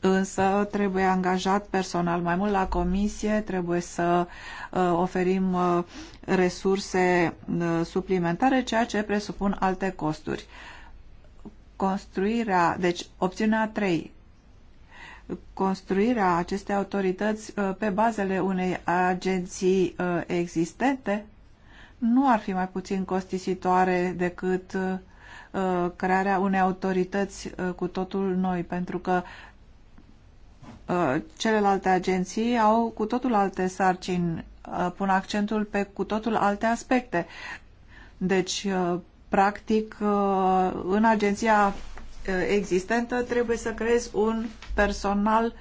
S4: însă trebuie angajat personal mai mult la comisie, trebuie să uh, oferim uh, resurse uh, suplimentare, ceea ce presupun alte costuri. Construirea, deci opțiunea 3, construirea acestei autorități pe bazele unei agenții existente nu ar fi mai puțin costisitoare decât crearea unei autorități cu totul noi, pentru că Uh, celelalte agenții au cu totul alte sarcini, uh, pun accentul pe cu totul alte aspecte. Deci, uh, practic, în agenția existentă trebuie să creezi un personal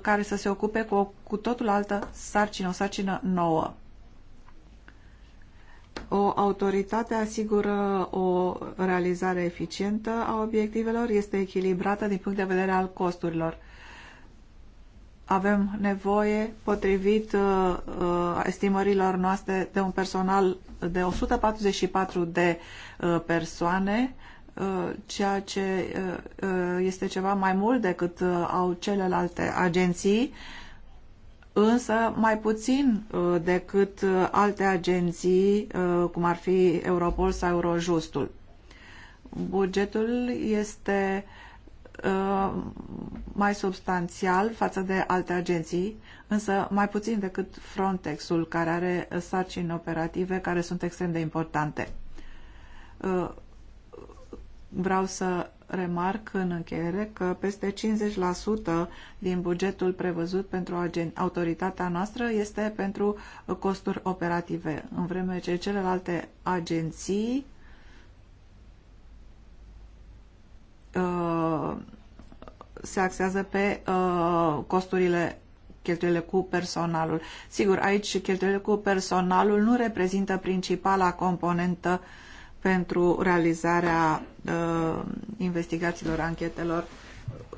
S4: care să se ocupe cu o cu totul altă sarcină, o sarcină nouă. O autoritate asigură o realizare eficientă a obiectivelor, este echilibrată din punct de vedere al costurilor avem nevoie, potrivit uh, uh estimărilor noastre, de un personal de 144 de uh, persoane, uh, ceea ce uh, uh, este ceva mai mult decât uh, au celelalte agenții, însă mai puțin uh, decât uh, alte agenții, uh, cum ar fi Europol sau Eurojustul. Bugetul este uh, Uh, mai substanțial față de alte agenții, însă mai puțin decât Frontexul, care are sarcini operative care sunt extrem de importante. Uh, vreau să remarc în încheiere că peste 50% din bugetul prevăzut pentru autoritatea noastră este pentru costuri operative, în vreme ce celelalte agenții Uh, se axează pe uh, costurile cheltuielile cu personalul. Sigur, aici cheltuielile cu personalul nu reprezintă principala componentă pentru realizarea uh, investigațiilor, anchetelor,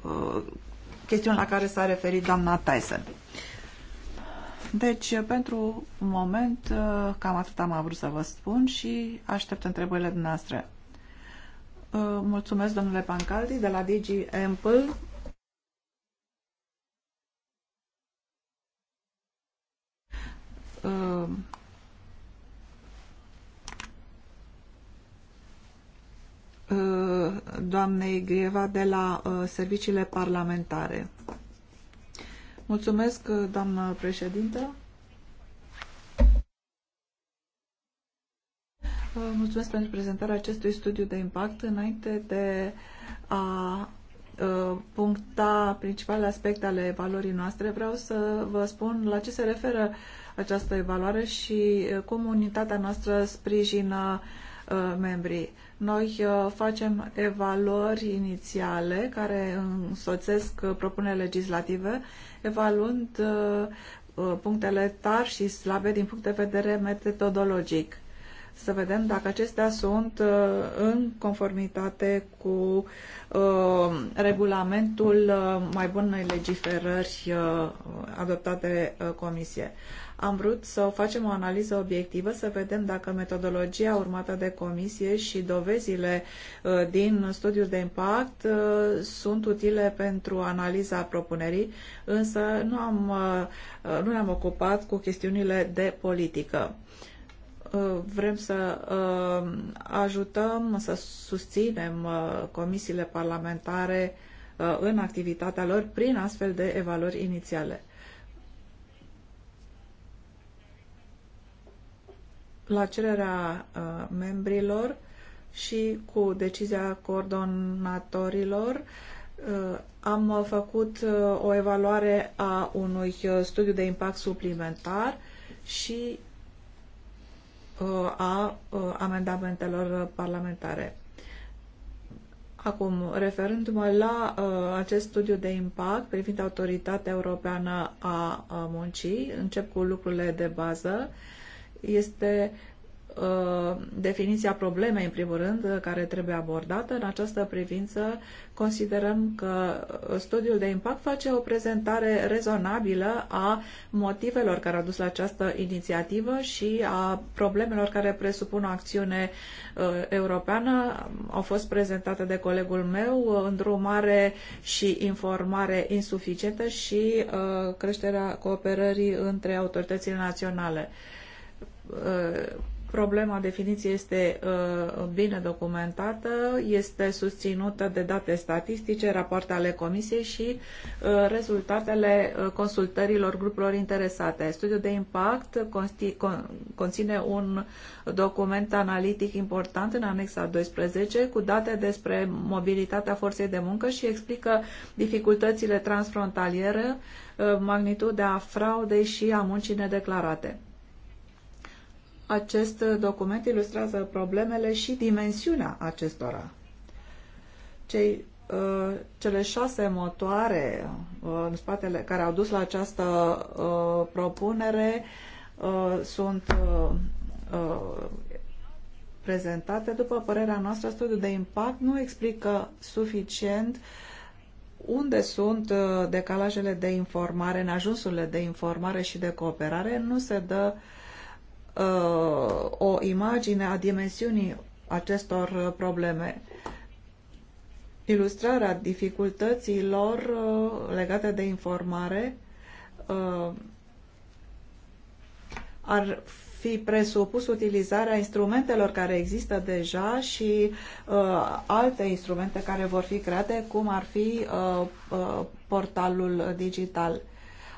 S4: uh, chestiuni la care s-a referit doamna Tyson. Deci, pentru un moment, uh, cam atât am vrut să vă spun și aștept întrebările dumneavoastră. Uh, mulțumesc, domnule Pancaldi, de la Digi Ample. Uh, uh, doamnei Grieva de la Serviciile Parlamentare. Mulțumesc, doamnă președintă. Vă mulțumesc pentru prezentarea acestui studiu de impact. Înainte de a ă, puncta principalele aspecte ale evaluării noastre, vreau să vă spun la ce se referă această evaluare și ă, cum unitatea noastră sprijină ă, membrii. Noi facem evaluări inițiale care însoțesc propuneri legislative, evaluând punctele tari și slabe din punct de vedere metodologic să vedem dacă acestea sunt uh, în conformitate cu uh, regulamentul uh, mai bunei legiferări adoptate de Comisie. Am vrut să facem o analiză obiectivă, să vedem dacă metodologia urmată de comisie și dovezile din studiul de impact sunt utile pentru analiza propunerii, însă nu, am, nu ne-am ocupat cu chestiunile de politică. Uh, vrem să uh, ajutăm, să susținem uh, comisiile parlamentare în activitatea lor prin astfel de evaluări inițiale. La cererea membrilor și cu decizia coordonatorilor am făcut o evaluare a unui studiu de impact suplimentar și Uh, a uh, amendamentelor parlamentare. Acum, referându-mă la uh, acest studiu de impact privind Autoritatea Europeană a, a uh, Muncii, încep cu lucrurile de bază. Este Uh, definiția problemei, în primul rând, uh, care trebuie abordată. În această privință, considerăm că uh, studiul de impact face o prezentare rezonabilă a motivelor care au dus la această inițiativă și a problemelor care presupun o acțiune europeană. Au fost prezentate de colegul meu îndrumare și informare insuficientă și creșterea cooperării între autoritățile naționale Problema definiției este uh, bine documentată, este susținută de date statistice, rapoarte ale comisiei și uh, rezultatele uh, consultărilor grupurilor interesate. Studiul de impact con conține un document analitic important în anexa 12 cu date despre mobilitatea forței de muncă și explică dificultățile transfrontaliere, uh, magnitudinea fraudei și a muncii nedeclarate. Acest document ilustrează problemele și dimensiunea acestora. Cei, uh, cele șase motoare uh, în spatele care au dus la această uh, propunere sunt prezentate. După părerea noastră, studiul de impact nu explică suficient unde sunt decalajele de informare, în ajunsurile de informare și de cooperare. Nu se dă uh, Uh, o imagine a dimensiunii acestor uh, probleme. Ilustrarea dificultăților uh, legate de informare ar fi presupus utilizarea instrumentelor care există deja și uh, alte instrumente care vor fi create, cum ar fi uh, uh, portalul digital.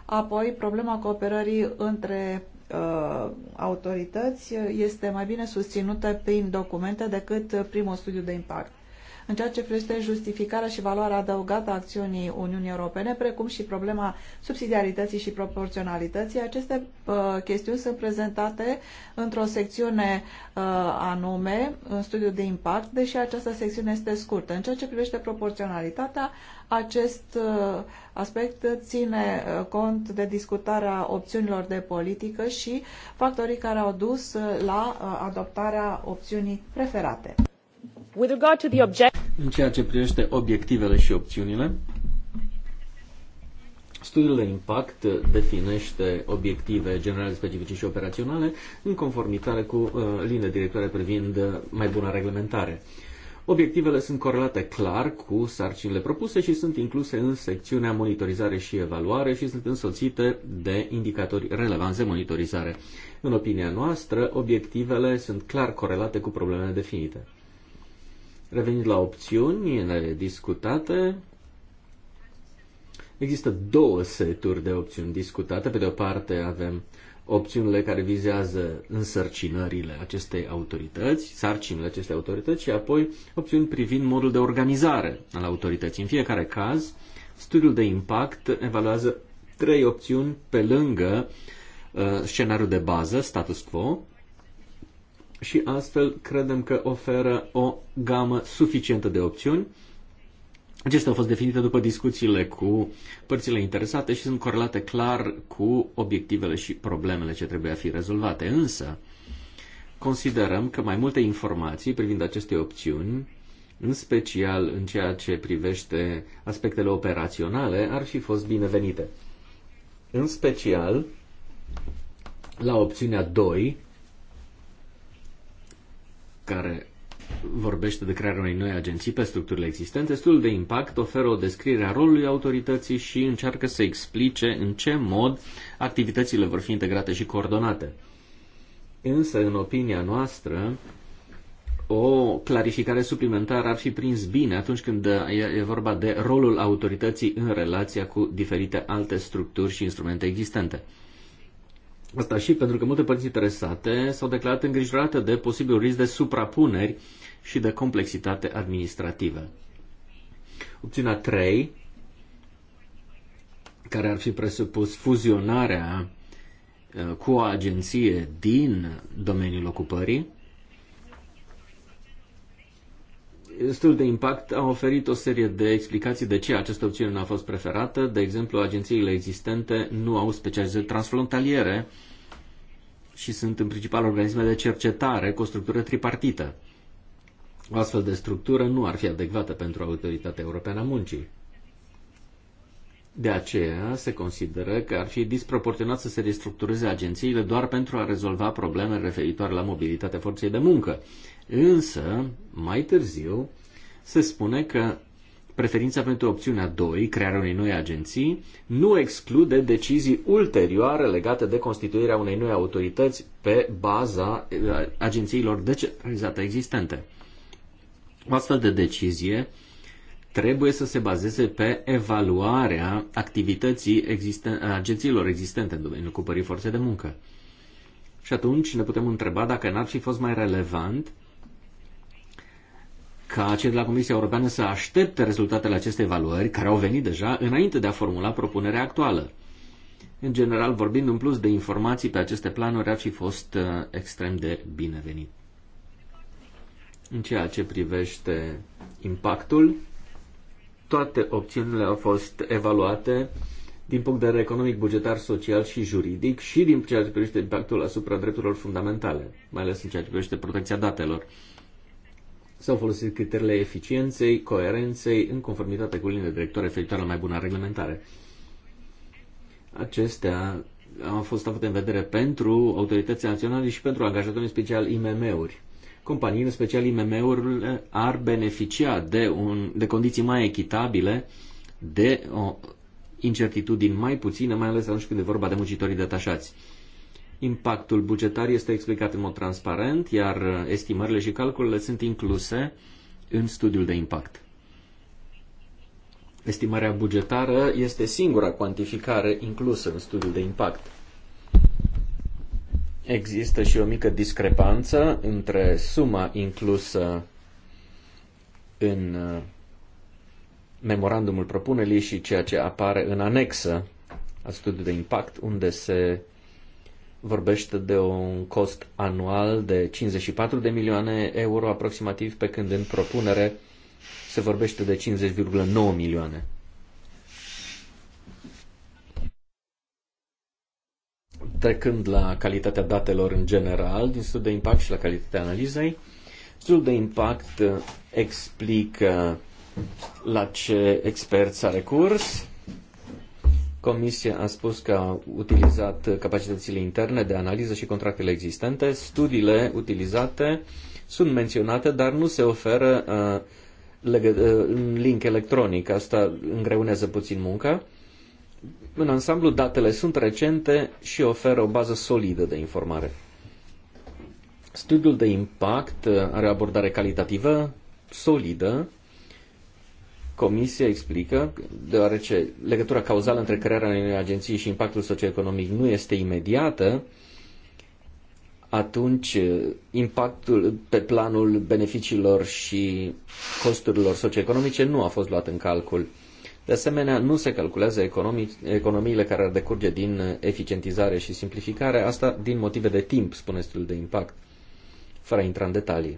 S4: Apoi, problema cooperării între uh, autorități este mai bine susținută prin documente decât primul studiu de impact în ceea ce privește justificarea și valoarea adăugată a acțiunii Uniunii Europene, precum și problema subsidiarității și proporționalității. Aceste uh, chestiuni sunt prezentate într-o secțiune uh, anume, în studiu de impact, deși această secțiune este scurtă. În ceea ce privește proporționalitatea, acest uh, aspect ține uh, cont de discutarea opțiunilor de politică și factorii care au dus uh, la adoptarea opțiunii preferate. With regard to the object...
S2: În ceea ce privește obiectivele și opțiunile, Studiul de impact definește obiective generale, specifice și operaționale în conformitate cu uh, linia directoare privind mai bună reglementare. Obiectivele sunt corelate clar cu sarcinile propuse și sunt incluse în secțiunea monitorizare și evaluare și sunt însoțite de indicatori relevanți de monitorizare. În opinia noastră, obiectivele sunt clar corelate cu problemele definite. Revenind la opțiuni, ele discutate, există două seturi de opțiuni discutate. Pe de o parte avem opțiunile care vizează însărcinările acestei autorități, sarcinile acestei autorități și apoi opțiuni privind modul de organizare al autorității. În fiecare caz, studiul de impact evaluează trei opțiuni pe lângă uh, scenariul de bază, status quo, și astfel credem că oferă o gamă suficientă de opțiuni. Acestea au fost definite după discuțiile cu părțile interesate și sunt corelate clar cu obiectivele și problemele ce trebuie a fi rezolvate. Însă, considerăm că mai multe informații privind aceste opțiuni, în special în ceea ce privește aspectele operaționale, ar fi fost binevenite. În special, la opțiunea 2, care vorbește de crearea unei noi agenții pe structurile existente, studiul de impact oferă o descriere a rolului autorității și încearcă să explice în ce mod activitățile vor fi integrate și coordonate. Însă, în opinia noastră, o clarificare suplimentară ar fi prins bine atunci când e vorba de rolul autorității în relația cu diferite alte structuri și instrumente existente. Asta și pentru că multe părți interesate s-au declarat îngrijorate de posibil risc de suprapuneri și de complexitate administrativă. Opțiunea 3, care ar fi presupus fuzionarea uh, cu o agenție din domeniul ocupării, Studiul de impact a oferit o serie de explicații de ce această opțiune nu a fost preferată. De exemplu, agențiile existente nu au specializări transfrontaliere și sunt în principal organisme de cercetare cu o structură tripartită. O astfel de structură nu ar fi adecvată pentru Autoritatea Europeană a Muncii. De aceea se consideră că ar fi disproporționat să se restructureze agențiile doar pentru a rezolva probleme referitoare la mobilitatea forței de muncă. Însă, mai târziu, se spune că preferința pentru opțiunea 2, crearea unei noi agenții, nu exclude decizii ulterioare legate de constituirea unei noi autorități pe baza eh, agențiilor decentralizate existente. O astfel de decizie trebuie să se bazeze pe evaluarea activității existen- agențiilor existente în domeniul cupării forței de muncă. Și atunci ne putem întreba dacă n-ar fi fost mai relevant ca cei de la Comisia Europeană să aștepte rezultatele acestei evaluări, care au venit deja, înainte de a formula propunerea actuală. În general, vorbind în plus de informații pe aceste planuri, ar fi fost uh, extrem de binevenit. În ceea ce privește impactul, toate opțiunile au fost evaluate din punct de vedere economic, bugetar, social și juridic și din ceea ce privește impactul asupra drepturilor fundamentale, mai ales în ceea ce privește protecția datelor. S-au folosit criteriile eficienței, coerenței, în conformitate cu linia directoare referitoare la mai bună reglementare. Acestea au fost avute în vedere pentru autoritățile naționale și pentru angajatori, în special IMM-uri. Companiile, în special IMM-urile, ar beneficia de, un, de condiții mai echitabile, de o incertitudini mai puține, mai ales atunci când e vorba de muncitorii detașați. Impactul bugetar este explicat în mod transparent, iar estimările și calculele sunt incluse în studiul de impact. Estimarea bugetară este singura cuantificare inclusă în studiul de impact. Există și o mică discrepanță între suma inclusă în uh, memorandumul propunerii și ceea ce apare în anexă a studiului de impact, unde se vorbește de un cost anual de 54 de milioane euro aproximativ, pe când în propunere se vorbește de 50,9 milioane. Trecând la calitatea datelor în general, din studiul de impact și la calitatea analizei, studiul de impact explică la ce experți a recurs, Comisia a spus că a utilizat capacitățile interne de analiză și contractele existente. Studiile utilizate sunt menționate, dar nu se oferă în uh, uh, link electronic. Asta îngreunează puțin munca. În ansamblu, datele sunt recente și oferă o bază solidă de informare. Studiul de impact are o abordare calitativă solidă Comisia explică, deoarece legătura cauzală între crearea unei agenții și impactul socioeconomic nu este imediată, atunci uh, impactul pe planul beneficiilor și costurilor socioeconomice nu a fost luat în calcul. De asemenea, nu se calculează economii, economiile care ar decurge din uh, eficientizare și simplificare, asta din motive de timp, spune studiul de impact, fără a intra în detalii.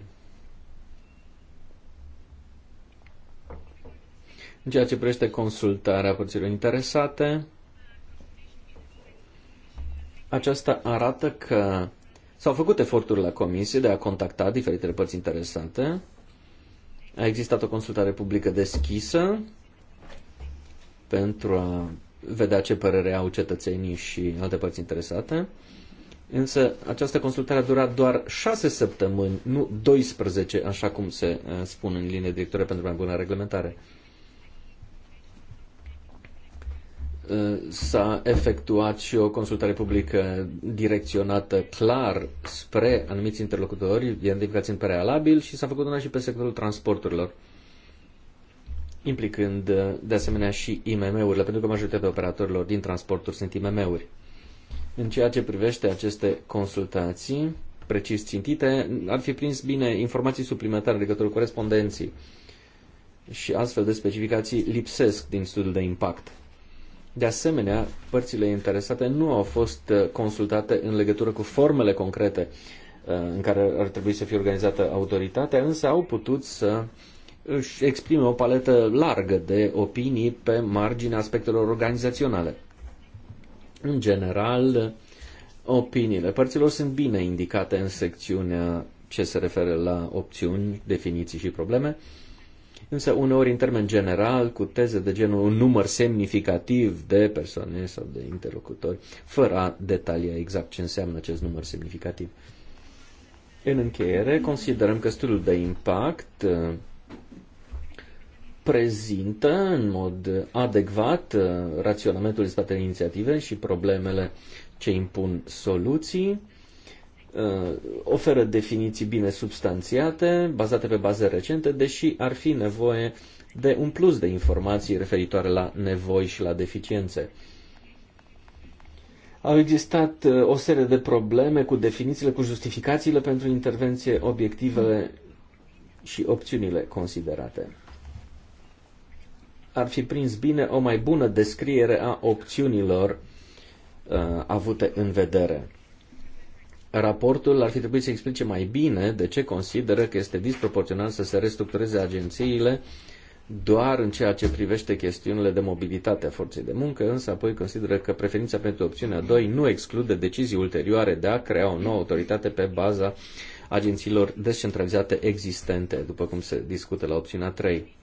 S2: În ceea ce privește consultarea părților interesate, aceasta arată că s-au făcut eforturi la comisie de a contacta diferitele părți interesate, a existat o consultare publică deschisă pentru a vedea ce părere au cetățenii și alte părți interesate. Însă această consultare a durat doar 6 săptămâni, nu 12, așa cum se uh, spun în linie directoare pentru mai bună reglementare. Uh, s-a efectuat și o consultare publică direcționată clar spre anumiți interlocutori, identificați în prealabil și s-a făcut una și pe sectorul transporturilor, implicând uh, de asemenea și IMM-urile, pentru că majoritatea operatorilor din transporturi sunt IMM-uri. În ceea ce privește aceste consultații precis țintite, ar fi prins bine informații suplimentare în legătură cu corespondenții și astfel de specificații lipsesc din studiul de impact. De asemenea, părțile interesate nu au fost uh, consultate în legătură cu formele concrete uh, în care ar trebui să fie organizată autoritatea, însă au putut să își exprime o paletă largă de opinii pe marginea aspectelor organizaționale. În general, opiniile părților sunt bine indicate în secțiunea ce se referă la opțiuni, definiții și probleme, însă uneori în termen general, cu teze de genul un număr semnificativ de persoane sau de interlocutori, fără a detalia exact ce înseamnă acest număr semnificativ. În încheiere, considerăm că studiul de impact uh, prezintă în mod adecvat uh, raționamentul spatele inițiative și problemele ce impun soluții Uh, oferă definiții bine substanțiate, bazate pe baze recente, deși ar fi nevoie de un plus de informații referitoare la nevoi și la deficiențe. Au existat uh, o serie de probleme cu definițiile, cu justificațiile pentru intervenție, obiectivele și opțiunile considerate. Ar fi prins bine o mai bună descriere a opțiunilor uh, avute în vedere. Raportul ar fi trebuit să explice mai bine de ce consideră că este disproporțional să se restructureze agențiile doar în ceea ce privește chestiunile de mobilitate a forței de muncă, însă apoi consideră că preferința pentru opțiunea 2 nu exclude decizii ulterioare de a crea o nouă autoritate pe baza agențiilor descentralizate existente, după cum se discută la opțiunea 3.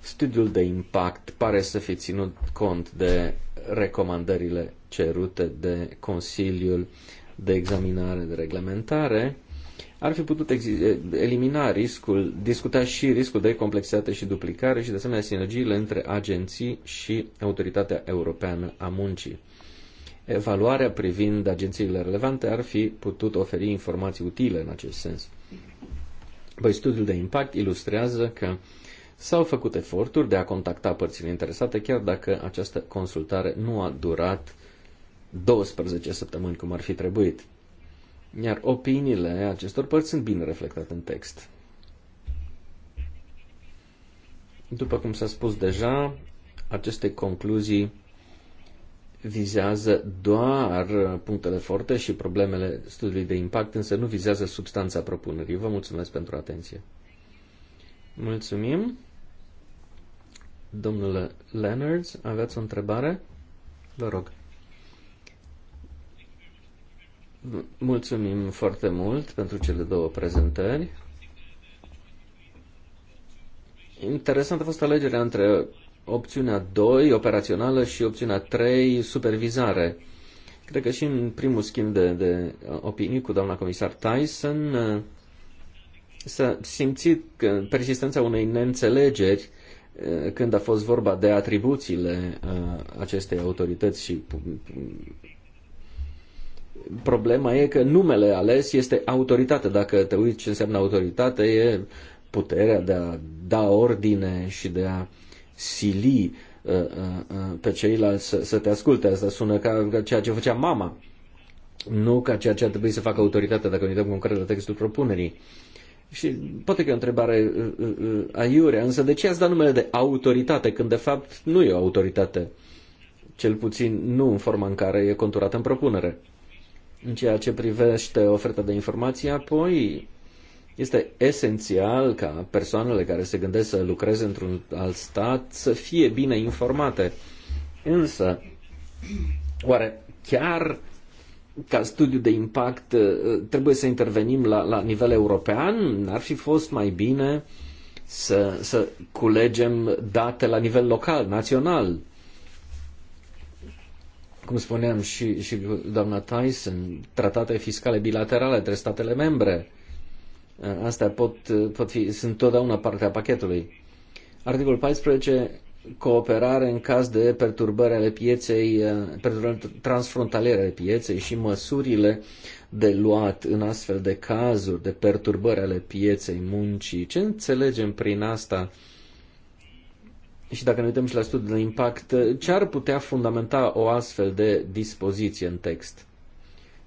S2: Studiul de impact pare să fi ținut cont de recomandările cerute de Consiliul de examinare, de reglementare, ar fi putut elimina riscul, discuta și riscul de complexitate și duplicare și, de asemenea, sinergiile între agenții și Autoritatea Europeană a Muncii. Evaluarea privind agențiile relevante ar fi putut oferi informații utile în acest sens. Păi studiul de impact ilustrează că s-au făcut eforturi de a contacta părțile interesate, chiar dacă această consultare nu a durat 12 săptămâni, cum ar fi trebuit. Iar opiniile acestor părți sunt bine reflectate în text. După cum s-a spus deja, aceste concluzii vizează doar punctele forte și problemele studiului de impact, însă nu vizează substanța propunerii. Vă mulțumesc pentru atenție. Mulțumim. Domnule Leonard, aveți o întrebare? Vă rog. Mulțumim foarte mult pentru cele două prezentări. Interesant a fost alegerea între opțiunea 2, operațională, și opțiunea 3, supervizare. Cred că și în primul schimb de, de opinii cu doamna comisar Tyson uh, s-a simțit persistența unei neînțelegeri uh, când a fost vorba de atribuțiile uh, acestei autorități și problema e că numele ales este autoritate. Dacă te uiți ce înseamnă autoritate, e puterea de a da ordine și de a sili uh, uh, uh, pe ceilalți să, să te asculte. Asta sună ca, ca ceea ce făcea mama, nu ca ceea ce ar trebui să facă autoritatea dacă ne uităm concret la textul propunerii. Și poate că e o întrebare aiurea, însă de ce ați dat numele de autoritate când de fapt nu e o autoritate? Cel puțin nu în forma în care e conturată în propunere. În ceea ce privește oferta de informații, apoi este esențial ca persoanele care se gândesc să lucreze într-un alt stat să fie bine informate. Însă, oare chiar ca studiu de impact uh, trebuie să intervenim la, la nivel european? N-ar fi fost mai bine să, să culegem date la nivel local, național? cum spuneam și, și doamna Tyson, tratate fiscale bilaterale între statele membre. Astea pot, pot fi, sunt totdeauna partea pachetului. Articolul 14, cooperare în caz de perturbări ale pieței, perturbări transfrontaliere ale pieței și măsurile de luat în astfel de cazuri de perturbări ale pieței muncii. Ce înțelegem prin asta? și dacă ne uităm și la studiul de impact, ce ar putea fundamenta o astfel de dispoziție în text?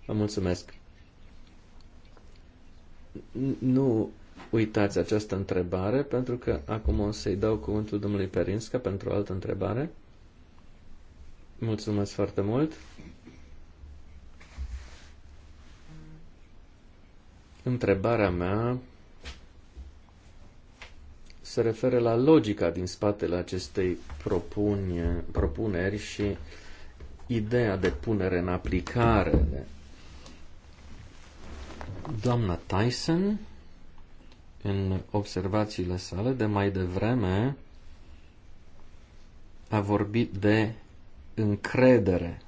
S2: Vă mulțumesc. Nu uitați această întrebare, pentru că acum o să-i dau cuvântul domnului Perinsca pentru o altă întrebare. Mulțumesc foarte mult. Întrebarea mea se referă la logica din spatele acestei propune, propuneri și ideea de punere în aplicare. Doamna Tyson, în observațiile sale de mai devreme, a vorbit de încredere.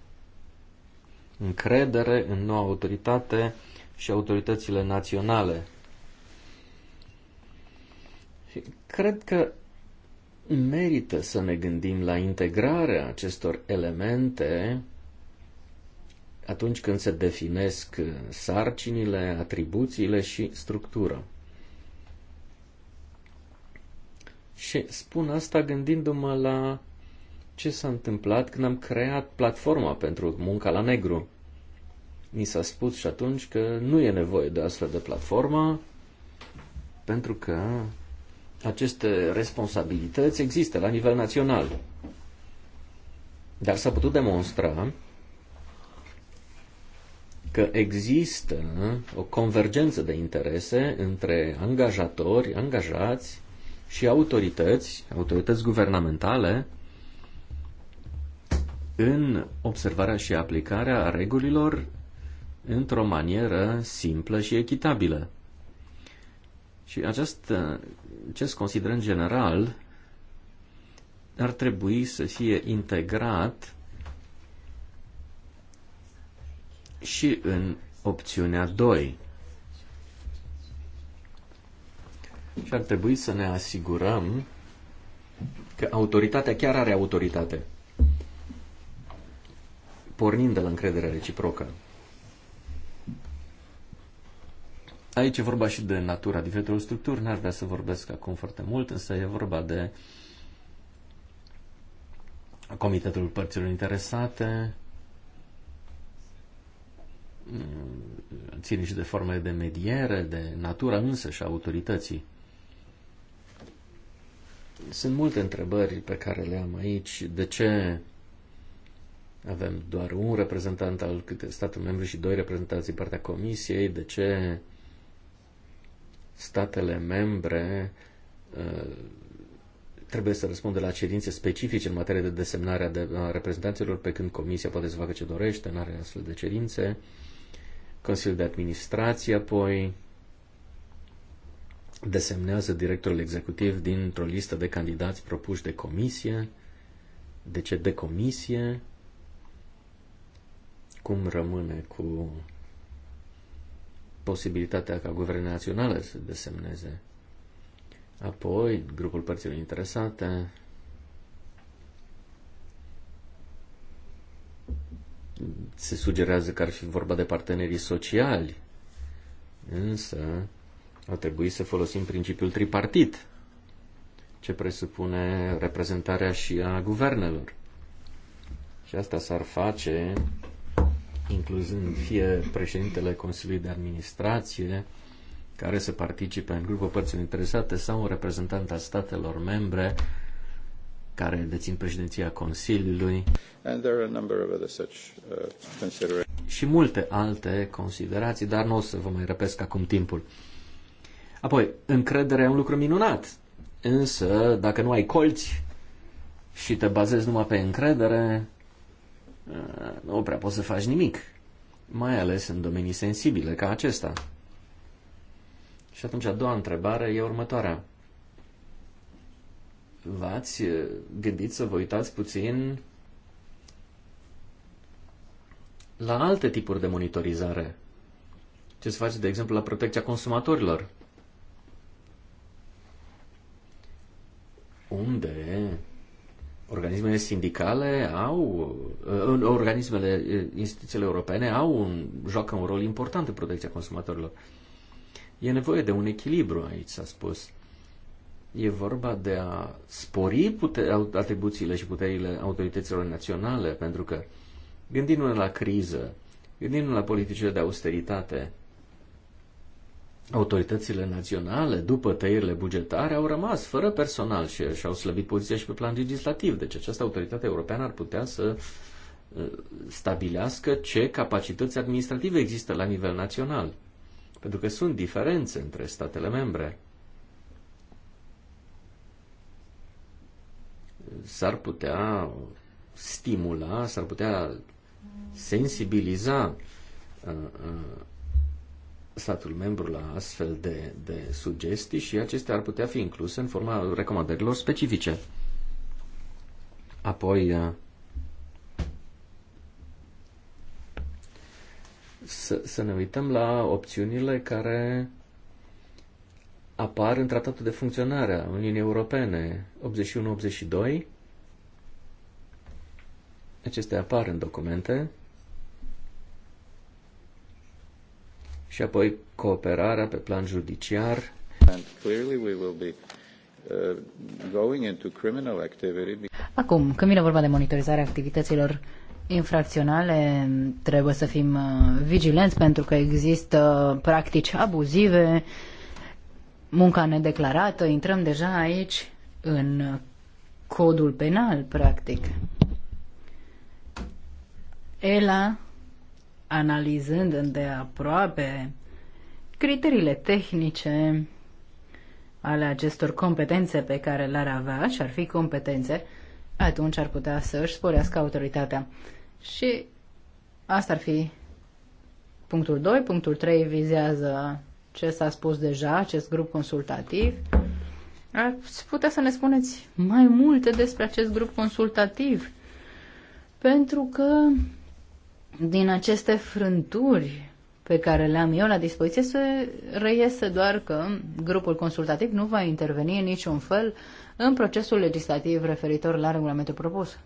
S2: Încredere în noua autoritate și autoritățile naționale Cred că merită să ne gândim la integrarea acestor elemente atunci când se definesc sarcinile, atribuțiile și structura. Și spun asta gândindu-mă la ce s-a întâmplat când am creat platforma pentru munca la negru. Mi s-a spus și atunci că nu e nevoie de astfel de platformă, pentru că aceste responsabilități există la nivel național. Dar s-a putut demonstra că există o convergență de interese între angajatori, angajați și autorități, autorități guvernamentale, în observarea și aplicarea regulilor într-o manieră simplă și echitabilă. Și această acest considerent general ar trebui să fie integrat și în opțiunea 2. Și ar trebui să ne asigurăm că autoritatea chiar are autoritate, pornind de la încrederea reciprocă. Aici e vorba și de natura diferitelor structuri, n-aș vrea să vorbesc acum foarte mult, însă e vorba de Comitetul Părților Interesate, mm, ține și de forme de mediere, de natura însă și a autorității. Sunt multe întrebări pe care le am aici. De ce avem doar un reprezentant al câte state membru și doi reprezentanți din partea Comisiei? De ce statele membre uh, trebuie să răspundă la cerințe specifice în materie de desemnare a, reprezentanților, pe când Comisia poate să facă ce dorește, nu are astfel de cerințe. Consiliul de Administrație, apoi, desemnează directorul executiv dintr-o listă de candidați propuși de comisie. De ce de comisie? Cum rămâne cu posibilitatea ca guverne naționale să desemneze. Apoi, grupul părților interesate, se sugerează că ar fi vorba de partenerii sociali, însă ar trebui să folosim principiul tripartit, ce presupune reprezentarea și a guvernelor. Și asta s-ar face incluzând fie președintele Consiliului de Administrație, care să participe în grupul părților interesate, sau un reprezentant al statelor membre care dețin președinția Consiliului. And there are a number of other such, uh, și multe alte considerații, dar nu o să vă mai repesc acum timpul. Apoi, încrederea e un lucru minunat, însă dacă nu ai colți și te bazezi numai pe încredere, Uh, nu prea poți să faci nimic, mai ales în domenii sensibile ca acesta. Și atunci a doua întrebare e următoarea. V-ați uh, gândit să vă uitați puțin la alte tipuri de monitorizare? Ce se face, de exemplu, la protecția consumatorilor? Unde organismele sindicale au, organismele, instituțiile europene au un, joacă un rol important în protecția consumatorilor. E nevoie de un echilibru aici, s-a spus. E vorba de a spori pute- atribuțiile și puterile autorităților naționale, pentru că gândindu-ne la criză, gândindu-ne la politicile de austeritate, autoritățile naționale, după tăierile bugetare, au rămas fără personal și și-au slăbit poziția și pe plan legislativ. Deci această autoritate europeană ar putea să uh, stabilească ce capacități administrative există la nivel național. Pentru că sunt diferențe între statele membre. S-ar putea stimula, s-ar putea sensibiliza uh, uh, statul membru la astfel de, de sugestii și acestea ar putea fi incluse în forma recomandărilor specifice. Apoi, uh, să, să ne uităm la opțiunile care apar în tratatul de funcționare a Uniunii Europene 81-82. Acestea apar în documente. și apoi cooperarea pe plan judiciar. Uh,
S3: Acum, când vine vorba de monitorizarea activităților infracționale, trebuie să fim uh, vigilenți pentru că există practici abuzive, munca nedeclarată, intrăm deja aici în codul penal, practic. ELA analizând îndeaproape criteriile tehnice ale acestor competențe pe care le-ar avea și ar fi competențe, atunci ar putea să își sporească autoritatea. Și asta ar fi punctul 2. Punctul 3 vizează ce s-a spus deja, acest grup consultativ. s-ar putea să ne spuneți mai multe despre acest grup consultativ, pentru că din aceste frânturi pe care le-am eu la dispoziție se reiese doar că grupul consultativ nu va interveni în niciun fel în procesul legislativ referitor la regulamentul propus.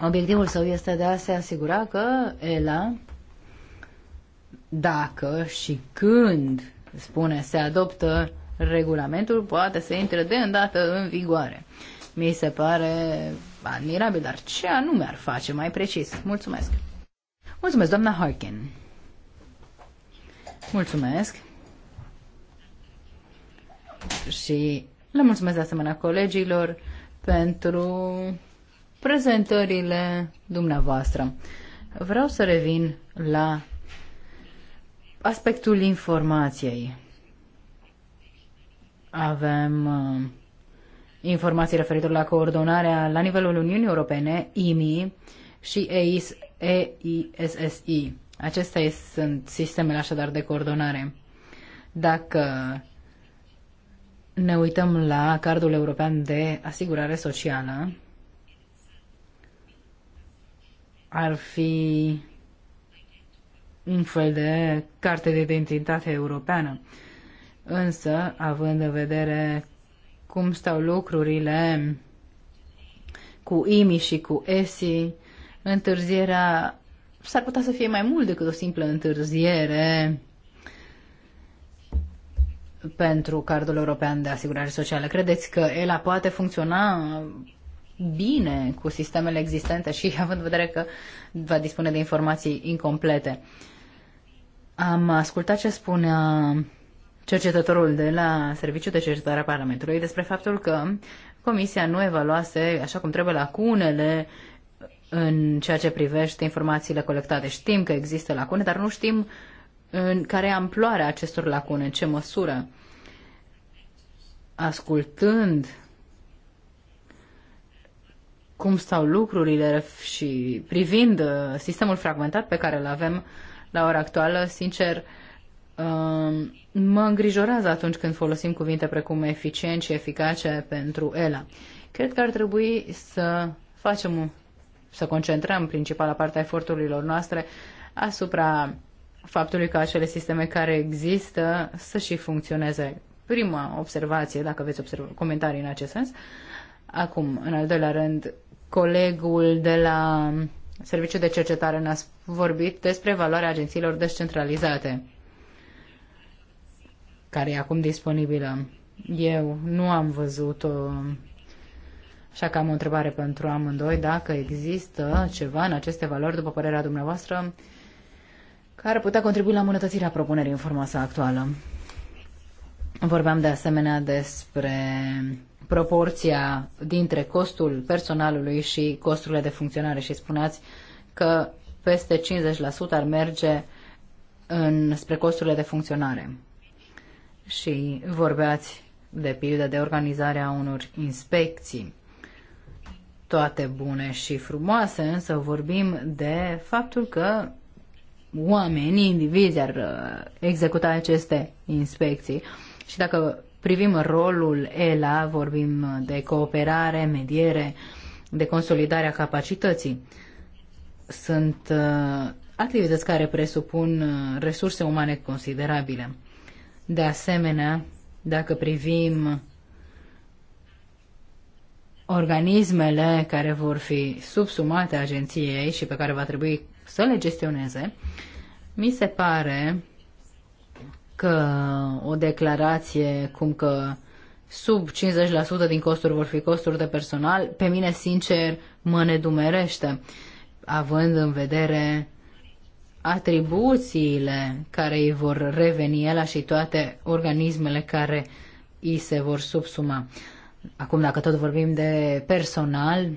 S3: Obiectivul său este de a se asigura că ELA, dacă și când, spune, se adoptă regulamentul, poate să intre de îndată în vigoare. Mi se pare admirabil, dar ce anume ar face mai precis? Mulțumesc. Mulțumesc, doamna Harkin. Mulțumesc. Și le mulțumesc de asemenea colegilor pentru prezentările dumneavoastră. Vreau să revin la aspectul informației. Avem uh, informații referitor la coordonarea la nivelul Uniunii Europene, IMI și EIS, EISSI. Acestea sunt sistemele așadar de coordonare. Dacă ne uităm la cardul european de asigurare socială, ar fi un fel de carte de identitate europeană. Însă, având în vedere cum stau lucrurile cu IMI și cu ESI, întârzierea s-ar putea să fie mai mult decât o simplă întârziere pentru Cardul European de Asigurare Socială. Credeți că ELA poate funcționa bine cu sistemele existente și având în vedere că va dispune de informații incomplete? Am ascultat ce spunea cercetătorul de la Serviciul de Cercetare a Parlamentului despre faptul că Comisia nu evaluase, așa cum trebuie, lacunele în ceea ce privește informațiile colectate. Știm că există lacune, dar nu știm în care e amploarea acestor lacune, în ce măsură. Ascultând cum stau lucrurile și privind uh, sistemul fragmentat pe care îl avem la ora actuală, sincer, uh, Um, mă îngrijorează atunci când folosim cuvinte precum eficient și eficace pentru ELA. Cred că ar trebui să facem, să concentrăm principala parte a eforturilor noastre asupra faptului că acele sisteme care există să și funcționeze. Prima observație, dacă veți observa, comentarii în acest sens. Acum, în al doilea rând, colegul de la Serviciul de Cercetare ne-a vorbit despre valoarea agențiilor descentralizate care e acum disponibilă. Eu nu am văzut-o, așa că am o întrebare pentru amândoi, dacă există ceva în aceste valori, după părerea dumneavoastră, care putea contribui la îmbunătățirea propunerii în forma sa actuală. Vorbeam de asemenea despre proporția dintre costul personalului și costurile de funcționare și spuneați că peste 50% ar merge în, spre costurile de funcționare și vorbeați de pildă de organizarea unor inspecții. Toate bune și frumoase, însă vorbim de faptul că oamenii, indivizi ar uh, executa aceste inspecții. Și dacă privim rolul ELA, vorbim de cooperare, mediere, de consolidarea capacității. Sunt uh, activități care presupun uh, resurse umane considerabile. De asemenea, dacă privim organismele care vor fi subsumate agenției și pe care va trebui să le gestioneze, mi se pare că o declarație cum că sub 50% din costuri vor fi costuri de personal, pe mine, sincer, mă nedumerește, având în vedere atribuțiile care îi vor reveni ela și toate organismele care îi se vor subsuma. Acum, dacă tot vorbim de personal,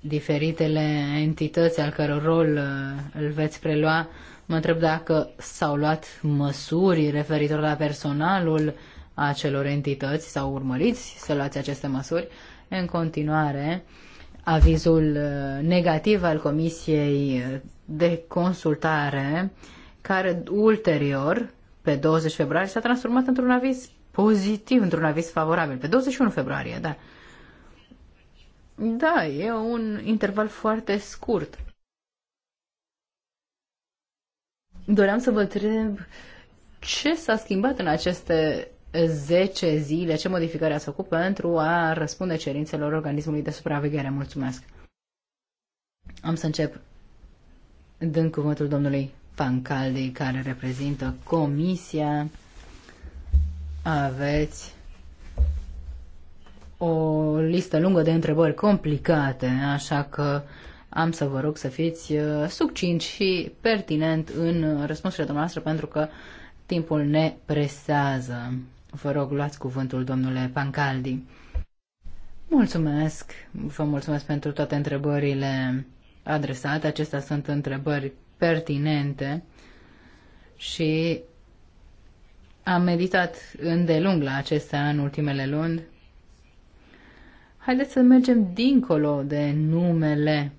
S3: diferitele entități al căror rol uh, îl veți prelua, mă întreb dacă s-au luat măsuri referitor la personalul acelor entități sau urmăriți să luați aceste măsuri. În continuare, avizul uh, negativ al Comisiei uh, de consultare care ulterior, pe 20 februarie, s-a transformat într-un aviz pozitiv, într-un aviz favorabil, pe 21 februarie, da. Da, e un interval foarte scurt. Doream să vă întreb ce s-a schimbat în aceste 10 zile, ce modificări ați făcut pentru a răspunde cerințelor organismului de supraveghere. Mulțumesc! Am să încep dând cuvântul domnului Pancaldi, care reprezintă comisia, aveți o listă lungă de întrebări complicate, așa că am să vă rog să fiți uh, succint și pertinent în răspunsurile dumneavoastră, pentru că timpul ne presează. Vă rog, luați cuvântul, domnule Pancaldi. Mulțumesc, vă mulțumesc pentru toate întrebările adresate. Acestea sunt întrebări pertinente și am meditat îndelung la acestea în ultimele luni. Haideți să mergem dincolo de numele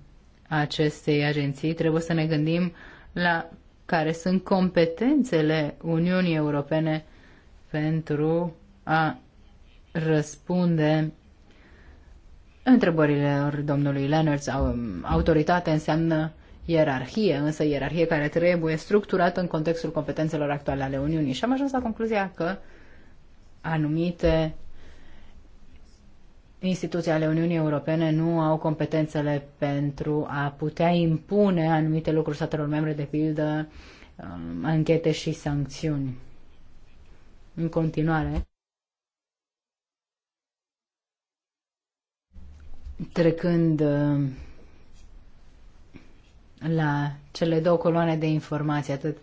S3: acestei agenții. Trebuie să ne gândim la care sunt competențele Uniunii Europene pentru a răspunde Întrebările domnului Leonards. Um, autoritate înseamnă ierarhie, însă ierarhie care trebuie structurată în contextul competențelor actuale ale Uniunii. Și am ajuns la concluzia că anumite instituții ale Uniunii Europene nu au competențele pentru a putea impune anumite lucruri statelor membre, de pildă um, anchete și sancțiuni. În continuare, Trecând uh, la cele două coloane de informații, atât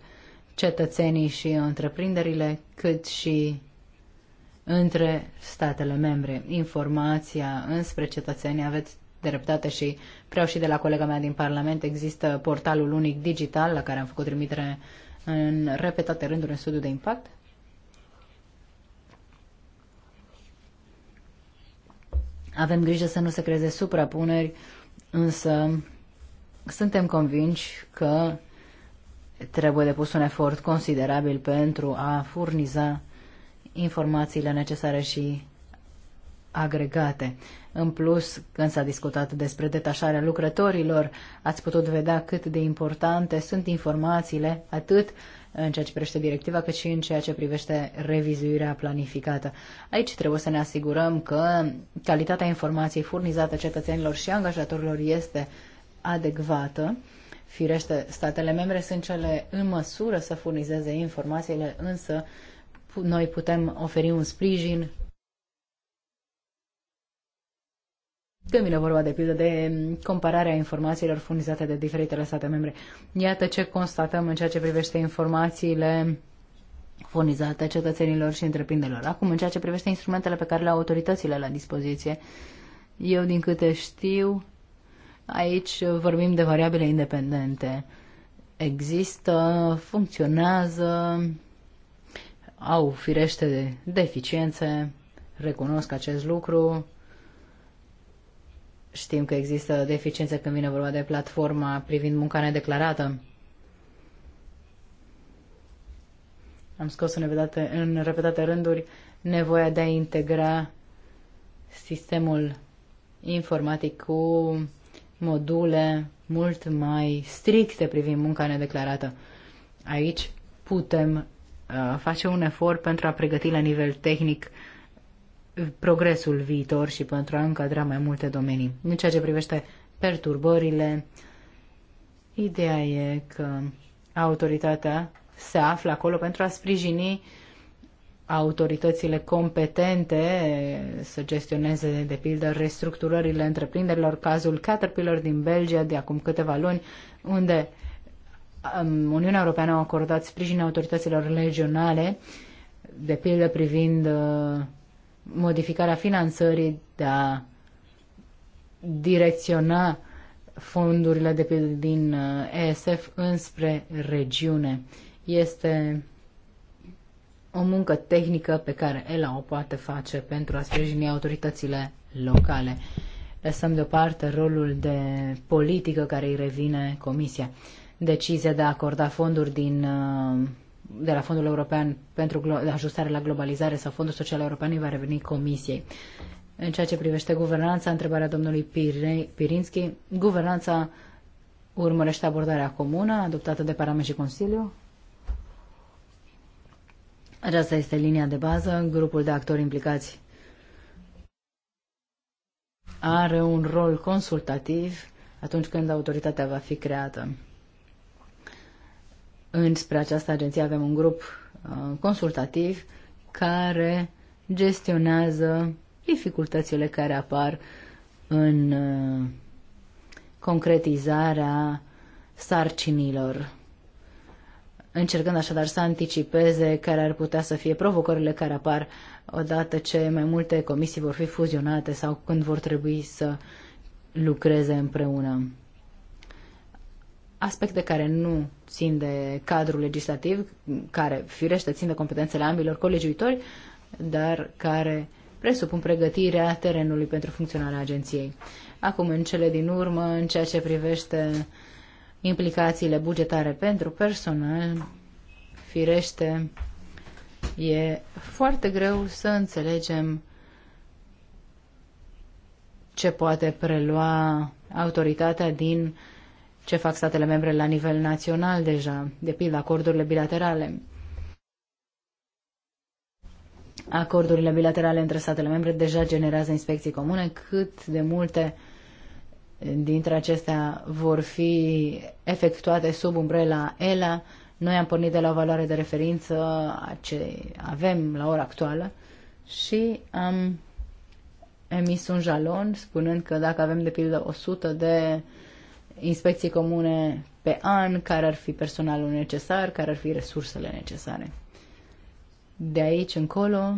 S3: cetățenii și întreprinderile, cât și între statele membre. Informația înspre cetățenii aveți dreptate și vreau și de la colega mea din Parlament, există portalul unic digital la care am făcut trimitere în repetate rânduri în studiu de impact Avem grijă să nu se creeze suprapuneri, însă suntem convinși că trebuie depus un efort considerabil pentru a furniza informațiile necesare și agregate. În plus, când s-a discutat despre detașarea lucrătorilor, ați putut vedea cât de importante sunt informațiile, atât în ceea ce privește directiva, cât și în ceea ce privește revizuirea planificată. Aici trebuie să ne asigurăm că calitatea informației furnizată cetățenilor și angajatorilor este adecvată. Firește, statele membre sunt cele în măsură să furnizeze informațiile, însă noi putem oferi un sprijin când vine vorba de pildă de mm, compararea informațiilor furnizate de diferitele state membre. Iată ce constatăm în ceea ce privește informațiile furnizate cetățenilor și întreprinderilor. Acum, în ceea ce privește instrumentele pe care le au autoritățile la dispoziție, eu, din câte știu, aici vorbim de variabile independente. Există, funcționează, au firește deficiențe, recunosc acest lucru, Știm că există deficiențe când vine vorba de platforma privind munca nedeclarată. Am scos în repetate, în repetate rânduri nevoia de a integra sistemul informatic cu module mult mai stricte privind munca nedeclarată. Aici putem uh, face un efort pentru a pregăti la nivel tehnic progresul viitor și pentru a încadra mai multe domenii. În ceea ce privește perturbările, ideea e că autoritatea se află acolo pentru a sprijini autoritățile competente să gestioneze, de pildă, restructurările întreprinderilor, cazul Caterpillar din Belgia de acum câteva luni, unde um, Uniunea Europeană a acordat sprijin autorităților regionale, de pildă privind uh, modificarea finanțării de a direcționa fondurile de pe, din uh, ESF înspre regiune. Este o muncă tehnică pe care ELA o poate face pentru a sprijini autoritățile locale. Lăsăm deoparte rolul de politică care îi revine Comisia. Decizia de a acorda fonduri din uh, de la Fondul European pentru ajustare la globalizare sau Fondul Social European îi va reveni Comisiei. În ceea ce privește guvernanța, întrebarea domnului Pirinski, guvernanța urmărește abordarea comună adoptată de Parlament și Consiliu? Aceasta este linia de bază. Grupul de actori implicați are un rol consultativ atunci când autoritatea va fi creată. Înspre această agenție avem un grup uh, consultativ care gestionează dificultățile care apar în uh, concretizarea sarcinilor, încercând așadar să anticipeze care ar putea să fie provocările care apar odată ce mai multe comisii vor fi fuzionate sau când vor trebui să lucreze împreună aspecte care nu țin de cadrul legislativ, care firește țin de competențele ambilor colegiuitori, dar care presupun pregătirea terenului pentru funcționarea agenției. Acum, în cele din urmă, în ceea ce privește implicațiile bugetare pentru personal, firește, e foarte greu să înțelegem ce poate prelua autoritatea din uh, ce fac statele membre la nivel național deja, de pildă acordurile bilaterale. Acordurile bilaterale între statele membre deja generează inspecții comune, cât de multe dintre acestea vor fi efectuate sub umbrela ELA. Noi am pornit de la o valoare de referință a ce avem la ora actuală și am emis un jalon spunând că dacă avem de pildă 100 de uh, inspecții comune pe an, care ar fi personalul necesar, care ar fi resursele necesare. De aici încolo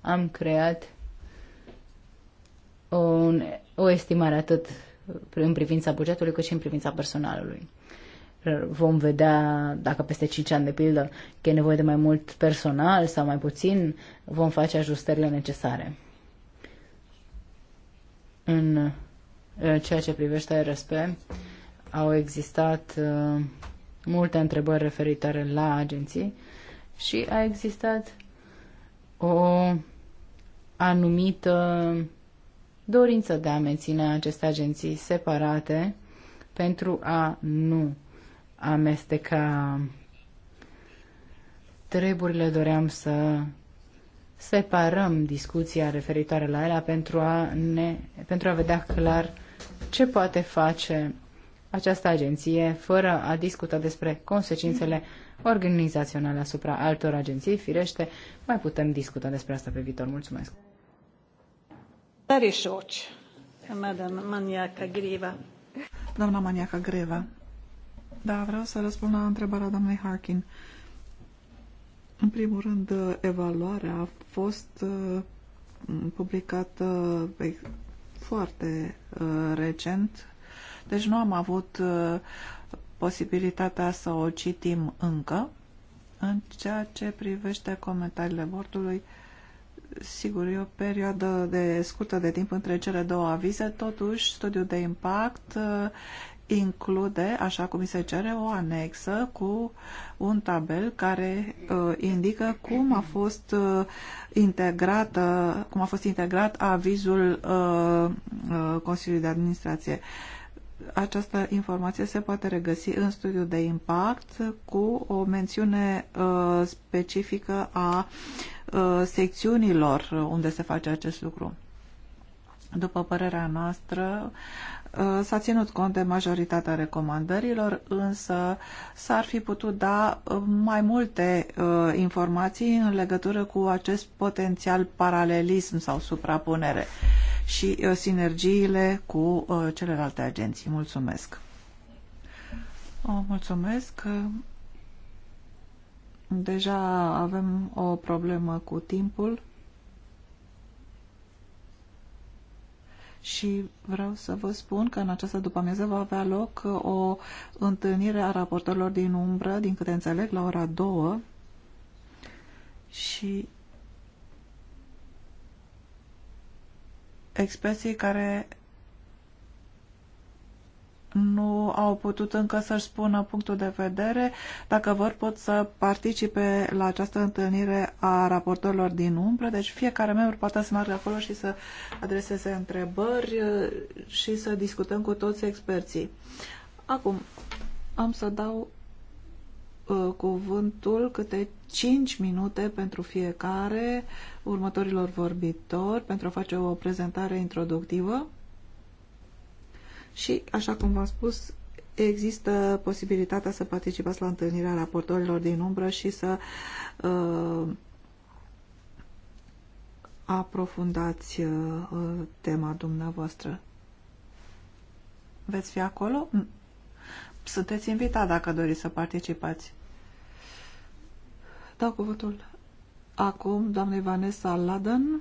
S3: am creat o, o estimare atât în privința bugetului cât și în privința personalului. Vom vedea dacă peste 5 ani, de pildă, că e nevoie de mai mult personal sau mai puțin, vom face ajustările necesare. În uh, ceea ce privește RSP, au existat uh, multe întrebări referitoare la agenții și a existat o anumită dorință de a menține aceste agenții separate pentru a nu amesteca treburile. Doream să separăm discuția referitoare la ele pentru a, ne, pentru a vedea clar ce poate face această agenție fără a discuta despre consecințele organizaționale asupra altor agenții. Firește, mai putem discuta despre asta pe viitor. Mulțumesc.
S1: Maniaca Greva.
S3: Doamna Maniaca Greva.
S4: Da, vreau să răspund la întrebarea doamnei Harkin. În primul rând, evaluarea a fost uh, publicată eh, foarte uh, recent deci nu am avut uh, posibilitatea să o citim încă. În ceea ce privește comentariile bordului, sigur, e o perioadă de scurtă de timp între cele două avize, totuși studiul de impact uh, include, așa cum se cere, o anexă cu un tabel care uh, indică cum a fost uh, integrată, cum a fost integrat avizul uh, uh, Consiliului de Administrație. Uh, această informație se poate regăsi în studiul de impact cu o mențiune uh, specifică a uh, secțiunilor unde se face acest lucru. După părerea noastră, uh, s-a ținut cont de majoritatea recomandărilor, însă s-ar fi putut da uh, mai multe uh, informații în legătură cu acest potențial paralelism sau suprapunere. Uh, și uh, sinergiile cu uh, celelalte agenții. Mulțumesc! Oh, mulțumesc! Deja avem o problemă cu timpul și vreau să vă spun că în această după-amiază va avea loc uh, o întâlnire a raportorilor din umbră, din câte înțeleg, la ora 2 și expresii care nu au putut încă să-și spună punctul de vedere. Dacă vor, pot să participe la această întâlnire a raportorilor din umbră. Deci fiecare membru poate să meargă acolo și să adreseze întrebări și să discutăm cu toți experții. Acum, am să dau uh, cuvântul câte 5 minute pentru fiecare următorilor vorbitori pentru a face o prezentare introductivă. Și, așa cum v-am spus, există posibilitatea să participați la întâlnirea raportorilor din umbră și să uh, aprofundați uh, tema dumneavoastră. Veți fi acolo? Sunteți invitat dacă doriți să participați. Dau cuvântul acum doamnei Vanessa Laden.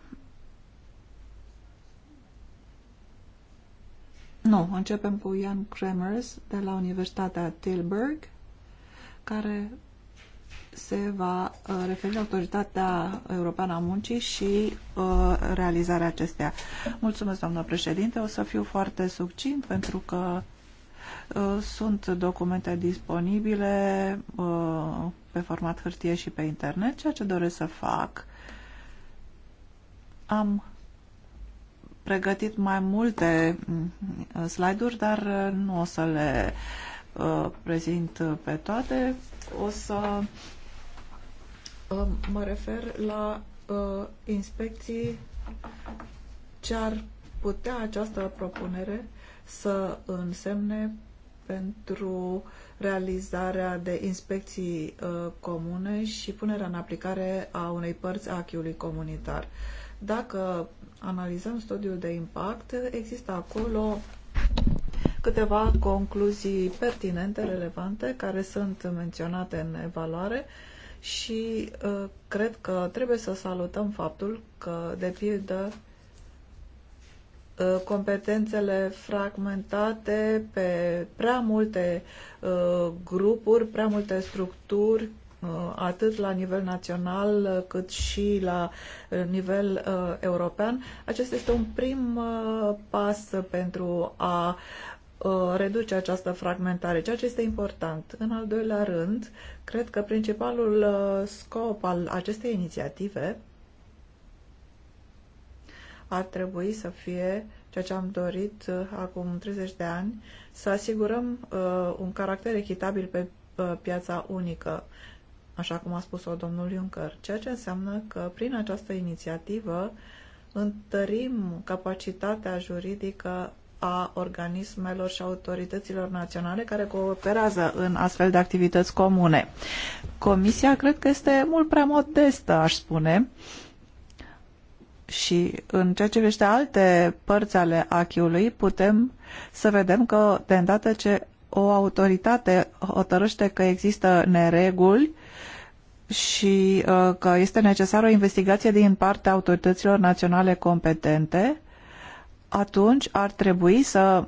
S4: Nu, începem cu Ian Kremers de la Universitatea Tilburg, care se va uh, referi la Autoritatea Europeană a Muncii și uh, realizarea acesteia. Mulțumesc, doamnă președinte. O să fiu foarte succint pentru că uh, sunt documente disponibile uh, pe format hârtie și pe internet, ceea ce doresc să fac. Am pregătit mai multe mm, mm, slide-uri, dar uh, nu o să le uh, prezint pe toate. O să uh, mă refer la inspecții ce ar putea această propunere să însemne pentru realizarea de inspecții uh, comune și punerea în aplicare a unei părți a achiului comunitar. Dacă analizăm studiul de impact, există acolo câteva concluzii pertinente, relevante, care sunt menționate în evaluare și uh, cred că trebuie să salutăm faptul că, de pildă, Uh, competențele fragmentate pe prea multe uh, grupuri, prea multe structuri, uh, atât la nivel național cât și la nivel european. Acest este un prim pas pentru a reduce această fragmentare, ceea ce este important. În al doilea rând, cred că principalul scop al acestei inițiative ar trebui să fie ceea ce am dorit uh, acum 30 de ani, să asigurăm uh, un caracter echitabil pe uh, piața unică, așa cum a spus-o domnul Juncker, ceea ce înseamnă că prin această inițiativă întărim capacitatea juridică a organismelor și autorităților naționale care cooperează în astfel de activități comune. Comisia cred că este mult prea modestă, aș spune, uh, și în ceea ce privește alte părți ale achiului, putem să vedem că de îndată ce o autoritate hotărăște că există nereguli și uh, că este necesară o investigație din partea autorităților naționale competente, atunci ar trebui să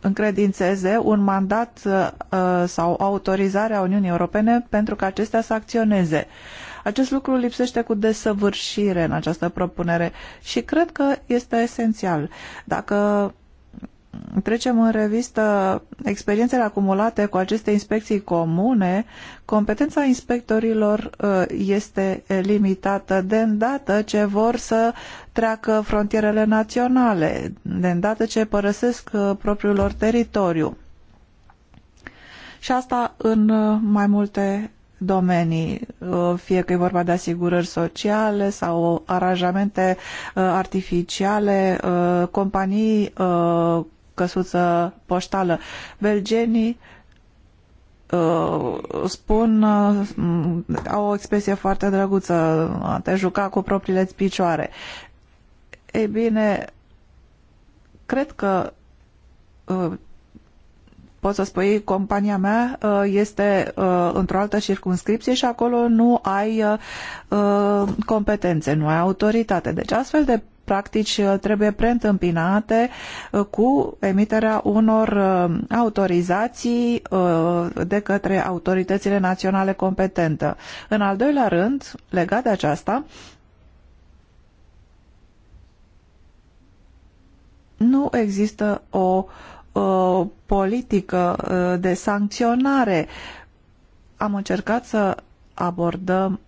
S4: încredințeze un mandat uh, sau autorizare a Uniunii Europene pentru că acestea să acționeze. Acest lucru lipsește cu desăvârșire în această propunere și cred că este esențial. Dacă trecem în revistă experiențele acumulate cu aceste inspecții comune, competența inspectorilor uh, este limitată de îndată ce vor să treacă frontierele naționale, de îndată ce părăsesc uh, propriul lor teritoriu. Și asta în uh, mai multe domenii, uh, fie că e vorba de asigurări sociale sau aranjamente uh, artificiale, uh, companii căsuță poștală. Belgenii spun, au o expresie foarte drăguță, a te juca cu propriile picioare. Ei bine, cred că poți să spui compania mea uh, este uh, într-o altă circunscripție și acolo nu ai uh, competențe, nu ai autoritate. Deci astfel de practici trebuie preîntâmpinate cu emiterea unor autorizații de către autoritățile naționale competente. În al doilea rând, legat de aceasta, nu există o uh, politică uh, de sancționare. Am încercat să abordăm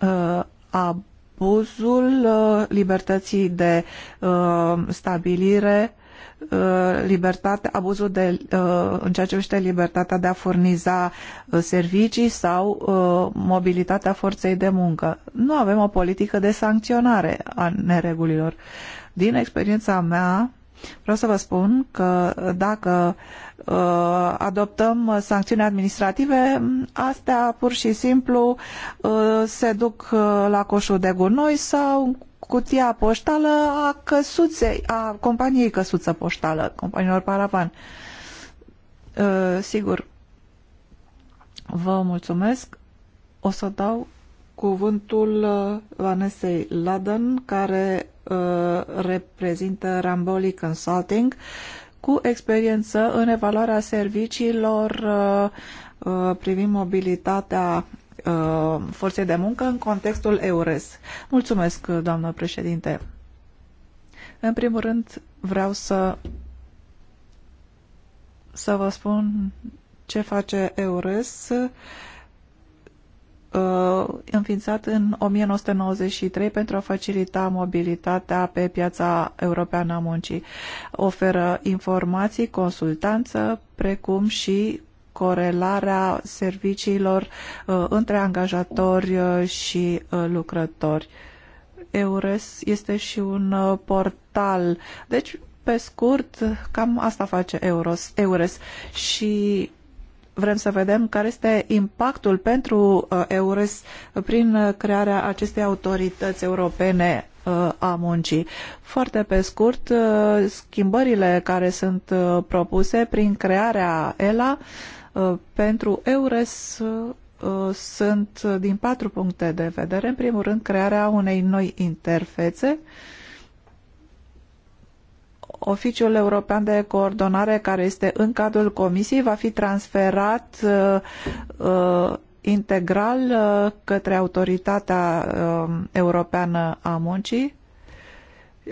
S4: uh, abuzul uh, libertății de uh, stabilire, uh, libertate, abuzul de, uh, în ceea ce privește libertatea de a furniza uh, servicii sau uh, mobilitatea forței de muncă. Nu avem o politică de sancționare a neregulilor. Din experiența mea, Vreau să vă spun că dacă uh, adoptăm sancțiuni administrative, astea pur și simplu uh, se duc uh, la coșul de gunoi sau cutia poștală a căsuței, a companiei căsuță poștală, companiilor paravan. Sigur, vă mulțumesc. O să dau cuvântul Vanesei Laden, care Uh, reprezintă Ramboli Consulting cu experiență în evaluarea serviciilor uh, uh, privind mobilitatea forței de muncă în contextul EURES. Mulțumesc, doamnă președinte. În primul rând, vreau să să vă spun ce face EURES Uh, înființat în 1993 pentru a facilita mobilitatea pe piața europeană a muncii. Oferă informații, consultanță, precum și corelarea serviciilor uh, între angajatori uh, și lucrători. EURES este și un portal. Deci, pe scurt, cam asta face EURES și vrem să vedem care este impactul pentru uh, EURES prin uh, crearea acestei autorități europene uh, a muncii. Foarte pe scurt, schimbările care sunt propuse prin crearea ELA pentru EURES sunt din patru puncte de vedere. În primul rând, crearea unei noi interfețe Oficiul European de Coordonare, care este în cadrul Comisiei, va fi transferat uh, uh, integral uh, către Autoritatea um, Europeană a Muncii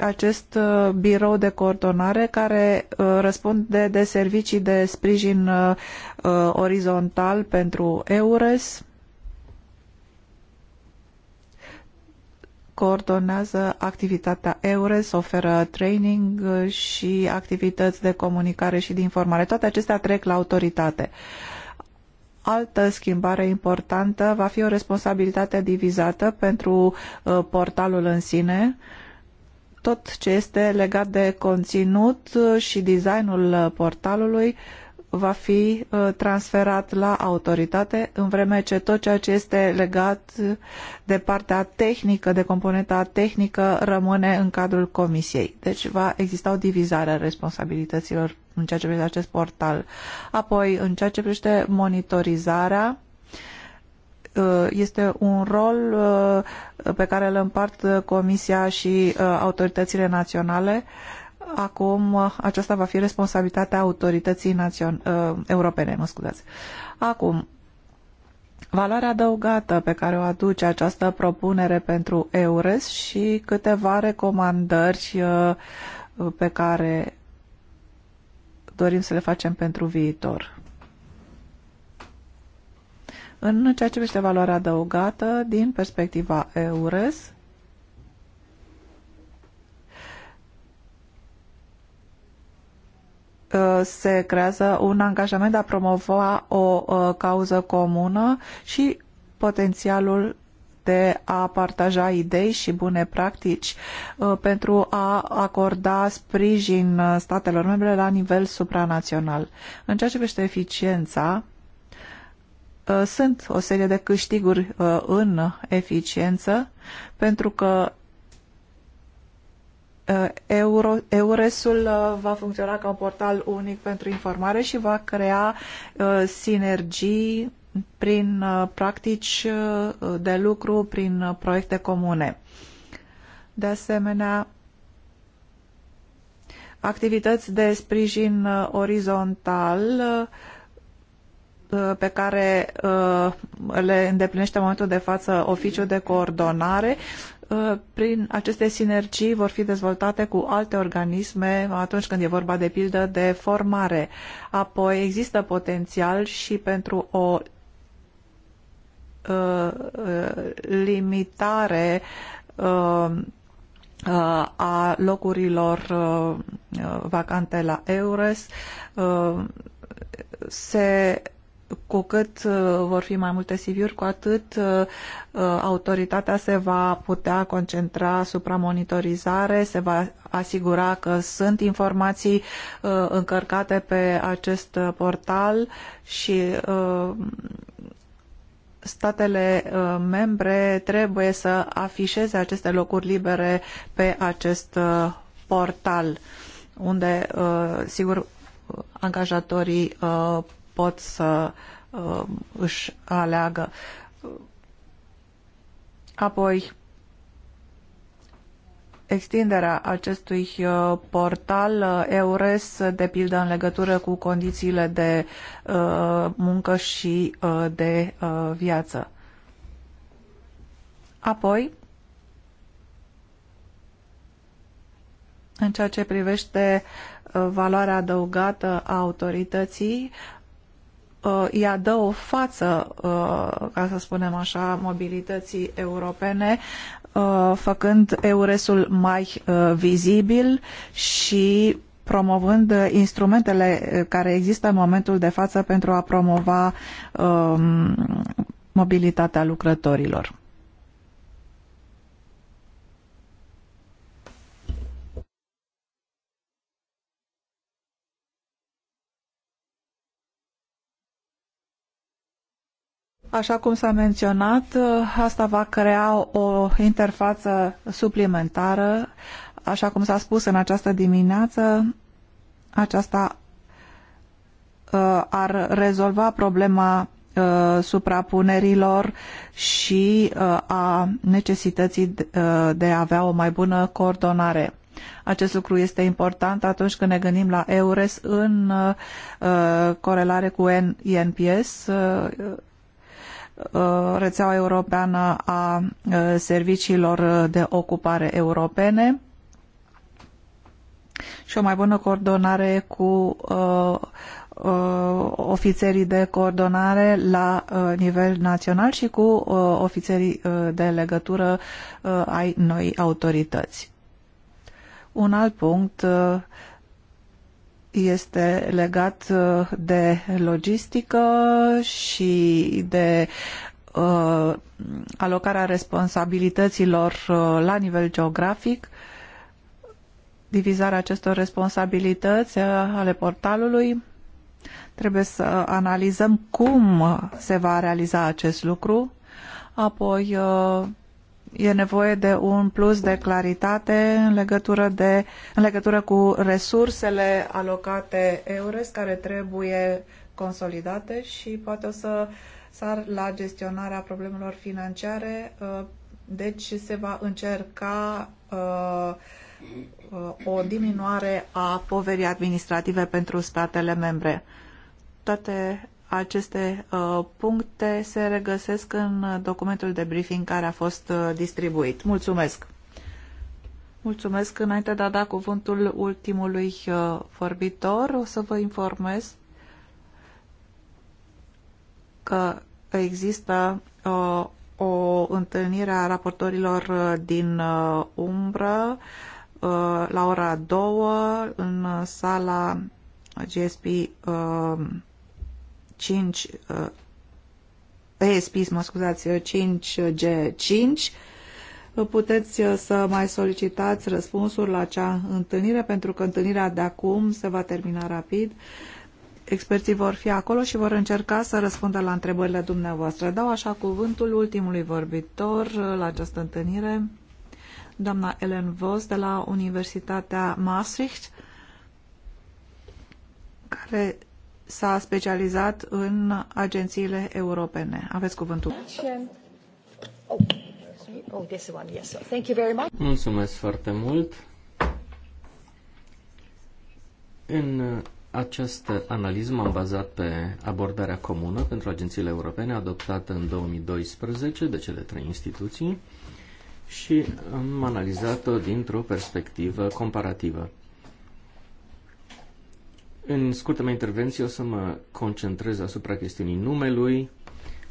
S4: acest birou de coordonare care răspunde de servicii de sprijin orizontal pentru EURES, coordonează activitatea EURES, oferă training și activități de comunicare și de informare. Toate acestea trec la autoritate. Altă schimbare importantă va fi o responsabilitate divizată pentru uh, portalul în sine, tot ce este legat de conținut și designul uh, portalului va fi uh, transferat la autoritate, în vreme ce tot ceea ce este legat de partea tehnică, de componenta tehnică, rămâne în cadrul comisiei. Deci va exista o divizare a responsabilităților în ceea ce privește acest portal. Apoi, în ceea ce privește monitorizarea, uh, este un rol uh, pe care îl împart Comisia și autoritățile naționale Acum, aceasta va fi responsabilitatea autorității națion uh, europene. Mă scuzați. Acum, valoarea adăugată pe care o aduce această propunere pentru EURES și câteva recomandări uh, pe care dorim să le facem pentru viitor. În ceea ce privește valoarea adăugată, din perspectiva EURES, Uh, se creează un angajament de a promova o uh, cauză comună și potențialul de a partaja idei și bune practici uh, pentru a acorda sprijin statelor membre la nivel supranațional. În ceea ce privește eficiența, sunt o serie de câștiguri în eficiență pentru că Uh, Euro, Euresul uh, va funcționa ca un portal unic pentru informare și va crea uh, sinergii prin practici de lucru, prin proiecte comune. De asemenea, activități de sprijin orizontal pe care le îndeplinește în momentul de față oficiul de coordonare Uh, prin aceste sinergii vor fi dezvoltate cu alte organisme atunci când e vorba de pildă de formare. Apoi există potențial și pentru o uh, uh, limitare a locurilor vacante la EURES se cu cât uh, vor fi mai multe CV-uri, cu atât uh, uh, autoritatea se va putea concentra asupra monitorizare, se va asigura că sunt informații încărcate pe acest portal și statele membre trebuie să afișeze aceste locuri libere pe acest portal unde, sigur, angajatorii pot să uh, își aleagă. Apoi, extinderea acestui uh, portal uh, EURES, de pildă în legătură cu condițiile de uh, muncă și uh, de uh, viață. Apoi, în ceea ce privește uh, valoarea adăugată a autorității, uh, ea dă o față, uh, ca să spunem așa, mobilității europene, uh, făcând EURES-ul mai uh, vizibil și promovând instrumentele uh, care există în momentul de față pentru a promova um, mobilitatea lucrătorilor. Așa cum s-a menționat, uh, asta va crea o interfață suplimentară. Așa cum s-a spus în această dimineață, aceasta uh, ar rezolva problema uh, suprapunerilor și a necesității de a avea o mai bună coordonare. Acest lucru este important atunci când ne gândim la EURES în corelare cu Uh, Uh, rețeaua europeană a uh, serviciilor de ocupare europene și o mai bună coordonare cu uh, ofițerii de coordonare la nivel național și cu ofițerii de legătură ai noi autorități. Un alt punct este legat uh, de logistică și de uh, alocarea responsabilităților uh, la nivel geografic, divizarea acestor responsabilități uh, ale portalului. Trebuie să analizăm cum se va realiza acest lucru, apoi uh, e nevoie de un plus de claritate în legătură, de, în legătură cu resursele alocate EURES care trebuie consolidate și poate o să sar la gestionarea problemelor financiare. Uh, deci se va încerca uh, uh, o diminuare a poverii administrative pentru statele membre. Toate aceste uh, puncte se regăsesc în documentul de briefing care a fost uh, distribuit. Mulțumesc! Mulțumesc! Înainte de a da cuvântul ultimului uh, vorbitor, o să vă informez că există o întâlnire a raportorilor din umbră la ora 2 în sala GSP 5 uh, ESPIS, mă scuzați, 5G5 uh, uh, puteți să mai solicitați răspunsuri la acea întâlnire pentru că întâlnirea de acum se va termina rapid experții vor fi acolo și vor încerca să răspundă la întrebările dumneavoastră. Dau așa cuvântul ultimului vorbitor la această întâlnire, doamna Ellen Vos de la Universitatea Maastricht, care s-a specializat în agențiile europene. Aveți cuvântul.
S1: Oh, oh,
S2: Mulțumesc foarte mult. În această analiză m-am bazat pe abordarea comună pentru agențiile europene adoptată în 2012 de cele trei instituții și am analizat-o dintr-o perspectivă comparativă. În scurtă mea intervenție o să mă concentrez asupra chestiunii numelui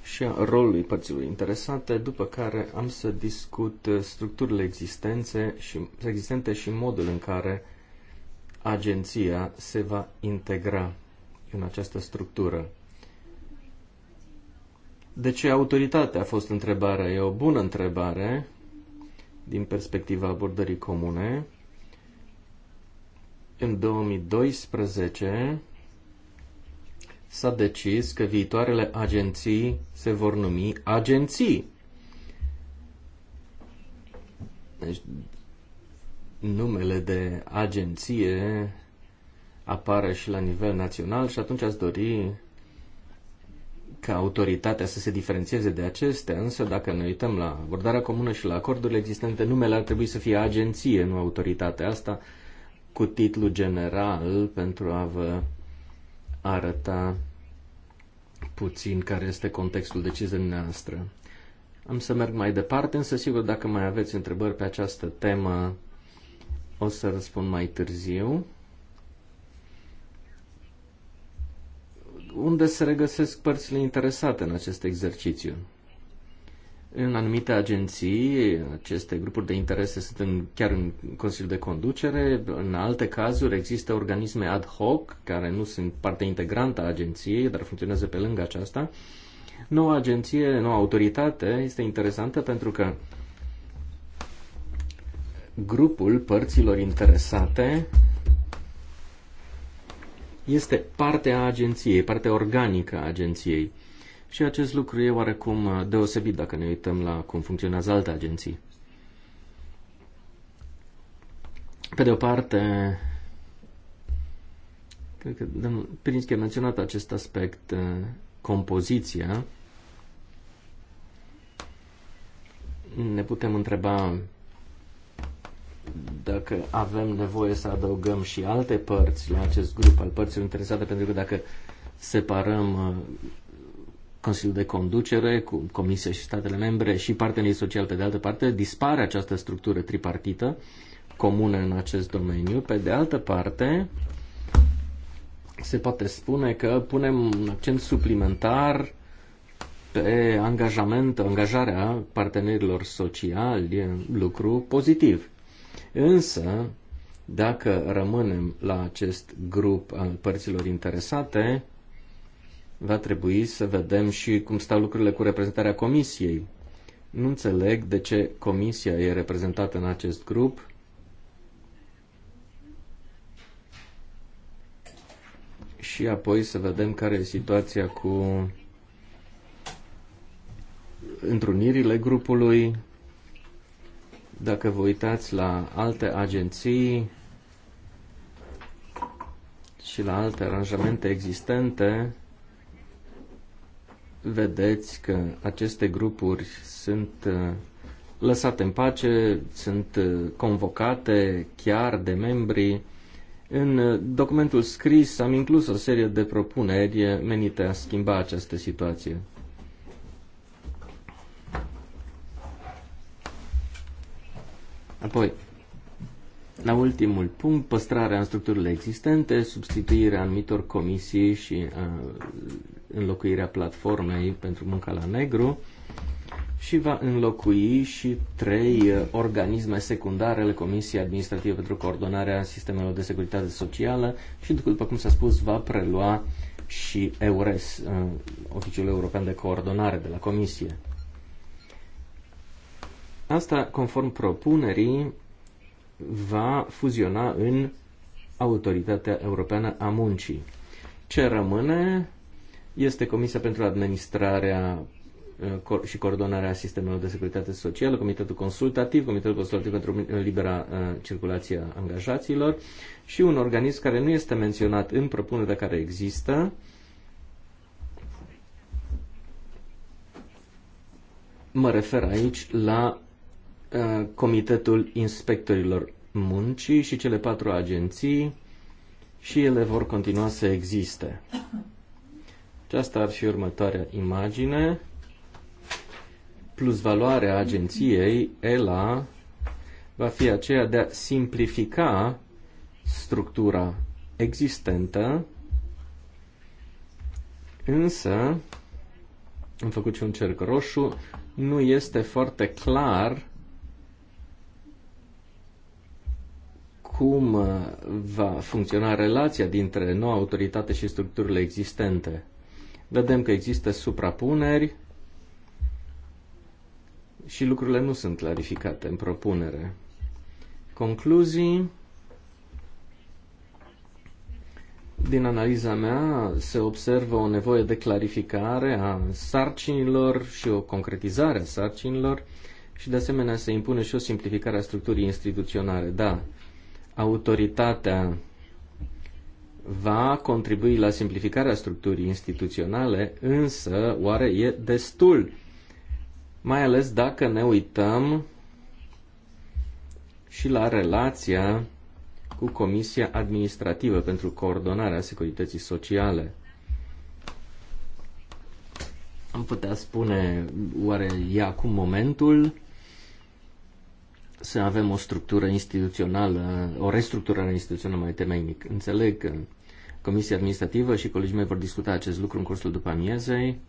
S2: și a rolului părților interesate, după care am să discut structurile existențe și, existente și modul în care agenția se va integra în această structură. De ce autoritatea a fost întrebarea? E o bună întrebare din perspectiva abordării comune. În 2012 s-a decis că viitoarele agenții se vor numi agenții. Deci numele de agenție apare și la nivel național și atunci ați dori ca autoritatea să se diferențieze de acestea, însă dacă ne uităm la abordarea comună și la acordurile existente, numele ar trebui să fie agenție, nu autoritate. Asta cu titlu general pentru a vă arăta puțin care este contextul deciziei noastre. Am să merg mai departe, însă sigur dacă mai aveți întrebări pe această temă, o să răspund mai târziu. Unde se regăsesc părțile interesate în acest exercițiu? În anumite agenții, aceste grupuri de interese sunt în, chiar în Consiliul de Conducere, în alte cazuri există organisme ad hoc, care nu sunt parte integrantă a agenției, dar funcționează pe lângă aceasta. Noua agenție, noua autoritate este interesantă pentru că grupul părților interesate este partea agenției, partea organică a agenției. Și acest lucru e oarecum uh, deosebit dacă ne uităm la cum funcționează alte agenții. Pe de o parte, cred că domnul a menționat acest aspect, uh, compoziția. Ne putem întreba dacă avem nevoie să adăugăm și alte părți la acest grup al părților interesate, pentru că dacă separăm uh, Consiliul de Conducere, cu Comisia și statele membre și partenerii sociali pe de altă parte, dispare această structură tripartită comună în acest domeniu. Pe de altă parte, se poate spune că punem un accent suplimentar pe angajament, angajarea partenerilor sociali, lucru pozitiv. Însă, dacă rămânem la acest grup al părților interesate, va trebui să vedem și cum stau lucrurile cu reprezentarea comisiei. Nu înțeleg de ce comisia e reprezentată în acest grup. Și apoi să vedem care e situația cu întrunirile grupului. Dacă vă uitați la alte agenții și la alte aranjamente existente, vedeți că aceste grupuri sunt uh, lăsate în pace, sunt uh, convocate chiar de membrii. În uh, documentul scris am inclus o serie de propuneri menite a schimba această situație. Apoi, la ultimul punct, păstrarea în structurile existente, substituirea anumitor comisii și uh, înlocuirea platformei pentru munca la negru și va înlocui și trei uh, organisme secundare ale Comisiei Administrative pentru Coordonarea Sistemelor de Securitate Socială și, după cum s-a spus, va prelua și EURES, uh, Oficiul European de Coordonare de la Comisie. Asta conform propunerii va fuziona în Autoritatea Europeană a Muncii. Ce rămâne este Comisia pentru Administrarea uh, și coordonarea sistemelor de securitate socială, Comitetul Consultativ, Comitetul Consultativ pentru uh, libera uh, circulație a angajaților și un organism care nu este menționat în propunerea care există, mă refer aici la Uh, Comitetul Inspectorilor Muncii și cele patru agenții și ele vor continua să existe. Aceasta ar fi următoarea imagine. Plus valoarea agenției, ELA, va fi aceea de a simplifica structura existentă, însă, am făcut și un cerc roșu, nu este foarte clar cum uh, va funcționa relația dintre noua autoritate și structurile existente. Vedem că există suprapuneri și lucrurile nu sunt clarificate în propunere. Concluzii Din analiza mea se observă o nevoie de clarificare a sarcinilor și o concretizare a sarcinilor și de asemenea se impune și o simplificare a structurii instituționale. Da, autoritatea va contribui la simplificarea structurii instituționale, însă oare e destul? Mai ales dacă ne uităm și la relația cu Comisia Administrativă pentru Coordonarea Securității Sociale. Am putea spune, oare e acum momentul să avem o structură instituțională, o restructurare instituțională mai temeinic. Înțeleg că Comisia Administrativă și colegii mei vor discuta acest lucru în cursul după amiezei.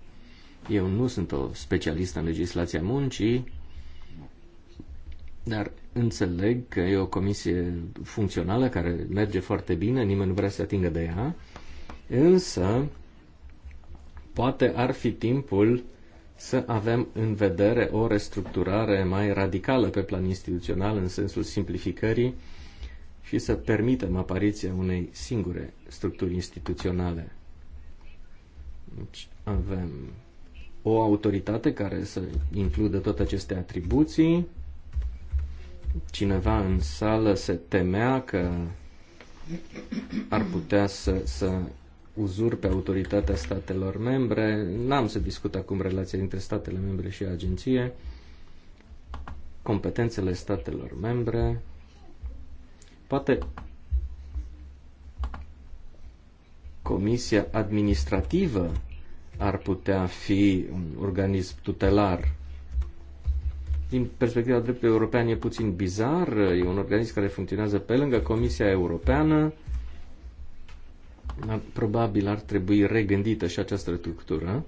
S2: Eu nu sunt o specialistă în legislația muncii, dar înțeleg că e o comisie funcțională care merge foarte bine, nimeni nu vrea să se atingă de ea, însă poate ar fi timpul să avem în vedere o restructurare mai radicală pe plan instituțional în sensul simplificării și să permitem apariția unei singure structuri instituționale. Deci avem o autoritate care să includă toate aceste atribuții. Cineva în sală se temea că ar putea să, să uzurpe autoritatea statelor membre. N-am să discut acum relația dintre statele membre și agenție, competențele statelor membre. Poate comisia administrativă ar putea fi un organism tutelar. Din perspectiva dreptului european e puțin bizar, e un organism care funcționează pe lângă Comisia Europeană, probabil ar trebui regândită și această structură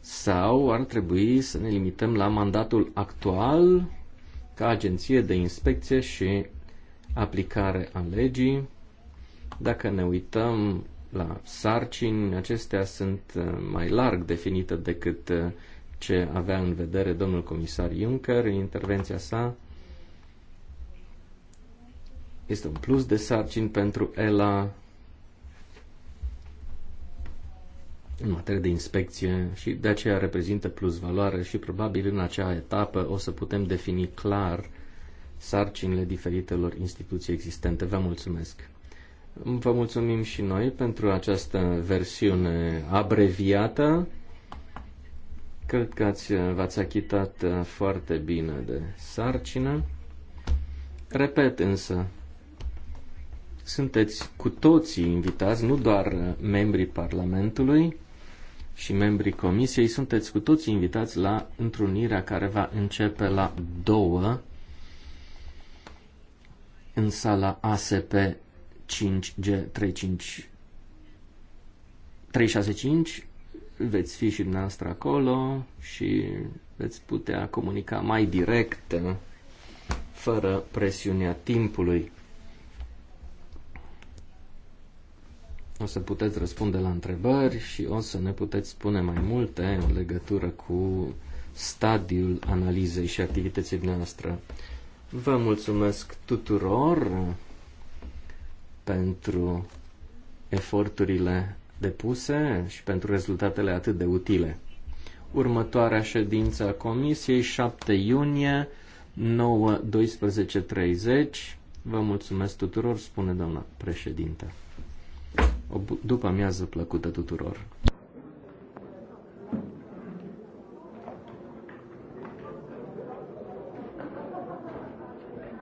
S2: sau ar trebui să ne limităm la mandatul actual ca agenție de inspecție și aplicare a legii. Dacă ne uităm la sarcini, acestea sunt uh, mai larg definite decât uh, ce avea în vedere domnul comisar Juncker în intervenția sa. Este un plus de sarcini pentru ELA în materie de inspecție și de aceea reprezintă plus valoare și probabil în acea etapă o să putem defini clar sarcinile diferitelor instituții existente. Vă mulțumesc! Vă mulțumim și noi pentru această versiune abreviată. Cred că ați, v-ați achitat foarte bine de sarcină. Repet însă, sunteți cu toții invitați, nu doar membrii Parlamentului și membrii Comisiei, sunteți cu toții invitați la întrunirea care va începe la două în sala ASP 5G35 365 veți fi și dumneavoastră acolo și veți putea comunica mai direct fără presiunea timpului. O să puteți răspunde la întrebări și o să ne puteți spune mai multe în legătură cu stadiul analizei și activității noastre. Vă mulțumesc tuturor uh, pentru eforturile depuse și pentru rezultatele atât de utile. Următoarea ședință a Comisiei, 7 iunie, 9.12.30. Vă mulțumesc tuturor, spune doamna președinte o după amiază plăcută tuturor.